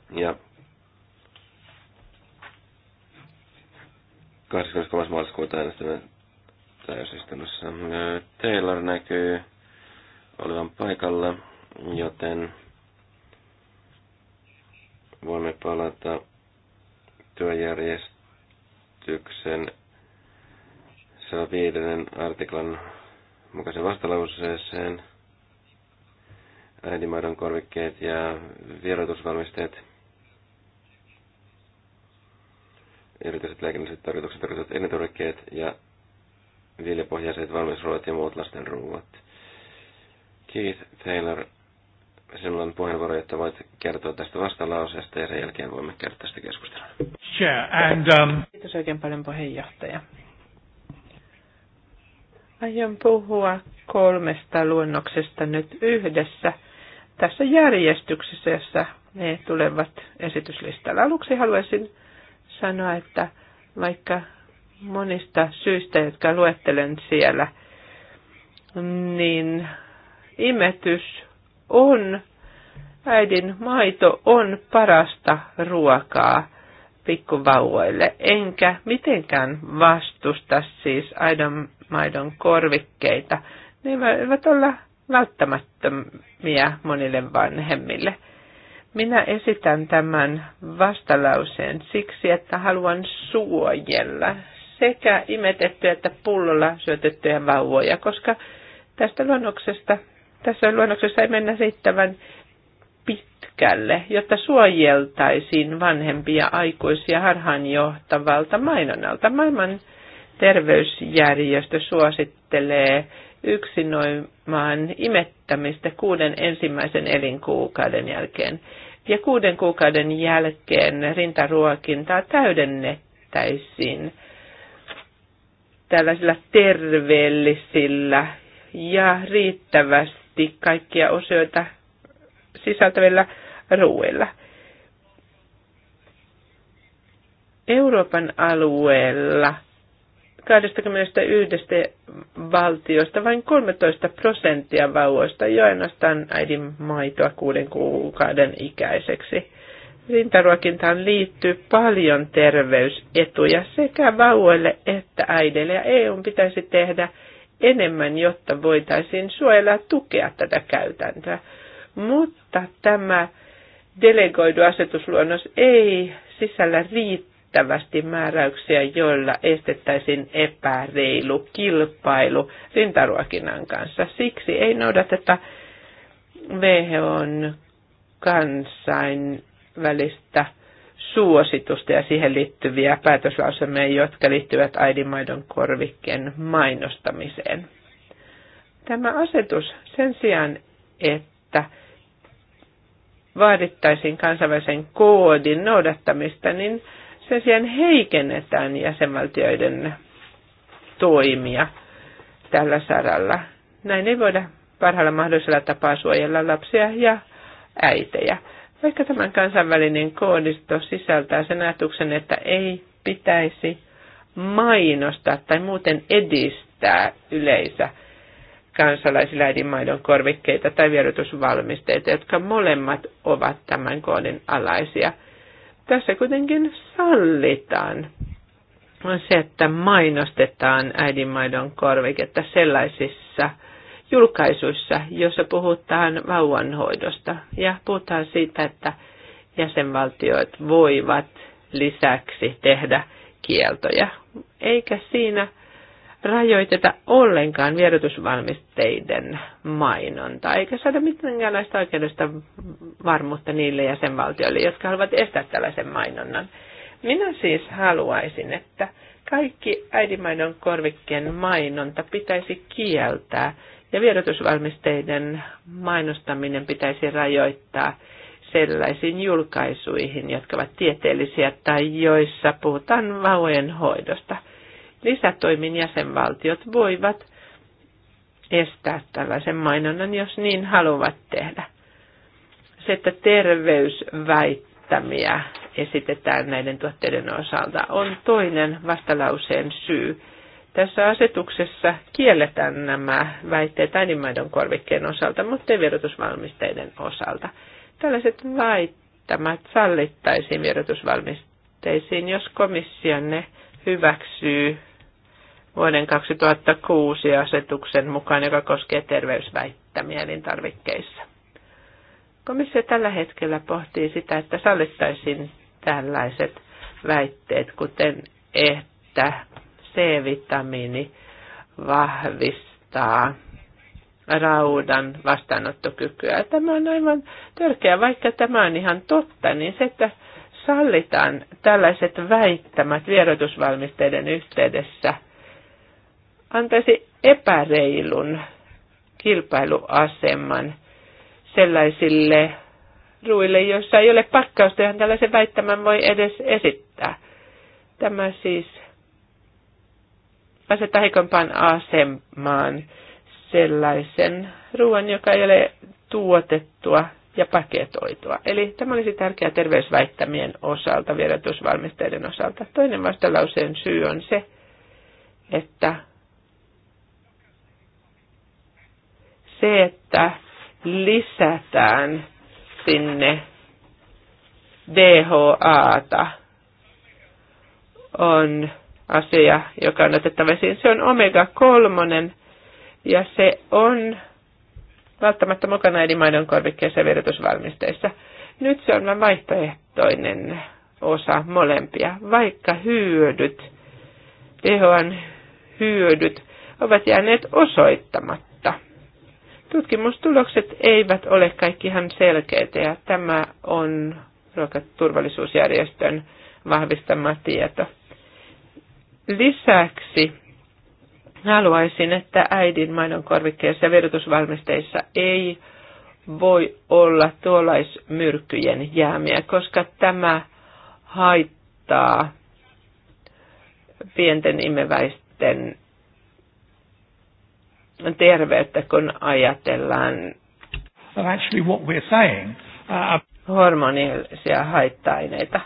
Ja 23. maaliskuuta äänestämme täysistunnossa. Taylor näkyy olevan paikalla, joten voimme palata työjärjestyksen 105. artiklan mukaisen vastalauseeseen. äidimaidon korvikkeet ja vierotusvalmisteet. Erityiset lääkinnälliset tarkoitukset tarkoitetut elintarvikkeet ja viljapohjaiset valmisruoat ja muut lasten ruuat. Keith Taylor, sinulla on puheenvuoro, että voit kertoa tästä vastalauseesta ja sen jälkeen voimme käydä tästä keskustelua. Yeah, and, um... Kiitos oikein paljon puheenjohtaja. Aion puhua kolmesta luonnoksesta nyt yhdessä tässä järjestyksessä, jossa ne tulevat esityslistalla. Aluksi haluaisin sanoa, että vaikka monista syistä, jotka luettelen siellä, niin imetys on, äidin maito on parasta ruokaa pikkuvauvoille, enkä mitenkään vastusta siis aidon maidon korvikkeita, ne eivät olla välttämättömiä monille vanhemmille. Minä esitän tämän vastalauseen siksi, että haluan suojella sekä imetettyä että pullolla syötettyjä vauvoja, koska tästä luonnoksesta, tässä luonnoksessa ei mennä riittävän pitkälle, jotta suojeltaisiin vanhempia aikuisia harhaanjohtavalta mainonnalta. Maailman terveysjärjestö suosittelee yksinoimaan imettämistä kuuden ensimmäisen elinkuukauden jälkeen. Ja kuuden kuukauden jälkeen rintaruokintaa täydennettäisiin tällaisilla terveellisillä ja riittävästi kaikkia osioita sisältävillä ruoilla. Euroopan alueella – 21 valtiosta vain 13 prosenttia vauvoista jo ainoastaan äidin maitoa kuuden kuukauden ikäiseksi. Rintaruokintaan liittyy paljon terveysetuja sekä vauvoille että äideille ja EU pitäisi tehdä enemmän, jotta voitaisiin suojella ja tukea tätä käytäntöä. Mutta tämä delegoidu asetusluonnos ei sisällä riittää riittävästi määräyksiä, joilla estettäisiin epäreilu kilpailu rintaruokinnan kanssa. Siksi ei noudateta WHOn kansainvälistä suositusta ja siihen liittyviä päätöslausemia, jotka liittyvät äidinmaidon korvikkeen mainostamiseen. Tämä asetus sen sijaan, että vaadittaisiin kansainvälisen koodin noudattamista, niin sen sijaan heikennetään jäsenvaltioiden toimia tällä saralla. Näin ei voida parhaalla mahdollisella tapaa suojella lapsia ja äitejä. Vaikka tämän kansainvälinen koodisto sisältää sen ajatuksen, että ei pitäisi mainostaa tai muuten edistää yleisö kansalaisilla äidinmaidon korvikkeita tai vierotusvalmisteita, jotka molemmat ovat tämän koodin alaisia – tässä kuitenkin sallitaan on se, että mainostetaan äidinmaidon korviketta sellaisissa julkaisuissa, joissa puhutaan vauvanhoidosta ja puhutaan siitä, että jäsenvaltiot voivat lisäksi tehdä kieltoja. Eikä siinä rajoiteta ollenkaan vierotusvalmisteiden mainontaa, eikä saada mitenkäänlaista oikeudesta varmuutta niille jäsenvaltioille, jotka haluavat estää tällaisen mainonnan. Minä siis haluaisin, että kaikki äidinmaidon korvikkeen mainonta pitäisi kieltää ja vierotusvalmisteiden mainostaminen pitäisi rajoittaa sellaisiin julkaisuihin, jotka ovat tieteellisiä tai joissa puhutaan vauvojen hoidosta – lisätoimin jäsenvaltiot voivat estää tällaisen mainonnan, jos niin haluavat tehdä. Se, että terveysväittämiä esitetään näiden tuotteiden osalta, on toinen vastalauseen syy. Tässä asetuksessa kielletään nämä väitteet äidinmaidon korvikkeen osalta, mutta ei vierotusvalmisteiden osalta. Tällaiset väittämät sallittaisiin vierotusvalmisteisiin, jos komissionne hyväksyy vuoden 2006 asetuksen mukaan, joka koskee terveysväittämiä elintarvikkeissa. Komissio tällä hetkellä pohtii sitä, että sallittaisiin tällaiset väitteet, kuten että C-vitamiini vahvistaa raudan vastaanottokykyä. Tämä on aivan törkeä, vaikka tämä on ihan totta, niin se, että sallitaan tällaiset väittämät vierotusvalmisteiden yhteydessä – antaisi epäreilun kilpailuaseman sellaisille ruille, joissa ei ole pakkausta, johon tällaisen väittämän voi edes esittää. Tämä siis asettaa heikompaan asemaan sellaisen ruoan, joka ei ole tuotettua ja paketoitua. Eli tämä olisi tärkeää terveysväittämien osalta, vierotusvalmisteiden osalta. Toinen vastalauseen syy on se, että se, että lisätään sinne DHAta, on asia, joka on otettava esiin. Se on omega-3 ja se on välttämättä mukana eri maidon korvikkeissa ja Nyt se on vain vaihtoehtoinen osa molempia, vaikka hyödyt, DHA:n hyödyt ovat jääneet osoittamatta Tutkimustulokset eivät ole kaikki ihan selkeitä ja tämä on ruokaturvallisuusjärjestön vahvistama tieto. Lisäksi haluaisin, että äidin maidon korvikkeissa ja verotusvalmisteissa ei voi olla tuolaismyrkkyjen jäämiä, koska tämä haittaa pienten imeväisten terveyttä, kun ajatellaan uh, hormonisia haitta-aineita.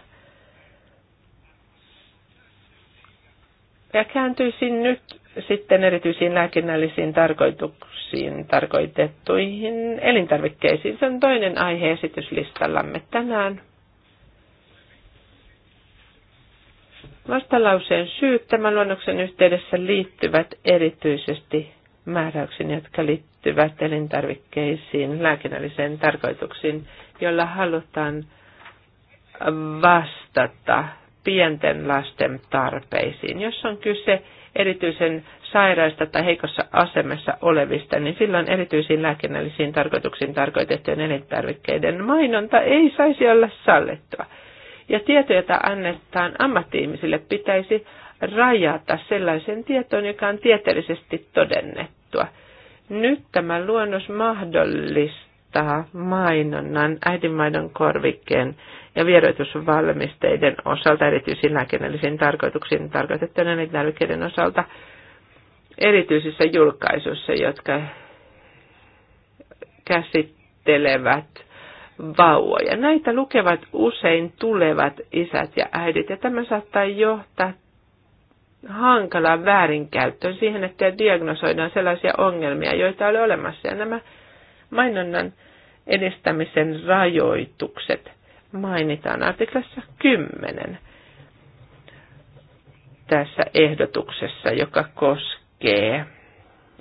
Ja kääntyisin nyt sitten erityisiin lääkinnällisiin tarkoituksiin tarkoitettuihin elintarvikkeisiin. Se on toinen aihe esityslistallamme tänään. Vastalauseen syyt tämän luonnoksen yhteydessä liittyvät erityisesti määräyksiin, jotka liittyvät elintarvikkeisiin lääkinnällisiin tarkoituksiin, jolla halutaan vastata pienten lasten tarpeisiin. Jos on kyse erityisen sairaista tai heikossa asemassa olevista, niin silloin erityisiin lääkinnällisiin tarkoituksiin tarkoitettujen elintarvikkeiden mainonta ei saisi olla sallittua. Ja tietoja, jota annetaan ammatti pitäisi rajata sellaisen tietoon, joka on tieteellisesti todennettua. Nyt tämä luonnos mahdollistaa mainonnan äidinmaidon korvikkeen ja vieroitusvalmisteiden osalta, erityisesti lääkinnällisiin tarkoituksiin tarkoitettujen elintarvikkeiden osalta, erityisissä julkaisuissa, jotka käsittelevät vauvoja. Näitä lukevat usein tulevat isät ja äidit, ja tämä saattaa johtaa hankalaan väärinkäyttöön, siihen, että diagnosoidaan sellaisia ongelmia, joita ei ole olemassa. Ja nämä mainonnan edistämisen rajoitukset mainitaan artiklassa 10 tässä ehdotuksessa, joka koskee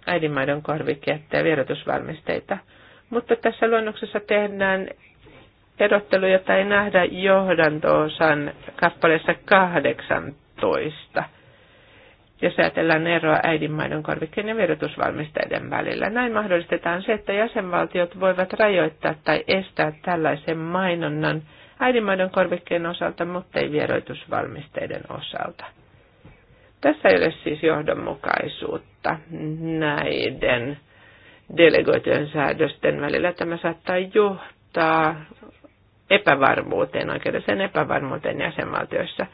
äidinmaidon korviketta ja vierotusvalmisteita. Mutta tässä luonnoksessa tehdään erottelu, jota ei nähdä johdanto-osan kappaleessa 18 – jos ajatellaan eroa äidinmaidon korvikkeen ja verotusvalmisteiden välillä. Näin mahdollistetaan se, että jäsenvaltiot voivat rajoittaa tai estää tällaisen mainonnan äidinmaidon korvikkeen osalta, mutta ei vieroitusvalmisteiden osalta. Tässä ei ole siis johdonmukaisuutta näiden delegoitujen säädösten välillä. Tämä saattaa johtaa epävarmuuteen, oikeudelliseen epävarmuuteen jäsenvaltioissa.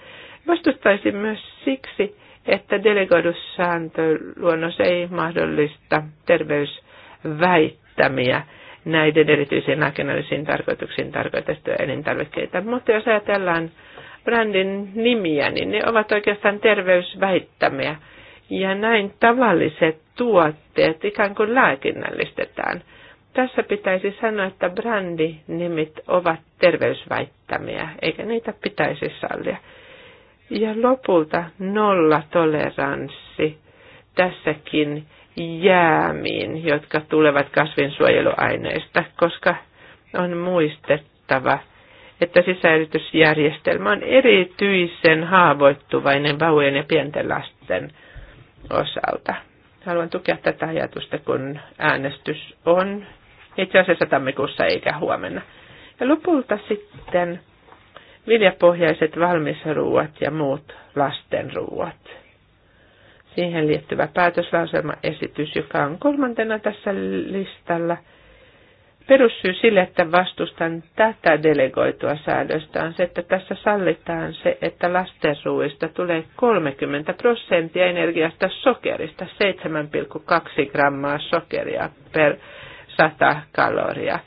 Vastustaisin myös siksi, että delegoidussääntöluonnos ei mahdollista terveysväittämiä näiden erityisiin lääkinnällisiin tarkoituksiin tarkoitettuja elintarvikkeita. Mutta jos ajatellaan brändin nimiä, niin ne ovat oikeastaan terveysväittämiä. Ja näin tavalliset tuotteet ikään kuin lääkinnällistetään. Tässä pitäisi sanoa, että brändinimit ovat terveysväittämiä, eikä niitä pitäisi sallia. Ja lopulta nolla toleranssi tässäkin jäämiin, jotka tulevat kasvinsuojeluaineista, koska on muistettava, että sisäilytysjärjestelmä on erityisen haavoittuvainen vauvojen ja pienten lasten osalta. Haluan tukea tätä ajatusta, kun äänestys on itse asiassa tammikuussa eikä huomenna. Ja lopulta sitten viljapohjaiset valmisruuat ja muut lastenruuat. Siihen liittyvä päätöslauselmaesitys, joka on kolmantena tässä listalla. Perussyy sille, että vastustan tätä delegoitua säädöstä on se, että tässä sallitaan se, että lastenruuista tulee 30 prosenttia energiasta sokerista, 7,2 grammaa sokeria per 100 kaloria –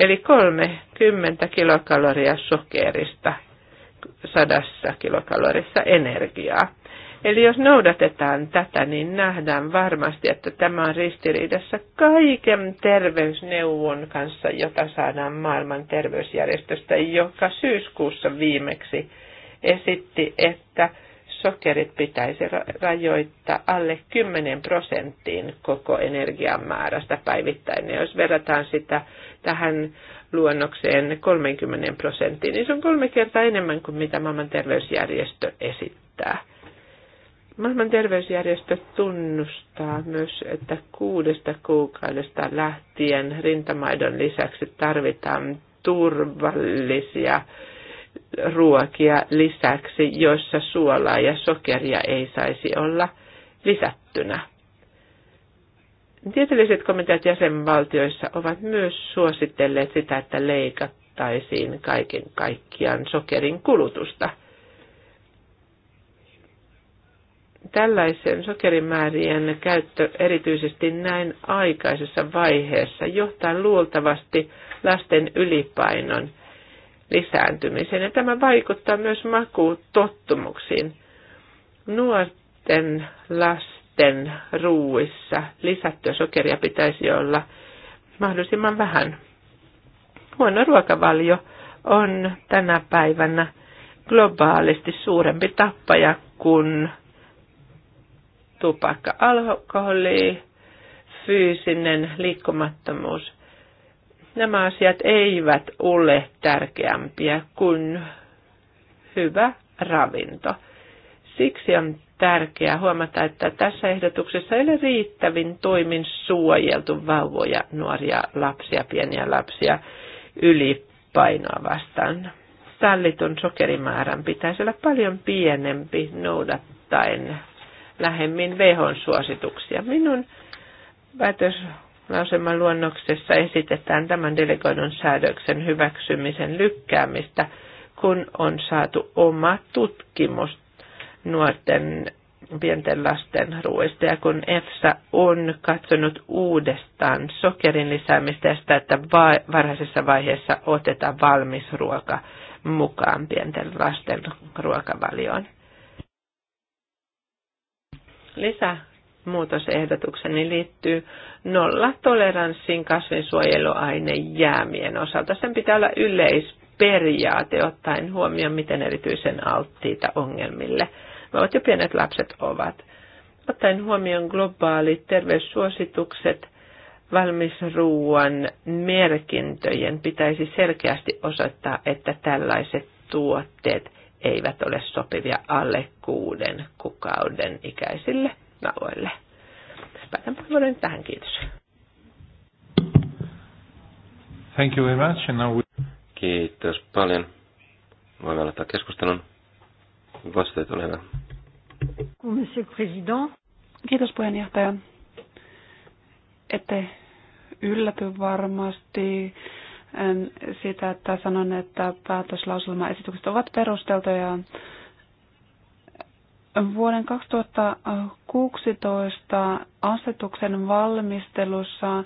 Eli 30 kilokaloria sokerista sadassa kilokalorissa energiaa. Eli jos noudatetaan tätä, niin nähdään varmasti, että tämä on ristiriidassa kaiken terveysneuvon kanssa, jota saadaan maailman terveysjärjestöstä, joka syyskuussa viimeksi esitti, että sokerit pitäisi rajoittaa alle 10 prosenttiin koko energian määrästä päivittäin. Ja jos verrataan sitä tähän luonnokseen 30 prosenttiin, niin se on kolme kertaa enemmän kuin mitä maailman terveysjärjestö esittää. Maailman terveysjärjestö tunnustaa myös, että kuudesta kuukaudesta lähtien rintamaidon lisäksi tarvitaan turvallisia ruokia lisäksi, joissa suolaa ja sokeria ei saisi olla lisättynä. Tieteelliset komiteat jäsenvaltioissa ovat myös suositelleet sitä, että leikattaisiin kaiken kaikkiaan sokerin kulutusta. Tällaisen sokerimäärien käyttö erityisesti näin aikaisessa vaiheessa johtaa luultavasti lasten ylipainon lisääntymiseen. Ja tämä vaikuttaa myös makutottumuksiin. Nuorten lasten ruuissa lisättyä sokeria pitäisi olla mahdollisimman vähän. Huono ruokavalio on tänä päivänä globaalisti suurempi tappaja kuin tupakka, alkoholi, fyysinen liikkumattomuus nämä asiat eivät ole tärkeämpiä kuin hyvä ravinto. Siksi on tärkeää huomata, että tässä ehdotuksessa ei ole riittävin toimin suojeltu vauvoja, nuoria lapsia, pieniä lapsia ylipainoa vastaan. Sallitun sokerimäärän pitäisi olla paljon pienempi noudattaen lähemmin vehon suosituksia. Minun päätös lauselman luonnoksessa esitetään tämän delegoidun säädöksen hyväksymisen lykkäämistä, kun on saatu oma tutkimus nuorten pienten lasten ruoista ja kun EFSA on katsonut uudestaan sokerin lisäämistä ja sitä, että varhaisessa vaiheessa otetaan valmis ruoka mukaan pienten lasten ruokavalioon. Lisää muutosehdotukseni liittyy nollatoleranssiin kasvinsuojeluainejäämien osalta. Sen pitää olla yleisperiaate ottaen huomioon, miten erityisen alttiita ongelmille ovat jo pienet lapset ovat. Ottaen huomioon globaalit terveyssuositukset, valmisruuan merkintöjen pitäisi selkeästi osoittaa, että tällaiset tuotteet eivät ole sopivia alle kuuden kukauden ikäisille nauhoille. Päätän puheenvuoron tähän, kiitos. Thank you very much. And now we... Kiitos paljon. Voimme aloittaa keskustelun. Vasteet, ole hyvä. Monsieur Président. Kiitos puheenjohtaja. Ette ylläty varmasti ähm, sitä, että sanon, että päätöslauselmaesitykset ovat perusteltuja Vuoden 2016 asetuksen valmistelussa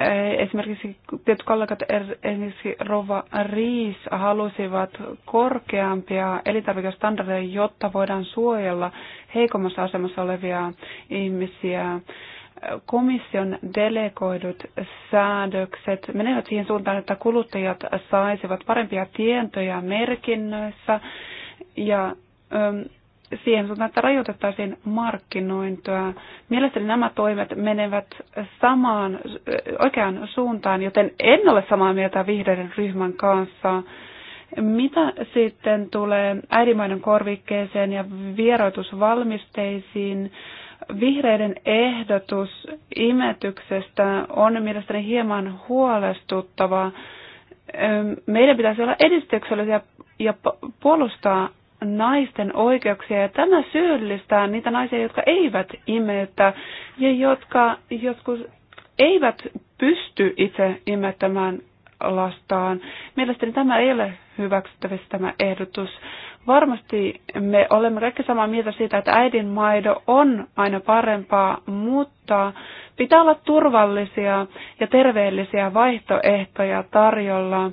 e, esimerkiksi tietyt kollegat, er, esimerkiksi Rova Riis, halusivat korkeampia elintarvikestandardeja, jotta voidaan suojella heikommassa asemassa olevia ihmisiä. Komission delegoidut säädökset menevät siihen suuntaan, että kuluttajat saisivat parempia tietoja merkinnöissä ja ähm, siihen suuntaan, että rajoitettaisiin markkinointia. Mielestäni nämä toimet menevät samaan äh, oikeaan suuntaan, joten en ole samaa mieltä vihreiden ryhmän kanssa. Mitä sitten tulee äidinmaidon korvikkeeseen ja vieroitusvalmisteisiin, vihreiden ehdotus imetyksestä on mielestäni hieman huolestuttava. Meidän pitäisi olla edistyksellisiä ja puolustaa naisten oikeuksia ja tämä syyllistää niitä naisia, jotka eivät imetä ja jotka joskus eivät pysty itse imettämään lastaan. Mielestäni tämä ei ole hyväksyttävissä tämä ehdotus. Varmasti me olemme kaikki samaa mieltä siitä, että äidin maido on aina parempaa, mutta pitää olla turvallisia ja terveellisiä vaihtoehtoja tarjolla.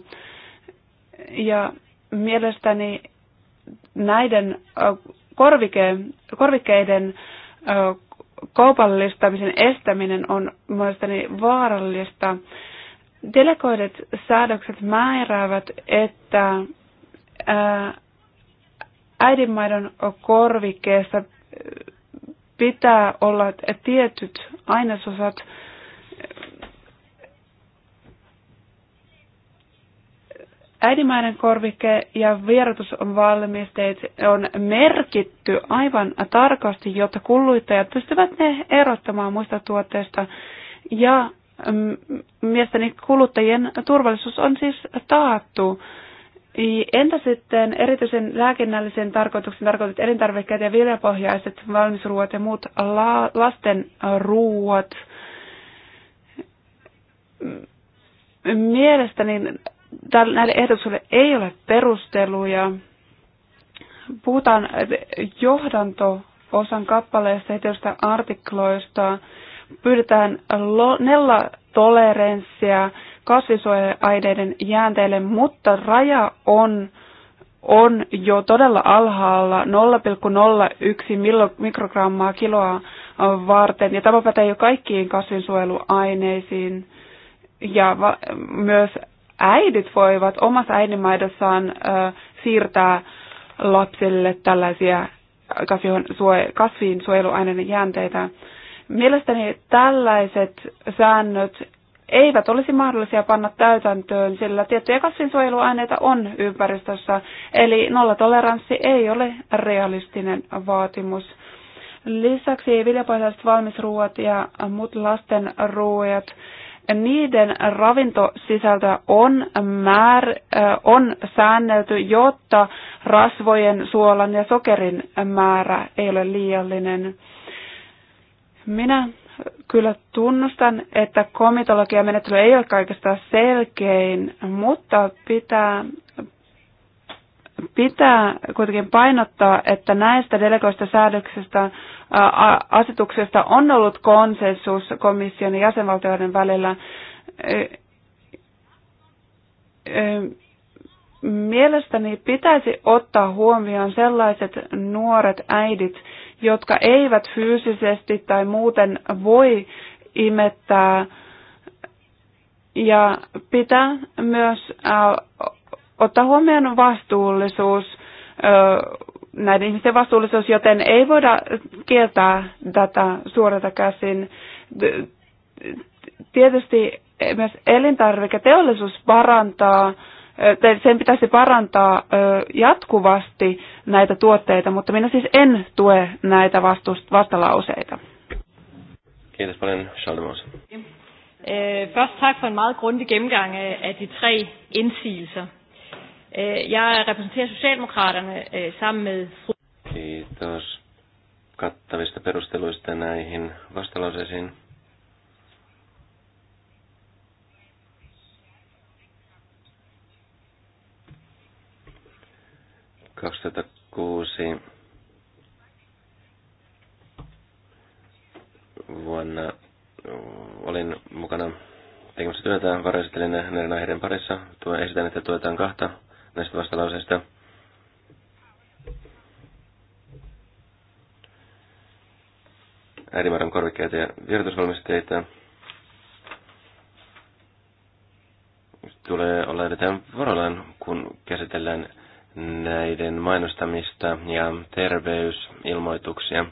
Ja Mielestäni näiden korvike, korvikkeiden kaupallistamisen estäminen on mielestäni vaarallista. Delegoidet säädökset määräävät, että äidinmaidon korvikkeessa pitää olla tietyt ainesosat, Äidimäinen korvike ja vierotusvalmisteet on merkitty aivan tarkasti, jotta kuluttajat pystyvät ne erottamaan muista tuotteista. Ja mm, mielestäni kuluttajien turvallisuus on siis taattu. Entä sitten erityisen lääkinnällisen tarkoituksen tarkoitetut elintarvikkeet ja viljapohjaiset valmisruuat ja muut la- lasten ruuat? Mielestäni näille ehdotuksille ei ole perusteluja. Puhutaan johdanto-osan kappaleista ja artikloista. Pyydetään nella tolerenssia kasvisuoja-aineiden jäänteille, mutta raja on, on jo todella alhaalla 0,01 mikrogrammaa kiloa varten. Ja tämä pätee jo kaikkiin kasvinsuojeluaineisiin ja myös äidit voivat omassa äidinmaidossaan siirtää lapsille tällaisia suojeluaineiden jäänteitä. Mielestäni tällaiset säännöt eivät olisi mahdollisia panna täytäntöön, sillä tiettyjä kasvinsuojeluaineita on ympäristössä, eli nollatoleranssi ei ole realistinen vaatimus. Lisäksi viljapohjaiset valmisruoat ja muut lasten ruoat niiden ravintosisältö on, määr, on säännelty, jotta rasvojen, suolan ja sokerin määrä ei ole liiallinen. Minä kyllä tunnustan, että komitologiamenettely ei ole kaikesta selkein, mutta pitää pitää kuitenkin painottaa, että näistä delegoista säädöksistä asetuksesta on ollut konsensus komission ja jäsenvaltioiden välillä. Mielestäni pitäisi ottaa huomioon sellaiset nuoret äidit, jotka eivät fyysisesti tai muuten voi imettää ja pitää myös ottaa huomioon vastuullisuus, näiden ihmisten vastuullisuus, joten ei voida kieltää tätä suorata käsin. Tietysti myös elintarviketeollisuus parantaa, sen pitäisi parantaa jatkuvasti näitä tuotteita, mutta minä siis en tue näitä vastalauseita. Kiitos paljon, Charles øh, Først tak for en meget grundig gennemgang af de tre indsigelser. Øh, Jag representerar Socialdemokraterna øh, sammen med fru... Kiitos kattavista perusteluista näihin vastalauseisiin. kuusi vuonna olin mukana tekemässä työtä varjoisitellen näiden aiheiden parissa. Esitän, että tuetaan kahta näistä vastalauseista. Äärimäärän korvikkeita ja vierotusvalmisteita. Tulee olla erittäin vuorollaan, kun käsitellään näiden mainostamista ja terveysilmoituksia.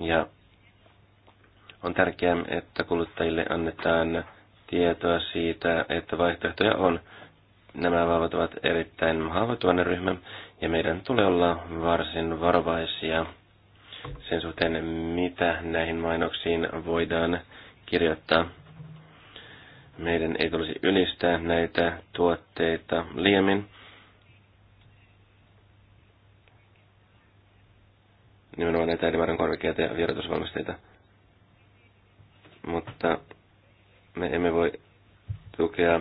Ja on tärkeää, että kuluttajille annetaan tietoa siitä, että vaihtoehtoja on Nämä vauvat ovat erittäin haavoittuvainen ryhmä ja meidän tulee olla varsin varovaisia sen suhteen, mitä näihin mainoksiin voidaan kirjoittaa. Meidän ei tulisi ylistää näitä tuotteita liemin. Nimenomaan näitä äidinmäärän korvikkeita ja vierotusvalmisteita. Mutta me emme voi tukea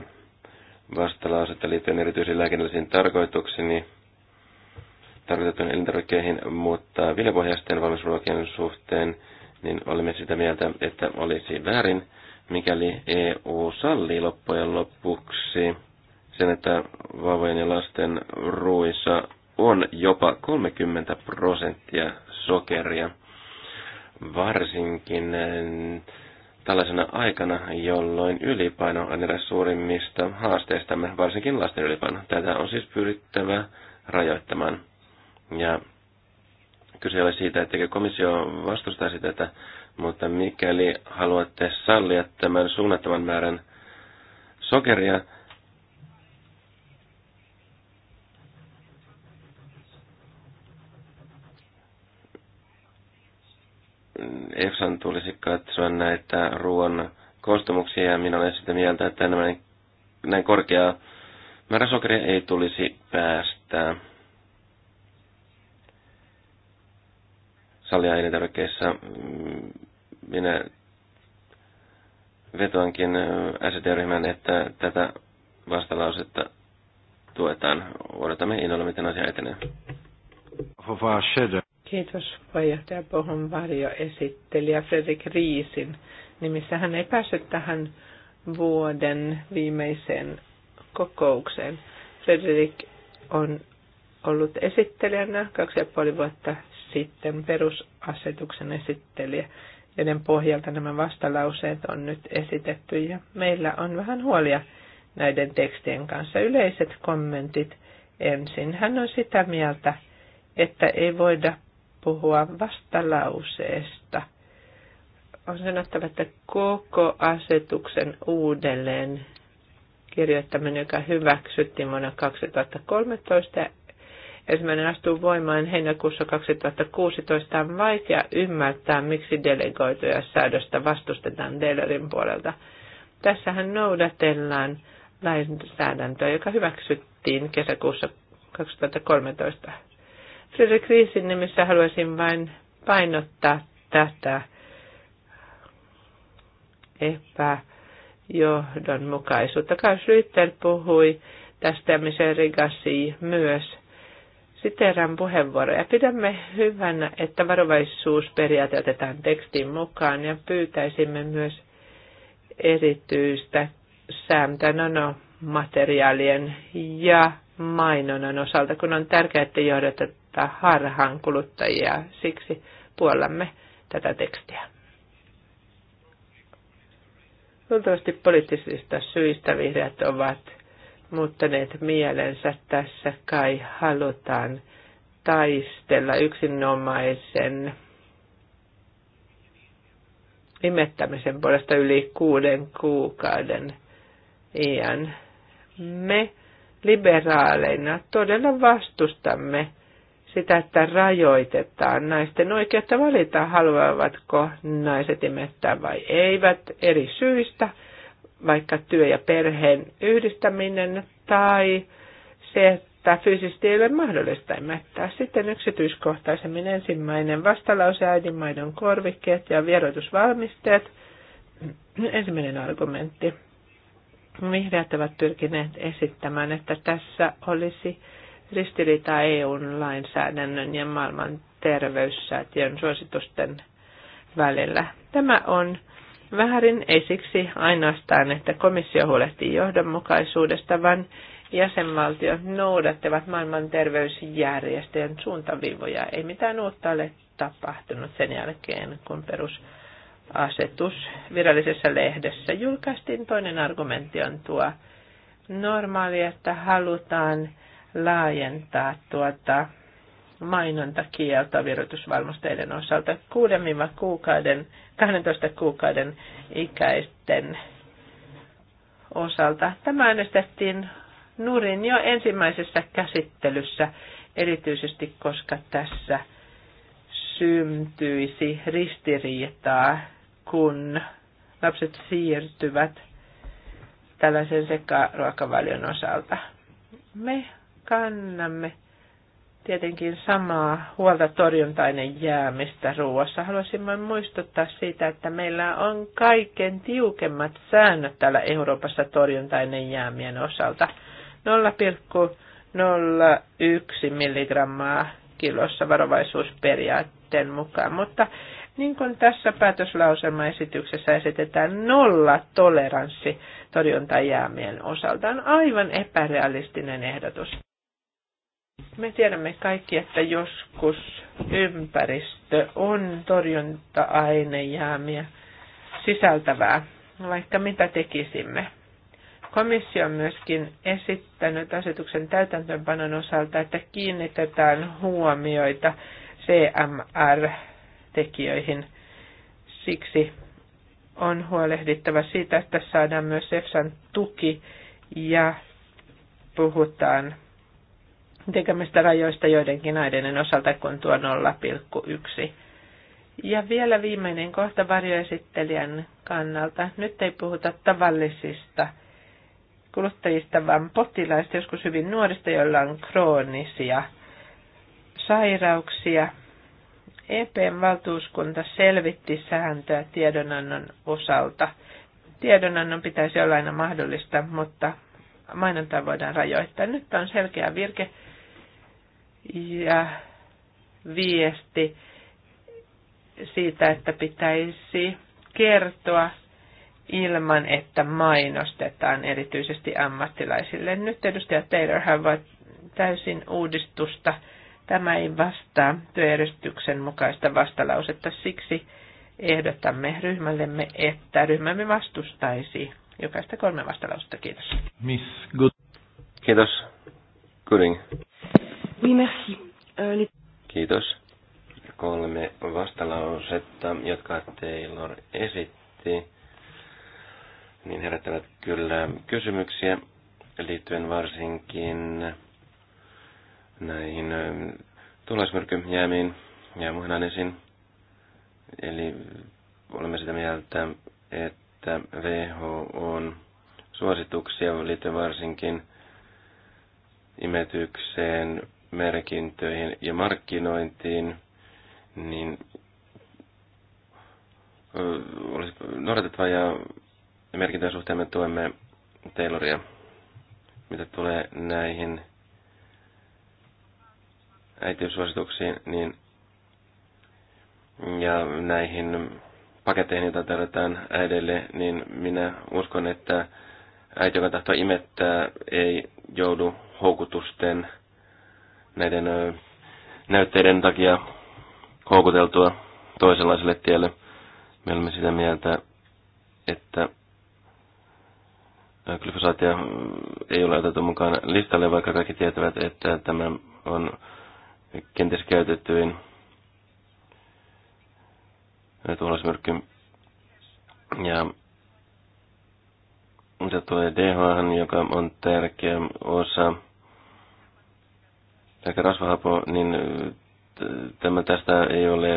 vastalausetta liittyen erityisiin lääkinnällisiin tarkoituksiin niin tarkoitettuihin elintarvikkeihin, mutta viljapohjaisten valmisruokien suhteen niin olemme sitä mieltä, että olisi väärin, mikäli EU sallii loppujen lopuksi sen, että vauvojen ja lasten ruuissa on jopa 30 prosenttia sokeria. Varsinkin tällaisena aikana, jolloin ylipaino on eräs suurimmista haasteistamme, varsinkin lasten ylipaino. Tätä on siis pyrittävä rajoittamaan. Ja kyse oli siitä, että komissio vastustaisi tätä, mutta mikäli haluatte sallia tämän suunnattoman määrän sokeria, EFSAn tulisi katsoa näitä ruoan koostumuksia ja minä olen sitä mieltä, että näin, näin korkeaa määrä sokeria ei tulisi päästää. Salia elintarvikkeissa minä vetoankin ST-ryhmän, että tätä vastalausetta tuetaan. Odotamme innolla, miten asia etenee. Kiitos puheenjohtaja Pohon varjoesittelijä Fredrik Riisin nimissä. Hän ei päässyt tähän vuoden viimeiseen kokoukseen. Fredrik on ollut esittelijänä kaksi ja puoli vuotta sitten perusasetuksen esittelijä, joiden pohjalta nämä vastalauseet on nyt esitetty ja meillä on vähän huolia näiden tekstien kanssa. Yleiset kommentit ensin. Hän on sitä mieltä, että ei voida puhua vastalauseesta. On sanottava, että koko asetuksen uudelleen kirjoittaminen, joka hyväksyttiin vuonna 2013 ensimmäinen astuu voimaan heinäkuussa 2016, on vaikea ymmärtää, miksi delegoituja säädöstä vastustetaan Delerin puolelta. Tässähän noudatellaan lainsäädäntöä, joka hyväksyttiin kesäkuussa 2013. Sillä kriisin nimissä haluaisin vain painottaa tätä epäjohdonmukaisuutta. Klaus Rytter puhui tästä ja Michel myös. Siteerän puheenvuoroja. Pidämme hyvänä, että varovaisuusperiaate otetaan tekstin mukaan ja pyytäisimme myös erityistä sääntöä nanomateriaalien ja mainonnan osalta, kun on tärkeää, että johdetaan johtaa harhaan kuluttajia. Siksi puollamme tätä tekstiä. Luultavasti poliittisista syistä vihreät ovat muuttaneet mielensä tässä kai halutaan taistella yksinomaisen imettämisen puolesta yli kuuden kuukauden iän. Me liberaaleina todella vastustamme sitä, että rajoitetaan naisten oikeutta valita, haluavatko naiset imettää vai eivät eri syistä, vaikka työ- ja perheen yhdistäminen tai se, että fyysisesti ei ole mahdollista imettää. Sitten yksityiskohtaisemmin ensimmäinen vastalause, äidinmaidon korvikkeet ja vierotusvalmisteet. Ensimmäinen argumentti. Vihreät ovat pyrkineet esittämään, että tässä olisi ristiriita eu lainsäädännön ja maailman terveyssäätiön suositusten välillä. Tämä on väärin ei siksi ainoastaan, että komissio huolehtii johdonmukaisuudesta, vaan jäsenvaltiot noudattavat maailman terveysjärjestöjen suuntaviivoja. Ei mitään uutta ole tapahtunut sen jälkeen, kun perusasetus virallisessa lehdessä julkaistiin. Toinen argumentti on tuo normaali, että halutaan laajentaa tuota mainontakieltoa virvoitusvalmisteiden osalta 6 kuukauden, 12 kuukauden ikäisten osalta. Tämä äänestettiin nurin jo ensimmäisessä käsittelyssä, erityisesti koska tässä syntyisi ristiriitaa, kun lapset siirtyvät tällaisen sekaruokavalion osalta. Me kannamme tietenkin samaa huolta torjuntainen jäämistä ruoassa. Haluaisin vain muistuttaa siitä, että meillä on kaiken tiukemmat säännöt täällä Euroopassa torjuntainen jäämien osalta. 0,01 milligrammaa kilossa varovaisuusperiaatteen mukaan, mutta niin kuin tässä päätöslauselmaesityksessä esitetään nolla toleranssi torjuntajäämien osalta, on aivan epärealistinen ehdotus. Me tiedämme kaikki, että joskus ympäristö on torjunta-ainejäämiä sisältävää, vaikka mitä tekisimme. Komissio on myöskin esittänyt asetuksen täytäntöönpanon osalta, että kiinnitetään huomioita CMR-tekijöihin. Siksi on huolehdittava siitä, että saadaan myös EFSAn tuki ja puhutaan tekemistä rajoista joidenkin aineiden osalta, kun tuo 0,1. Ja vielä viimeinen kohta varjoesittelijän kannalta. Nyt ei puhuta tavallisista kuluttajista, vaan potilaista, joskus hyvin nuorista, joilla on kroonisia sairauksia. EPn valtuuskunta selvitti sääntöä tiedonannon osalta. Tiedonannon pitäisi olla aina mahdollista, mutta mainontaa voidaan rajoittaa. Nyt on selkeä virke ja viesti siitä, että pitäisi kertoa ilman, että mainostetaan erityisesti ammattilaisille. Nyt edustaja Taylor ovat täysin uudistusta. Tämä ei vastaa työjärjestyksen mukaista vastalausetta, siksi ehdotamme ryhmällemme, että ryhmämme vastustaisi jokaista kolme vastalausetta. Kiitos. Miss Good. Kiitos. Gooding. Oui, merci. Euh, Kiitos. Kolme vastalausetta, jotka Taylor esitti, niin herättävät kyllä kysymyksiä liittyen varsinkin näihin ähm, tulosmyrkyjäämiin ja muihin Eli olemme sitä mieltä, että WHO on suosituksia liittyen varsinkin imetykseen merkintöihin ja markkinointiin, niin olisi noudatettava ja merkintöjen suhteen me tuemme Tayloria, mitä tulee näihin äitiyssuosituksiin, niin ja näihin paketteihin, joita tarjotaan äidille, niin minä uskon, että äiti, joka tahtoo imettää, ei joudu houkutusten näiden näytteiden takia houkuteltua toisenlaiselle tielle. Me olemme sitä mieltä, että glyfosaatia mm, ei ole otettu mukaan listalle, vaikka kaikki tietävät, että tämä on kenties käytettyin tuholaismyrkky. Ja mitä tulee DHA, joka on tärkeä osa tai rasvahapo, niin tämä tästä ei ole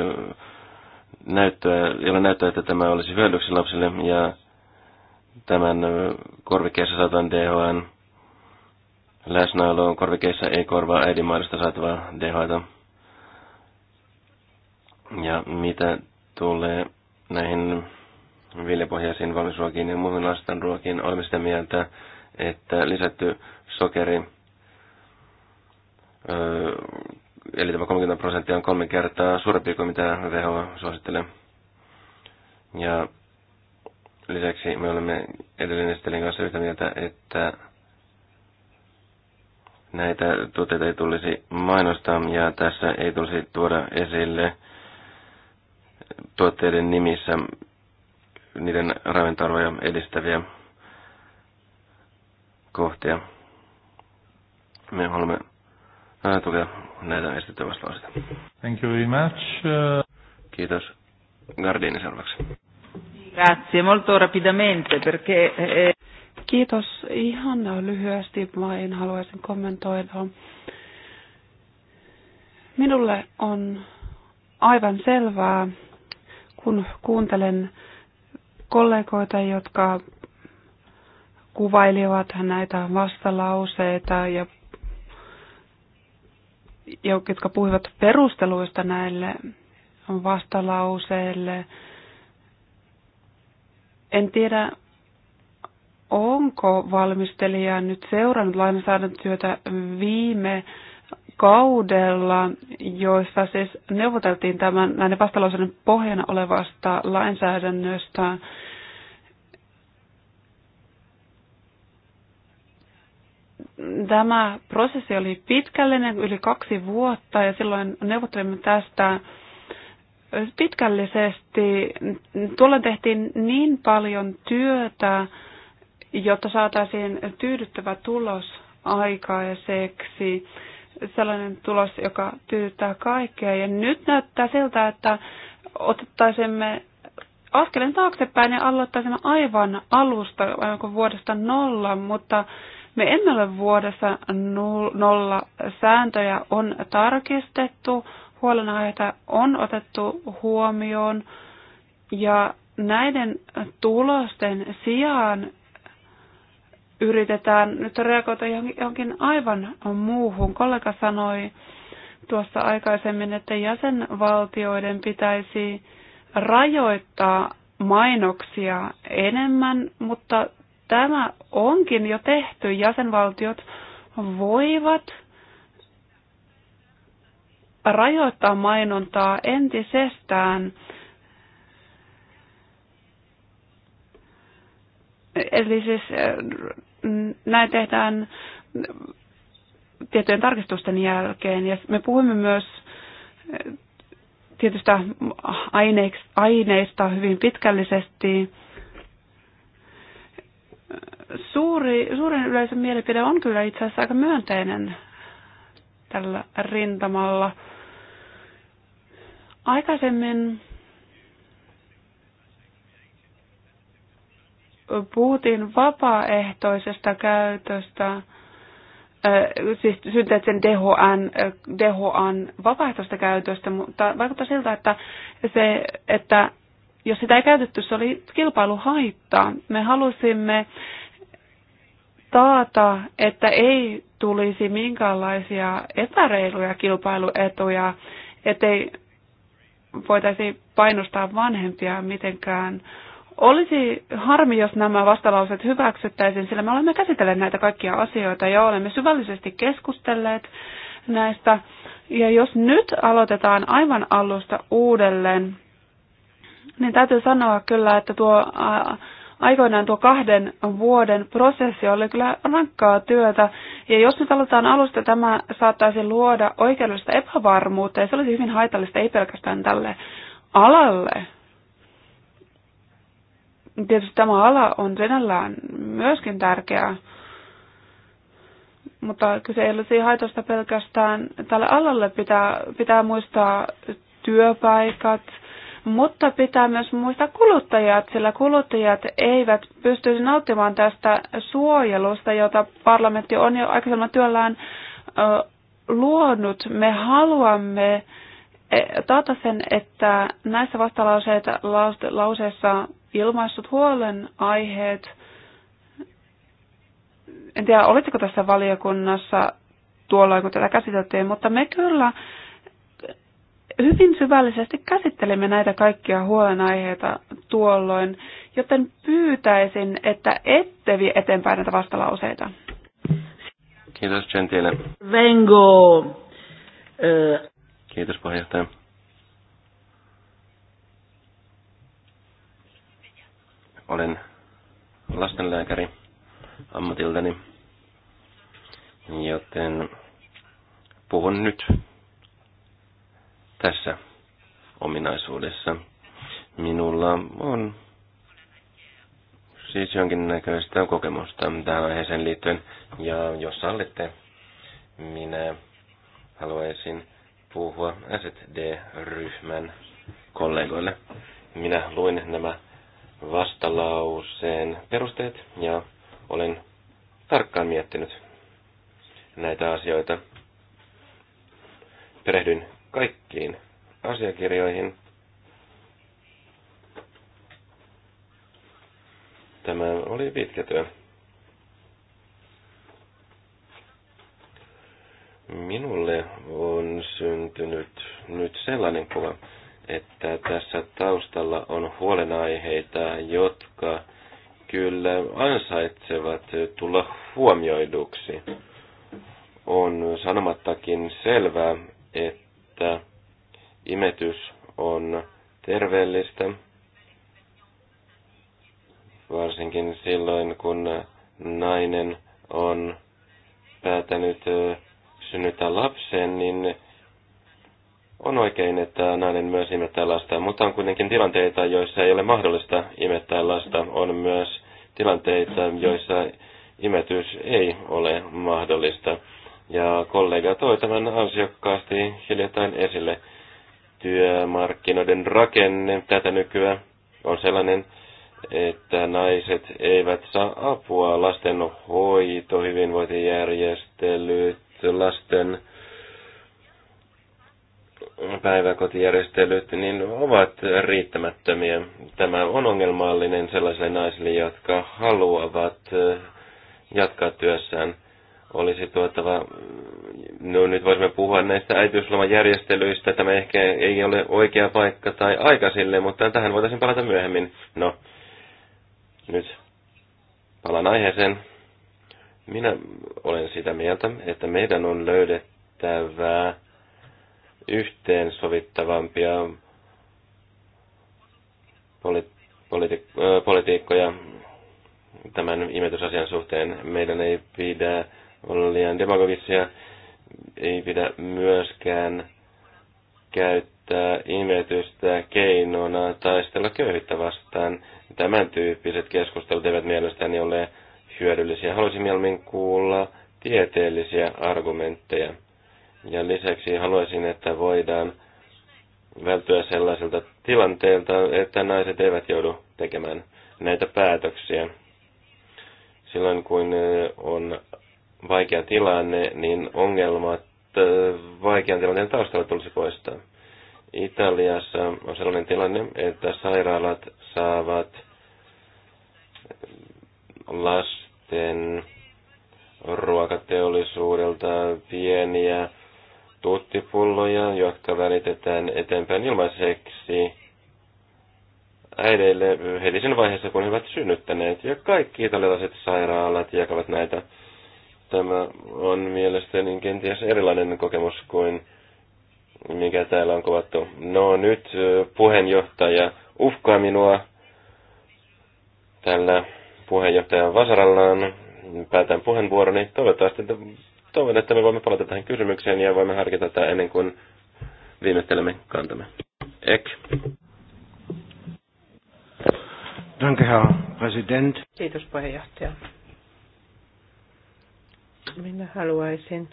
näyttöä, ei ole näyttöä, että tämä olisi hyödyksi lapsille ja tämän korvikkeessa saatavan DHN läsnäolo korvikkeessa ei korvaa äidinmaidosta saatavaa DHAta. Ja mitä tulee näihin viljapohjaisiin valmisruokiin ja muihin lasten ruokiin, olemme sitä mieltä, että lisätty sokeri eli tämä 30 prosenttia on kolme kertaa suurempi kuin mitä WHO suosittelee. Ja lisäksi me olemme edellinen Estelin kanssa yhtä mieltä, että näitä tuotteita ei tulisi mainostaa ja tässä ei tulisi tuoda esille tuotteiden nimissä niiden ravintoarvoja edistäviä kohtia. Me haluamme tukea näitä esitettyä vastauksia. Thank you very much. Kiitos. Gardini seuraavaksi. Grazie, molto rapidamente, perché... Eh, eh, Kiitos. Ihan lyhyesti vain haluaisin kommentoida. Minulle on aivan selvää, kun kuuntelen kollegoita, jotka kuvailivat näitä vastalauseita ja jotka puhuivat perusteluista näille vastalauseille. En tiedä, onko valmistelija nyt seurannut lainsäädäntötyötä viime kaudella, joissa siis neuvoteltiin tämän, näiden vastalauseiden pohjana olevasta lainsäädännöstä. tämä prosessi oli pitkällinen, yli kaksi vuotta, ja silloin neuvottelimme tästä pitkällisesti. Tuolla tehtiin niin paljon työtä, jotta saataisiin tyydyttävä tulos aikaiseksi, sellainen tulos, joka tyydyttää kaikkea. Ja nyt näyttää siltä, että otettaisimme askeleen taaksepäin ja aloittaisimme aivan alusta, aivan vuodesta nolla, mutta me emme ole vuodessa nolla. Sääntöjä on tarkistettu, huolenaiheita on otettu huomioon ja näiden tulosten sijaan yritetään nyt reagoida johonkin aivan muuhun. Kollega sanoi tuossa aikaisemmin, että jäsenvaltioiden pitäisi rajoittaa mainoksia enemmän, mutta tämä onkin jo tehty. Jäsenvaltiot voivat rajoittaa mainontaa entisestään. Eli siis eh, näin tehdään tietojen tarkistusten jälkeen. Ja me puhumme myös eh, tietystä aineista hyvin pitkällisesti suuri, suuren yleisön mielipide on kyllä itse asiassa aika myönteinen tällä rintamalla. Aikaisemmin puhuttiin vapaaehtoisesta käytöstä, äh, siis synteettisen DHN, DHAn vapaaehtoista käytöstä, mutta vaikuttaa siltä, että, se, että jos sitä ei käytetty, se oli kilpailuhaittaa. Me halusimme taata, että ei tulisi minkäänlaisia epäreiluja kilpailuetuja, ettei voitaisi painostaa vanhempia mitenkään. Olisi harmi, jos nämä vastalauset hyväksyttäisiin, sillä me olemme käsitelleet näitä kaikkia asioita ja olemme syvällisesti keskustelleet näistä. Ja jos nyt aloitetaan aivan alusta uudelleen, niin täytyy sanoa kyllä, että tuo aikoinaan tuo kahden vuoden prosessi oli kyllä rankkaa työtä. Ja jos nyt aloitetaan alusta, tämä saattaisi luoda oikeudellista epävarmuutta ja se olisi hyvin haitallista ei pelkästään tälle alalle. Tietysti tämä ala on sinällään myöskin tärkeää, mutta kyse ei olisi haitosta pelkästään tälle alalle. Pitää, pitää muistaa työpaikat, mutta pitää myös muistaa kuluttajat, sillä kuluttajat eivät pystyisi nauttimaan tästä suojelusta, jota parlamentti on jo aikaisemman työllään luonut. Me haluamme e, taata sen, että näissä vastalauseissa ilmaissut huolenaiheet, en tiedä olitteko tässä valiokunnassa tuolloin, kun tätä käsiteltiin, mutta me kyllä hyvin syvällisesti käsittelimme näitä kaikkia huolenaiheita tuolloin, joten pyytäisin, että ette vie eteenpäin näitä vastalauseita. Kiitos Gentile. Vengo. Kiitos puheenjohtaja. Olen lastenlääkäri ammatiltani, joten puhun nyt tässä ominaisuudessa minulla on siis jonkinnäköistä kokemusta tähän aiheeseen liittyen. Ja jos sallitte, minä haluaisin puhua SD-ryhmän kollegoille. Minä luin nämä vastalauseen perusteet ja olen tarkkaan miettinyt näitä asioita. Perehdyin kaikkiin asiakirjoihin. Tämä oli pitkä työ. Minulle on syntynyt nyt sellainen kuva, että tässä taustalla on huolenaiheita, jotka kyllä ansaitsevat tulla huomioiduksi. On sanomattakin selvää, että että imetys on terveellistä, varsinkin silloin kun nainen on päätänyt synnyttää lapsen, niin on oikein, että nainen myös imettää lasta, mutta on kuitenkin tilanteita, joissa ei ole mahdollista imettää lasta. On myös tilanteita, joissa imetys ei ole mahdollista. Ja kollega toi tämän ansiokkaasti hiljattain esille. Työmarkkinoiden rakenne tätä nykyään on sellainen, että naiset eivät saa apua lasten hoito, hyvinvointijärjestelyt, lasten päiväkotijärjestelyt, niin ovat riittämättömiä. Tämä on ongelmallinen sellaisille naisille, jotka haluavat eh, jatkaa työssään olisi tuotava, no nyt voisimme puhua näistä järjestelyistä tämä ehkä ei ole oikea paikka tai aika sille, mutta tähän voitaisiin palata myöhemmin. No, nyt palaan aiheeseen. Minä olen sitä mieltä, että meidän on löydettävä yhteensovittavampia poli- politi- politiikkoja tämän imetysasian suhteen. Meidän ei pidä olla liian demagogisia. Ei pidä myöskään käyttää imetystä keinona taistella köyhyyttä vastaan. Tämän tyyppiset keskustelut eivät mielestäni ole hyödyllisiä. Haluaisin mieluummin kuulla tieteellisiä argumentteja. Ja lisäksi haluaisin, että voidaan välttyä sellaiselta tilanteelta, että naiset eivät joudu tekemään näitä päätöksiä. Silloin kun on vaikea tilanne, niin ongelmat vaikean tilanteen taustalla tulisi poistaa. Italiassa on sellainen tilanne, että sairaalat saavat lasten ruokateollisuudelta pieniä tuttipulloja, jotka välitetään eteenpäin ilmaiseksi äideille heti sen vaiheessa, kun he ovat synnyttäneet. Ja kaikki italialaiset sairaalat jakavat näitä Tämä on mielestäni kenties erilainen kokemus kuin mikä täällä on kuvattu. No nyt puheenjohtaja uhkaa minua tällä puheenjohtajan vasarallaan. Päätän puheenvuoroni. Toivottavasti, että, toivon, että me voimme palata tähän kysymykseen ja voimme harkita tätä ennen kuin viimeistelemme kantamme. Ek. Danke, Herr Präsident. Kiitos puheenjohtaja. Minä haluaisin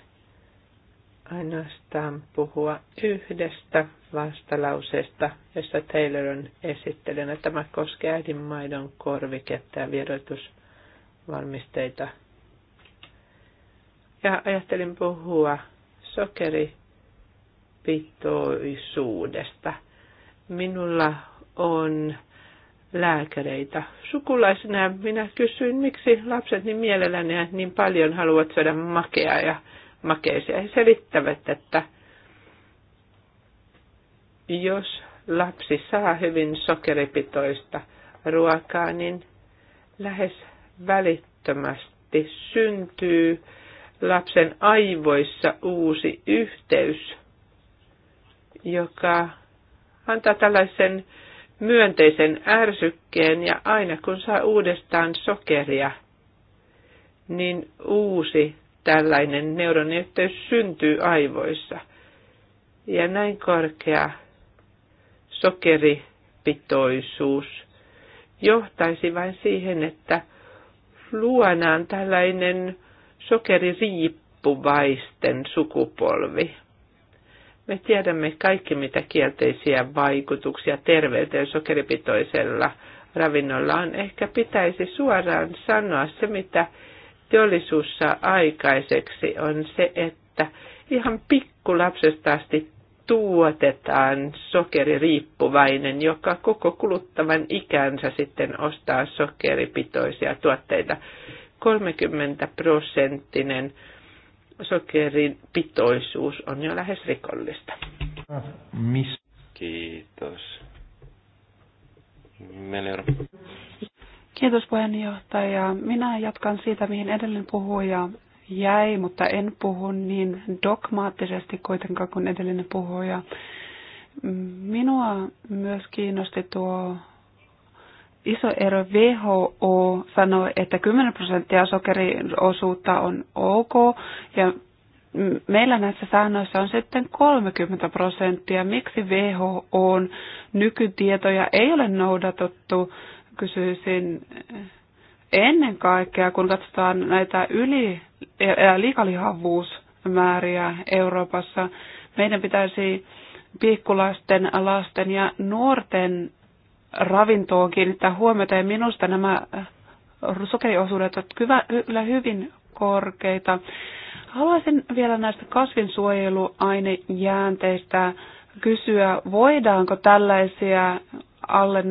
ainoastaan puhua yhdestä vastalauseesta, jossa Taylor on esittelynä. Tämä koskee maidon korviketta ja vieroitusvalmisteita. Ja ajattelin puhua sokeripitoisuudesta. Minulla on lääkäreitä sukulaisena minä kysyin, miksi lapset niin mielelläni ja niin paljon haluavat syödä makeaa ja makeisia. He selittävät, että jos lapsi saa hyvin sokeripitoista ruokaa, niin lähes välittömästi syntyy lapsen aivoissa uusi yhteys, joka antaa tällaisen myönteisen ärsykkeen ja aina kun saa uudestaan sokeria, niin uusi tällainen neuroniyhteys syntyy aivoissa. Ja näin korkea sokeripitoisuus johtaisi vain siihen, että luonaan tällainen sokeririippuvaisten sukupolvi. Me tiedämme kaikki, mitä kielteisiä vaikutuksia terveyteen sokeripitoisella ravinnolla on. Ehkä pitäisi suoraan sanoa se, mitä teollisuus saa aikaiseksi, on se, että ihan pikkulapsesta asti tuotetaan sokeririippuvainen, joka koko kuluttavan ikänsä sitten ostaa sokeripitoisia tuotteita. 30 prosenttinen sokerin pitoisuus on jo lähes rikollista. Kiitos. Melior. Kiitos puheenjohtaja. Minä jatkan siitä, mihin edellinen puhuja jäi, mutta en puhu niin dogmaattisesti kuitenkaan kuin edellinen puhuja. Minua myös kiinnosti tuo iso ero. WHO sanoi, että 10 prosenttia sokerin osuutta on ok ja meillä näissä säännöissä on sitten 30 prosenttia. Miksi on nykytietoja ei ole noudatettu, kysyisin ennen kaikkea, kun katsotaan näitä yli- ja liikalihavuusmääriä Euroopassa. Meidän pitäisi pikkulasten, lasten ja nuorten ravintoon kiinnittää huomiota ja minusta nämä sokeriosuudet ovat kyllä hyvin korkeita. Haluaisin vielä näistä kasvinsuojeluainejäänteistä kysyä, voidaanko tällaisia alle 0,01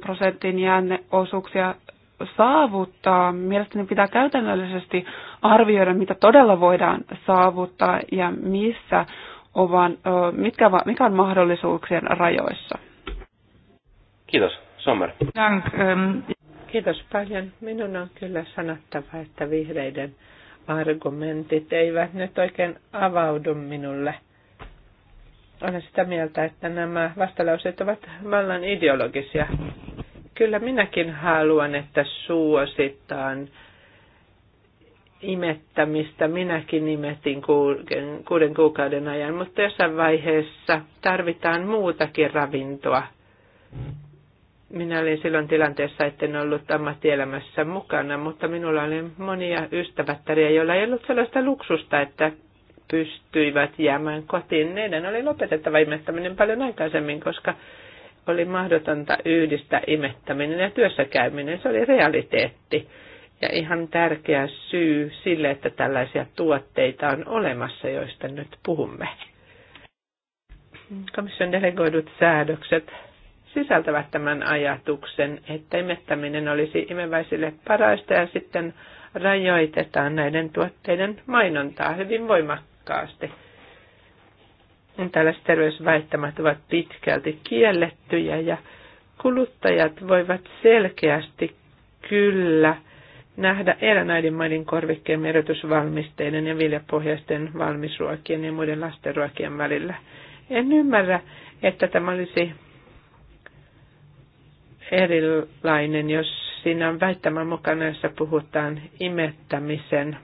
prosentin jääneosuuksia saavuttaa. Mielestäni pitää käytännöllisesti arvioida, mitä todella voidaan saavuttaa ja missä ovat, mitkä, mikä on mahdollisuuksien rajoissa. Kiitos, Sommer. Ähm, Kiitos paljon. Minun on kyllä sanottava, että vihreiden argumentit eivät nyt oikein avaudu minulle. Olen sitä mieltä, että nämä vastalauseet ovat vallan ideologisia. Kyllä minäkin haluan, että suositaan imettämistä. Minäkin imetin kuuden kuukauden ajan, mutta jossain vaiheessa tarvitaan muutakin ravintoa minä olin silloin tilanteessa, etten ollut ammattielämässä mukana, mutta minulla oli monia ystävättäriä, joilla ei ollut sellaista luksusta, että pystyivät jäämään kotiin. Neidän oli lopetettava imettäminen paljon aikaisemmin, koska oli mahdotonta yhdistää imettäminen ja työssäkäyminen. Se oli realiteetti ja ihan tärkeä syy sille, että tällaisia tuotteita on olemassa, joista nyt puhumme. Komission delegoidut säädökset sisältävät tämän ajatuksen, että imettäminen olisi imeväisille parasta ja sitten rajoitetaan näiden tuotteiden mainontaa hyvin voimakkaasti. Tällaiset terveysväittämät ovat pitkälti kiellettyjä ja kuluttajat voivat selkeästi kyllä nähdä erän maiden korvikkeen erotusvalmisteiden ja viljapohjaisten valmisruokien ja muiden lastenruokien välillä. En ymmärrä, että tämä olisi erilainen, jos siinä on väittämän mukana, jossa puhutaan imettämisen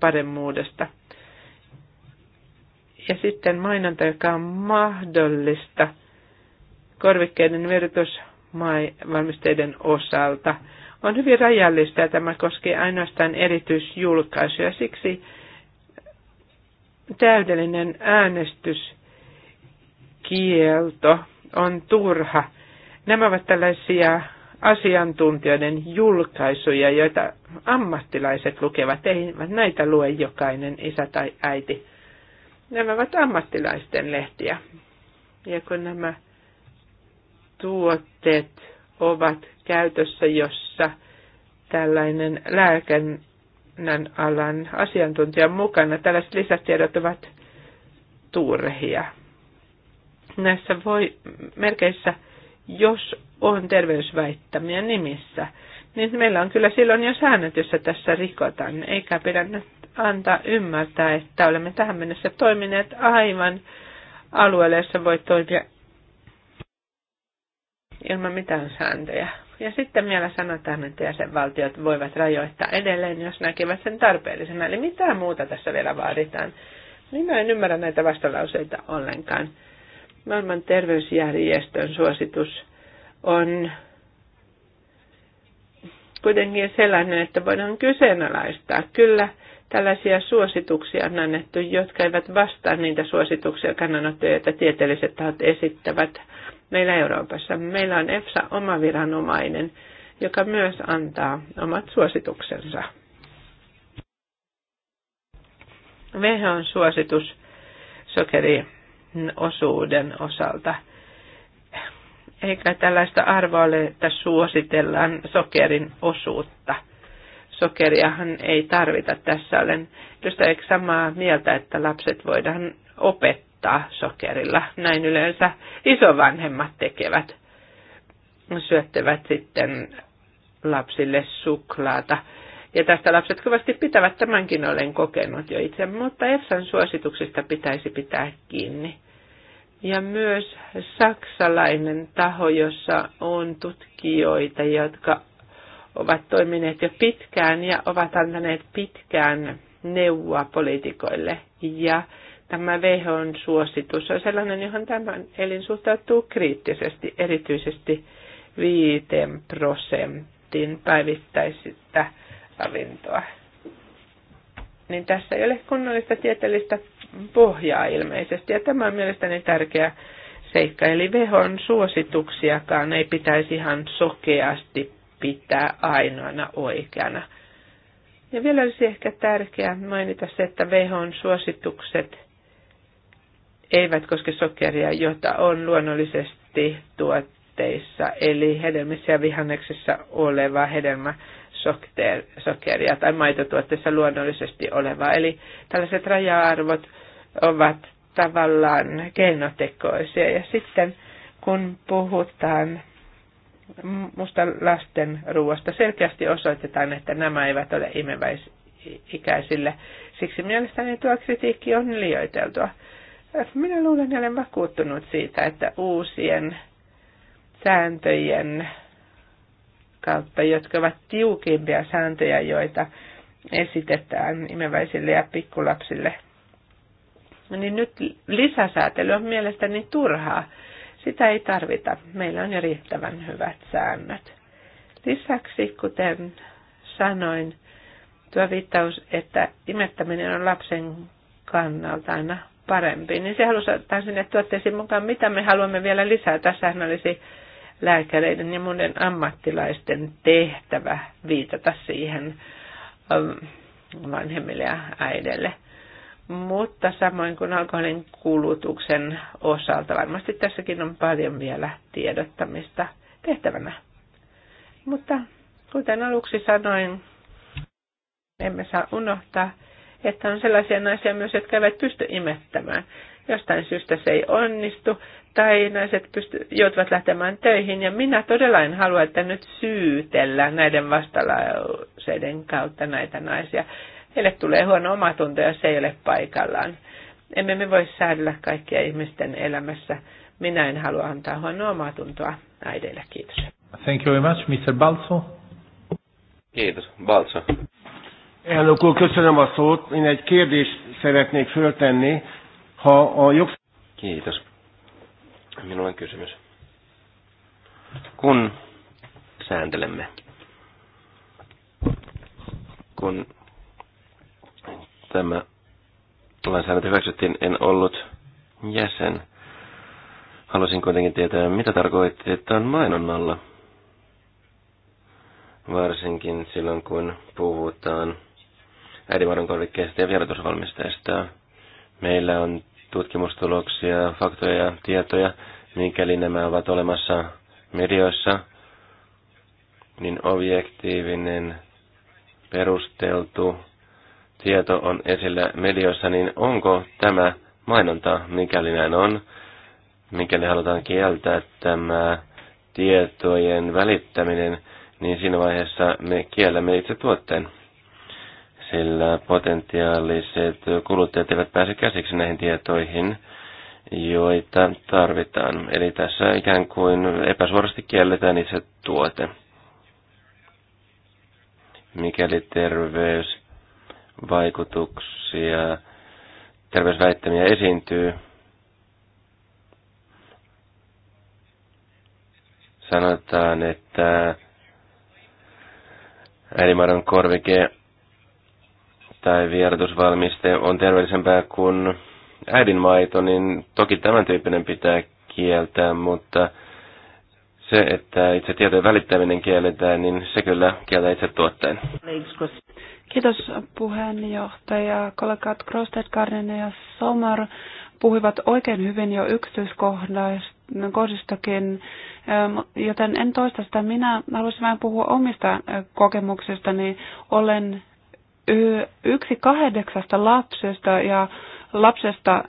paremmuudesta. Ja sitten mainonta, joka on mahdollista korvikkeiden verotusvalmisteiden osalta, on hyvin rajallista ja tämä koskee ainoastaan erityisjulkaisuja. Siksi täydellinen äänestyskielto on turha Nämä ovat tällaisia asiantuntijoiden julkaisuja, joita ammattilaiset lukevat. Ei näitä lue jokainen isä tai äiti. Nämä ovat ammattilaisten lehtiä. Ja kun nämä tuotteet ovat käytössä, jossa tällainen lääkennän alan asiantuntija mukana, tällaiset lisätiedot ovat tuurehia. Näissä voi, merkeissä jos on terveysväittämien nimissä, niin meillä on kyllä silloin jo säännöt, jossa tässä rikotaan, eikä pidä nyt antaa ymmärtää, että olemme tähän mennessä toimineet aivan alueelle, jossa voi toimia ilman mitään sääntöjä. Ja sitten vielä sanotaan, että jäsenvaltiot voivat rajoittaa edelleen, jos näkevät sen tarpeellisena. Eli mitään muuta tässä vielä vaaditaan. Minä en ymmärrä näitä vastalauseita ollenkaan. Maailman terveysjärjestön suositus on kuitenkin sellainen, että voidaan kyseenalaistaa. Kyllä tällaisia suosituksia on annettu, jotka eivät vastaa niitä suosituksia kannanottoja, joita tieteelliset tahot esittävät meillä Euroopassa. Meillä on EFSA oma viranomainen, joka myös antaa omat suosituksensa. WHOn suositus sokeri osuuden osalta. Eikä tällaista arvoa ole, että suositellaan sokerin osuutta. Sokeriahan ei tarvita tässä. Olen just samaa mieltä, että lapset voidaan opettaa sokerilla. Näin yleensä isovanhemmat tekevät. Syöttävät sitten lapsille suklaata. Ja tästä lapset kovasti pitävät, tämänkin olen kokenut jo itse, mutta EFSAn suosituksista pitäisi pitää kiinni. Ja myös saksalainen taho, jossa on tutkijoita, jotka ovat toimineet jo pitkään ja ovat antaneet pitkään neuvoa poliitikoille. Ja tämä WHOn suositus on sellainen, johon tämän elin suhtautuu kriittisesti, erityisesti 5 prosentin päivittäisistä ravintoa niin tässä ei ole kunnollista tieteellistä pohjaa ilmeisesti. Ja tämä on mielestäni tärkeä seikka. Eli vehon suosituksiakaan ei pitäisi ihan sokeasti pitää ainoana oikeana. Ja vielä olisi ehkä tärkeää mainita se, että vehon suositukset eivät koske sokeria, jota on luonnollisesti tuotteissa, eli hedelmissä ja vihanneksissa oleva hedelmä sokeria tai maitotuotteessa luonnollisesti olevaa. Eli tällaiset raja-arvot ovat tavallaan keinotekoisia. Ja sitten kun puhutaan musta lasten ruoasta, selkeästi osoitetaan, että nämä eivät ole imeväisikäisille. Siksi mielestäni tuo kritiikki on liioiteltua. Minä luulen ja olen vakuuttunut siitä, että uusien sääntöjen kautta, jotka ovat tiukimpia sääntöjä, joita esitetään imeväisille ja pikkulapsille. Niin nyt lisäsäätely on mielestäni turhaa. Sitä ei tarvita. Meillä on jo riittävän hyvät säännöt. Lisäksi, kuten sanoin, tuo viittaus, että imettäminen on lapsen kannalta aina parempi, niin se ottaa sinne tuotteisiin mukaan, mitä me haluamme vielä lisää. Tässähän olisi lääkäreiden ja monen ammattilaisten tehtävä viitata siihen ähm, vanhemmille ja äidelle. Mutta samoin kuin alkoholin kulutuksen osalta, varmasti tässäkin on paljon vielä tiedottamista tehtävänä. Mutta kuten aluksi sanoin, emme saa unohtaa, että on sellaisia naisia myös, jotka eivät pysty imettämään. Jostain syystä se ei onnistu tai naiset pysty, joutuvat lähtemään töihin. Ja minä todella en halua, että nyt syytellä näiden vastalauseiden kautta näitä naisia. Heille tulee huono omatunto, jos ei ole paikallaan. Emme me voi säädellä kaikkia ihmisten elämässä. Minä en halua antaa huonoa omatuntoa äideille. Kiitos. Thank you very much, Mr. Balso. Kiitos, Balso. Elnök úr, köszönöm a szót. Én egy kérdést szeretnék föltenni. Ha a jogsz... Kiitos Minulla on kysymys. Kun sääntelemme, kun tämä lainsäädäntö hyväksyttiin, en ollut jäsen. Haluaisin kuitenkin tietää, mitä tarkoitti, että on mainonnalla. Varsinkin silloin, kun puhutaan korvikkeesta, ja vierotusvalmisteista. Meillä on tutkimustuloksia, faktoja ja tietoja, mikäli nämä ovat olemassa medioissa, niin objektiivinen, perusteltu tieto on esillä medioissa, niin onko tämä mainonta, mikäli näin on, mikäli halutaan kieltää tämä tietojen välittäminen, niin siinä vaiheessa me kiellämme itse tuotteen sillä potentiaaliset kuluttajat eivät pääse käsiksi näihin tietoihin, joita tarvitaan. Eli tässä ikään kuin epäsuorasti kielletään itse tuote. Mikäli terveysvaikutuksia, terveysväittämiä esiintyy, sanotaan, että äidinmaidon korvike tai vierotusvalmiste on terveellisempää kuin äidinmaito, niin toki tämän tyyppinen pitää kieltää, mutta se, että itse tietojen välittäminen kielletään, niin se kyllä kieltää itse tuotteen. Kiitos puheenjohtaja. Kollegat Krosted, Karninen ja Somar puhuivat oikein hyvin jo yksityiskohdistakin, ähm, joten en toista sitä. Minä haluaisin vain puhua omista äh, kokemuksistani. Olen yksi kahdeksasta lapsesta ja lapsesta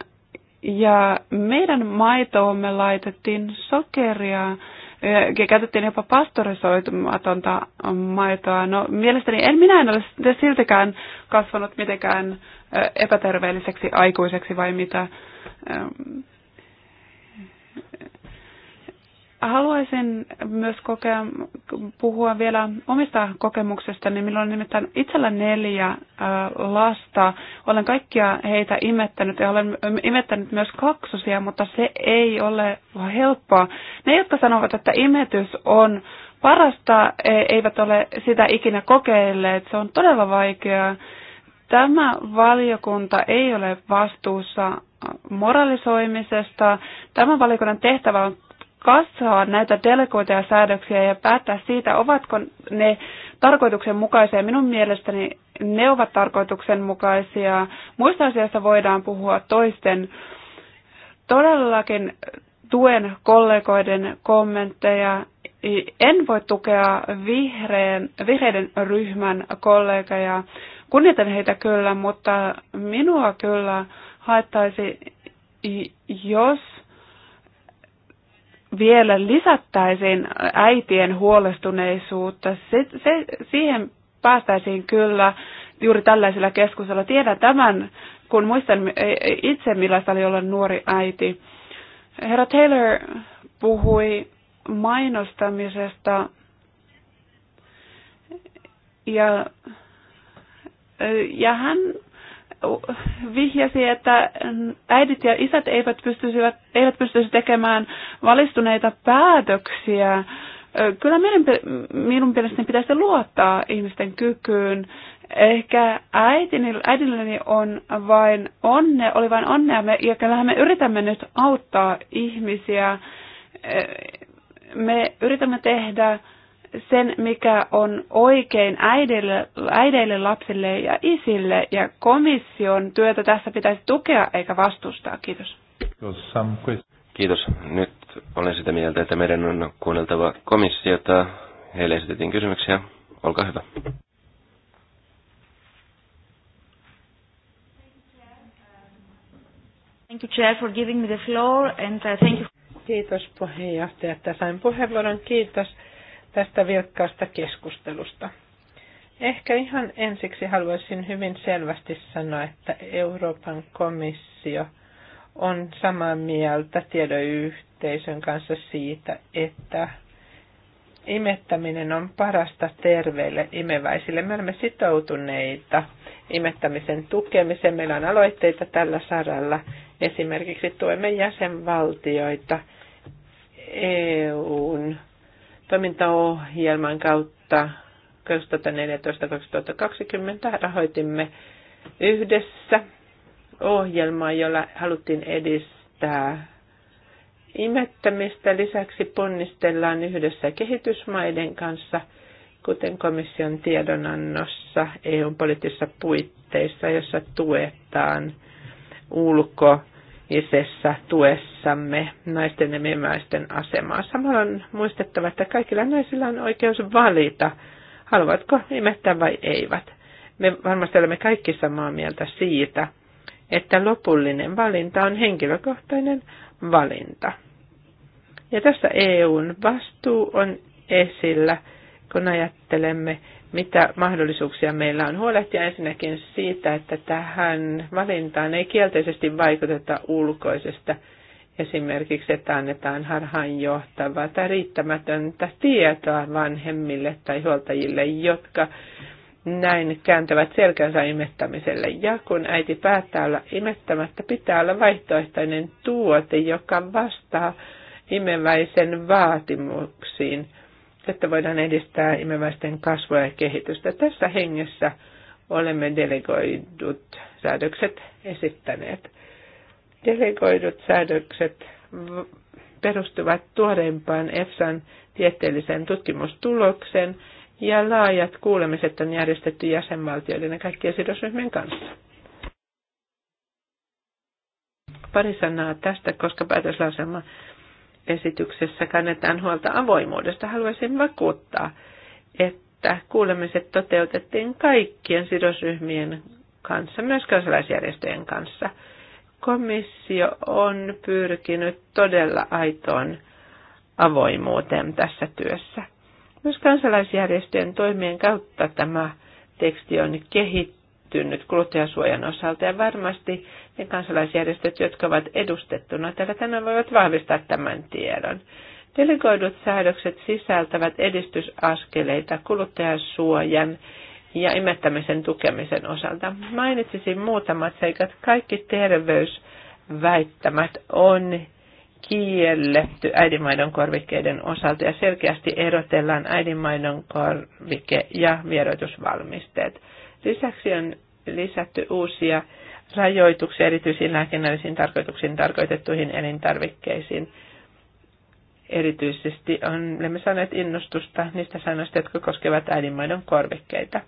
ja meidän maitoomme laitettiin sokeria e, ja käytettiin jopa pastorisoitumatonta maitoa. No mielestäni en minä en ole siltikään kasvanut mitenkään e, epäterveelliseksi aikuiseksi vai mitä haluaisin myös kokea, puhua vielä omista kokemuksista, niin minulla on nimittäin itsellä neljä äh, lasta. Olen kaikkia heitä imettänyt ja olen ähm, imettänyt myös kaksosia, mutta se ei ole helppoa. Ne, jotka sanovat, että imetys on parasta, e, eivät ole sitä ikinä kokeilleet. Se on todella vaikeaa. Tämä valiokunta ei ole vastuussa moralisoimisesta. Tämän valiokunnan tehtävä on katsoa näitä ja säädöksiä ja päättää siitä, ovatko ne tarkoituksenmukaisia. Minun mielestäni ne ovat tarkoituksenmukaisia. Muista asioista voidaan puhua toisten. Todellakin tuen kollegoiden kommentteja. En voi tukea vihreän, vihreiden ryhmän kollegoja. Kunnitan heitä kyllä, mutta minua kyllä haittaisi, jos vielä lisättäisiin äitien huolestuneisuutta, se, se, siihen päästäisiin kyllä juuri tällaisella keskustella. Tiedän tämän, kun muistan itse, millaista oli olla nuori äiti. Herra Taylor puhui mainostamisesta ja, ja hän vihjasi, että äidit ja isät eivät pystyisi, eivät pystyisi tekemään valistuneita päätöksiä. Kyllä minun, minun mielestäni pitäisi luottaa ihmisten kykyyn. Ehkä äitini, äidilleni on vain onne, oli vain onnea, me, ja kyllähän me yritämme nyt auttaa ihmisiä. Me yritämme tehdä sen, mikä on oikein äideille, äideille, lapsille ja isille, ja komission työtä tässä pitäisi tukea eikä vastustaa. Kiitos. Kiitos. Nyt olen sitä mieltä, että meidän on kuunneltava komissiota. Heille esitettiin kysymyksiä. Olkaa hyvä. Thank you, Chair, for giving me the floor, and uh, thank you. Kiitos puheenjohtaja, että sain puheenvuoron. Kiitos tästä vilkkaasta keskustelusta. Ehkä ihan ensiksi haluaisin hyvin selvästi sanoa, että Euroopan komissio on samaa mieltä tiedoyhteisön kanssa siitä, että imettäminen on parasta terveille imeväisille. Me olemme sitoutuneita imettämisen tukemiseen. Meillä on aloitteita tällä saralla. Esimerkiksi tuemme jäsenvaltioita EUn toimintaohjelman kautta 2014-2020 rahoitimme yhdessä ohjelmaa, jolla haluttiin edistää imettämistä. Lisäksi ponnistellaan yhdessä kehitysmaiden kanssa, kuten komission tiedonannossa EUn poliittisissa puitteissa, jossa tuetaan ulko- isessä tuessamme naisten ja miemäisten asemaa. Samalla on muistettava, että kaikilla naisilla on oikeus valita, haluatko imettää vai eivät. Me varmasti olemme kaikki samaa mieltä siitä, että lopullinen valinta on henkilökohtainen valinta. Ja tässä EUn vastuu on esillä, kun ajattelemme mitä mahdollisuuksia meillä on huolehtia ensinnäkin siitä, että tähän valintaan ei kielteisesti vaikuteta ulkoisesta, esimerkiksi että annetaan harhaanjohtavaa tai riittämätöntä tietoa vanhemmille tai huoltajille, jotka näin kääntävät selkänsä imettämiselle. Ja kun äiti päättää olla imettämättä, pitää olla vaihtoehtoinen tuote, joka vastaa imeväisen vaatimuksiin – että voidaan edistää imeväisten kasvua ja kehitystä. Tässä hengessä olemme delegoidut säädökset esittäneet. Delegoidut säädökset perustuvat tuoreimpaan EFSAn tieteelliseen tutkimustulokseen ja laajat kuulemiset on järjestetty jäsenvaltioiden ja kaikkien sidosryhmien kanssa. Pari sanaa tästä, koska päätöslauselma esityksessä kannetaan huolta avoimuudesta. Haluaisin vakuuttaa, että kuulemiset toteutettiin kaikkien sidosryhmien kanssa, myös kansalaisjärjestöjen kanssa. Komissio on pyrkinyt todella aitoon avoimuuteen tässä työssä. Myös kansalaisjärjestöjen toimien kautta tämä teksti on kehittynyt kuluttajasuojan osalta ja varmasti ja kansalaisjärjestöt, jotka ovat edustettuna tällä tänään voivat vahvistaa tämän tiedon. Delegoidut säädökset sisältävät edistysaskeleita kuluttajasuojan ja imettämisen tukemisen osalta. Mainitsisin muutamat seikat. Kaikki terveysväittämät on kielletty äidinmaidon korvikkeiden osalta ja selkeästi erotellaan äidinmaidon korvike ja vieroitusvalmisteet. Lisäksi on lisätty uusia rajoituksia erityisiin lääkinnällisiin tarkoituksiin tarkoitettuihin elintarvikkeisiin. Erityisesti on, olemme saaneet innostusta niistä säännöistä, jotka koskevat äidinmaidon korvikkeita.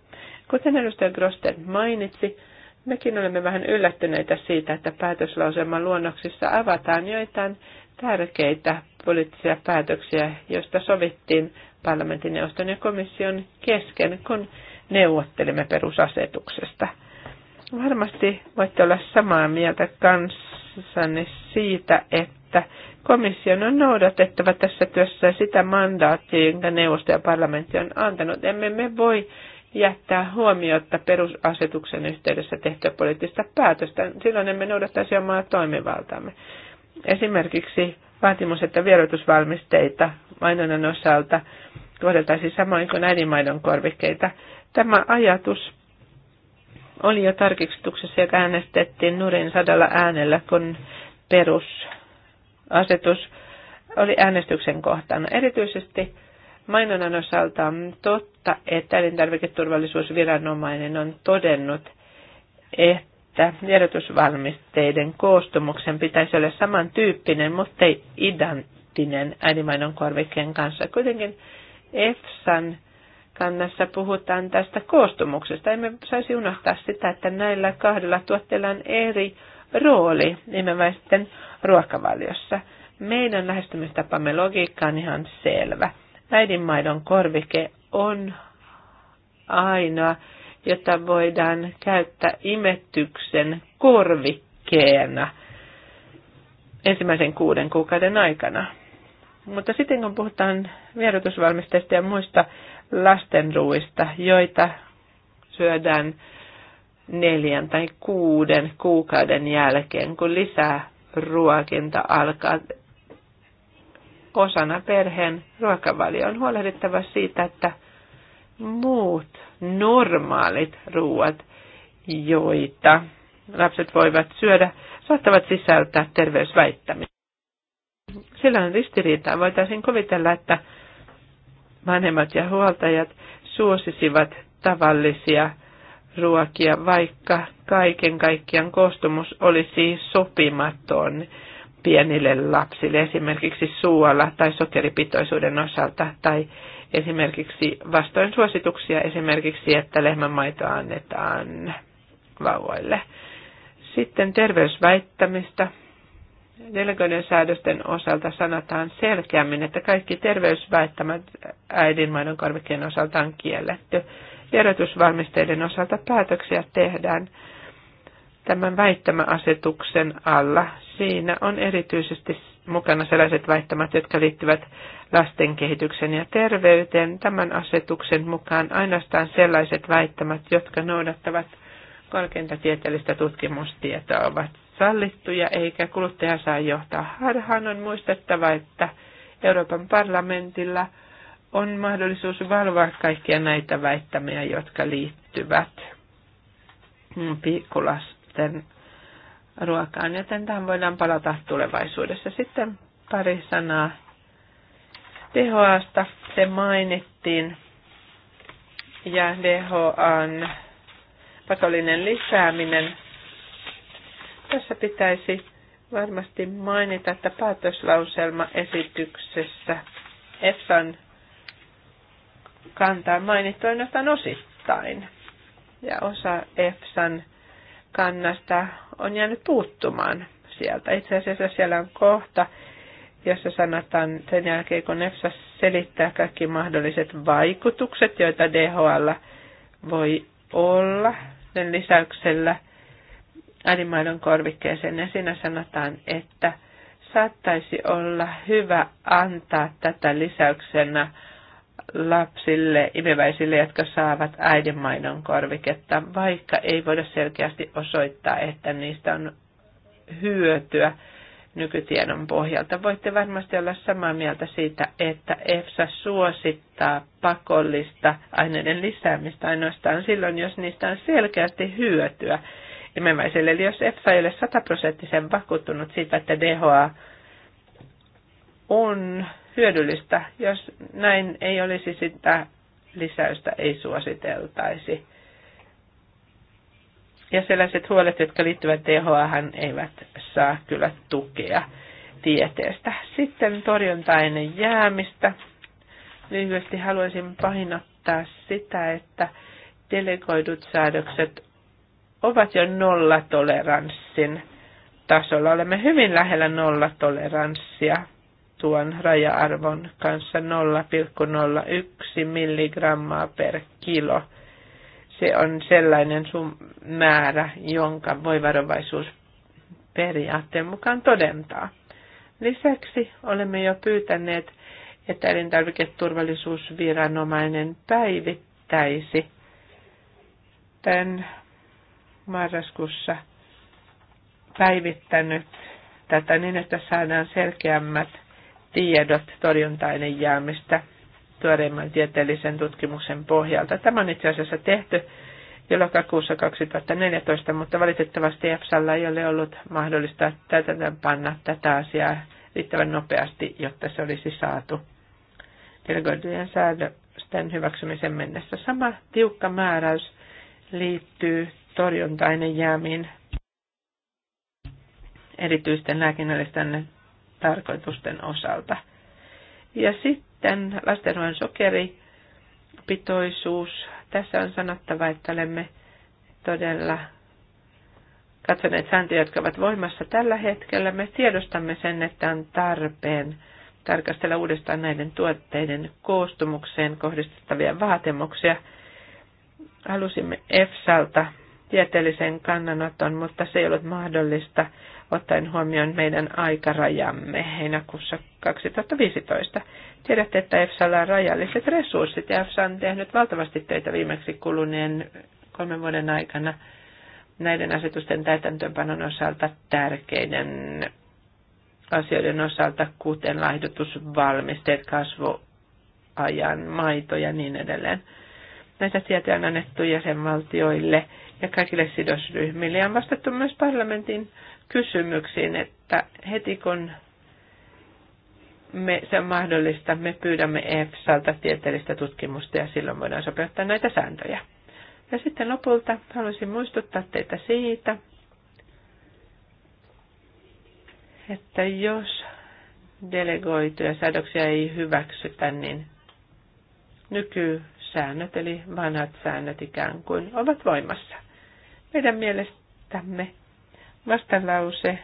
Kuten edustaja Grosten mainitsi, mekin olemme vähän yllättyneitä siitä, että päätöslauselman luonnoksissa avataan joitain tärkeitä poliittisia päätöksiä, joista sovittiin parlamentin neuvoston ja komission kesken, kun neuvottelimme perusasetuksesta – Varmasti voitte olla samaa mieltä kanssanne siitä, että komission on noudatettava tässä työssä sitä mandaattia, jonka neuvosto ja parlamentti on antanut. Emme me voi jättää huomiota perusasetuksen yhteydessä tehtyä poliittista päätöstä. Silloin emme noudattaisi omaa toimivaltaamme. Esimerkiksi vaatimus, että vierotusvalmisteita mainonnan osalta kohdeltaisiin samoin kuin äidinmaidon korvikkeita. Tämä ajatus oli jo tarkistuksessa, joka äänestettiin Nurin sadalla äänellä, kun perusasetus oli äänestyksen kohtana. Erityisesti mainonnan osalta on totta, että elintarviketurvallisuusviranomainen on todennut, että tiedotusvalmisteiden koostumuksen pitäisi olla samantyyppinen, mutta ei identtinen äidinmaidon korvikkeen kanssa. Kuitenkin EFSAn kannassa puhutaan tästä koostumuksesta. Emme saisi unohtaa sitä, että näillä kahdella tuotteella on eri rooli nimenväisten ruokavaliossa. Meidän lähestymistapamme logiikka on ihan selvä. Äidinmaidon korvike on ainoa, jota voidaan käyttää imetyksen korvikkeena ensimmäisen kuuden kuukauden aikana. Mutta sitten kun puhutaan vierotusvalmisteista ja muista lastenruuista, joita syödään neljän tai kuuden kuukauden jälkeen, kun lisää ruokinta alkaa. Osana perheen ruokavalio on huolehdittava siitä, että muut normaalit ruoat, joita lapset voivat syödä, saattavat sisältää terveysväittämistä. Silloin ristiriitaa voitaisiin kuvitella, että vanhemmat ja huoltajat suosisivat tavallisia ruokia, vaikka kaiken kaikkiaan koostumus olisi sopimaton pienille lapsille, esimerkiksi suola tai sokeripitoisuuden osalta, tai esimerkiksi vastoin suosituksia esimerkiksi, että lehmänmaitoa annetaan vauvoille. Sitten terveysväittämistä 40 säädösten osalta sanotaan selkeämmin, että kaikki terveysväittämät äidinmaidon korvikkeen osalta on kielletty. Vierotusvalmisteiden osalta päätöksiä tehdään tämän väittämäasetuksen alla. Siinä on erityisesti mukana sellaiset väittämät, jotka liittyvät lasten kehityksen ja terveyteen. Tämän asetuksen mukaan ainoastaan sellaiset väittämät, jotka noudattavat korkeinta tieteellistä tutkimustietoa, ovat sallittuja eikä kuluttaja saa johtaa harhaan. On muistettava, että Euroopan parlamentilla on mahdollisuus valvoa kaikkia näitä väittämiä, jotka liittyvät pikkulasten ruokaan, joten tähän voidaan palata tulevaisuudessa. Sitten pari sanaa DHAsta. Se mainittiin ja DHAn pakollinen lisääminen tässä pitäisi varmasti mainita, että päätöslauselmaesityksessä EFSAn kantaa mainittu ainoastaan osittain. Ja osa EFSAn kannasta on jäänyt puuttumaan sieltä. Itse asiassa siellä on kohta, jossa sanotaan sen jälkeen, kun EFSA selittää kaikki mahdolliset vaikutukset, joita DHL voi olla sen lisäyksellä – äidinmaidon korvikkeeseen ja siinä sanotaan, että saattaisi olla hyvä antaa tätä lisäyksenä lapsille, imeväisille, jotka saavat äidinmaidon korviketta, vaikka ei voida selkeästi osoittaa, että niistä on hyötyä nykytiedon pohjalta. Voitte varmasti olla samaa mieltä siitä, että EFSA suosittaa pakollista aineiden lisäämistä ainoastaan silloin, jos niistä on selkeästi hyötyä ilmeväiselle. Eli jos EFSA ei ole sataprosenttisen vakuuttunut siitä, että DHA on hyödyllistä, jos näin ei olisi sitä lisäystä ei suositeltaisi. Ja sellaiset huolet, jotka liittyvät DHA, eivät saa kyllä tukea tieteestä. Sitten torjunta jäämistä. Lyhyesti haluaisin painottaa sitä, että delegoidut säädökset ovat jo nollatoleranssin tasolla. Olemme hyvin lähellä nollatoleranssia tuon raja-arvon kanssa 0,01 milligrammaa per kilo. Se on sellainen sun määrä, jonka voi varovaisuusperiaatteen mukaan todentaa. Lisäksi olemme jo pyytäneet, että elintarviketurvallisuusviranomainen päivittäisi tämän marraskuussa päivittänyt tätä niin, että saadaan selkeämmät tiedot torjunta-aineen jäämistä tuoreimman tieteellisen tutkimuksen pohjalta. Tämä on itse asiassa tehty jo lokakuussa 2014, mutta valitettavasti EFSAlla ei ole ollut mahdollista panna tätä asiaa riittävän nopeasti, jotta se olisi saatu delegoitujen säädösten hyväksymisen mennessä. Sama tiukka määräys liittyy torjuntainen jäämiin erityisten lääkinnällisten tarkoitusten osalta. Ja sitten lastenruoan sokeripitoisuus. Tässä on sanottava, että olemme todella katsoneet sääntöjä, jotka ovat voimassa tällä hetkellä. Me tiedostamme sen, että on tarpeen tarkastella uudestaan näiden tuotteiden koostumukseen kohdistettavia vaatimuksia. Halusimme EFSAlta tieteellisen kannanoton, mutta se ei ollut mahdollista ottaen huomioon meidän aikarajamme heinäkuussa 2015. Tiedätte, että EFSAlla on rajalliset resurssit ja EFSA on tehnyt valtavasti töitä viimeksi kuluneen kolmen vuoden aikana näiden asetusten täytäntöönpanon osalta tärkeiden asioiden osalta, kuten laihdutusvalmisteet, kasvuajan maito ja niin edelleen. Näitä tietoja on annettu jäsenvaltioille – ja kaikille sidosryhmille. Ja on vastattu myös parlamentin kysymyksiin, että heti kun me sen mahdollista, me pyydämme EFSAlta tieteellistä tutkimusta ja silloin voidaan sopeuttaa näitä sääntöjä. Ja sitten lopulta haluaisin muistuttaa teitä siitä, että jos delegoituja säädöksiä ei hyväksytä, niin nykysäännöt eli vanhat säännöt ikään kuin ovat voimassa. Meidän mielestämme vastalause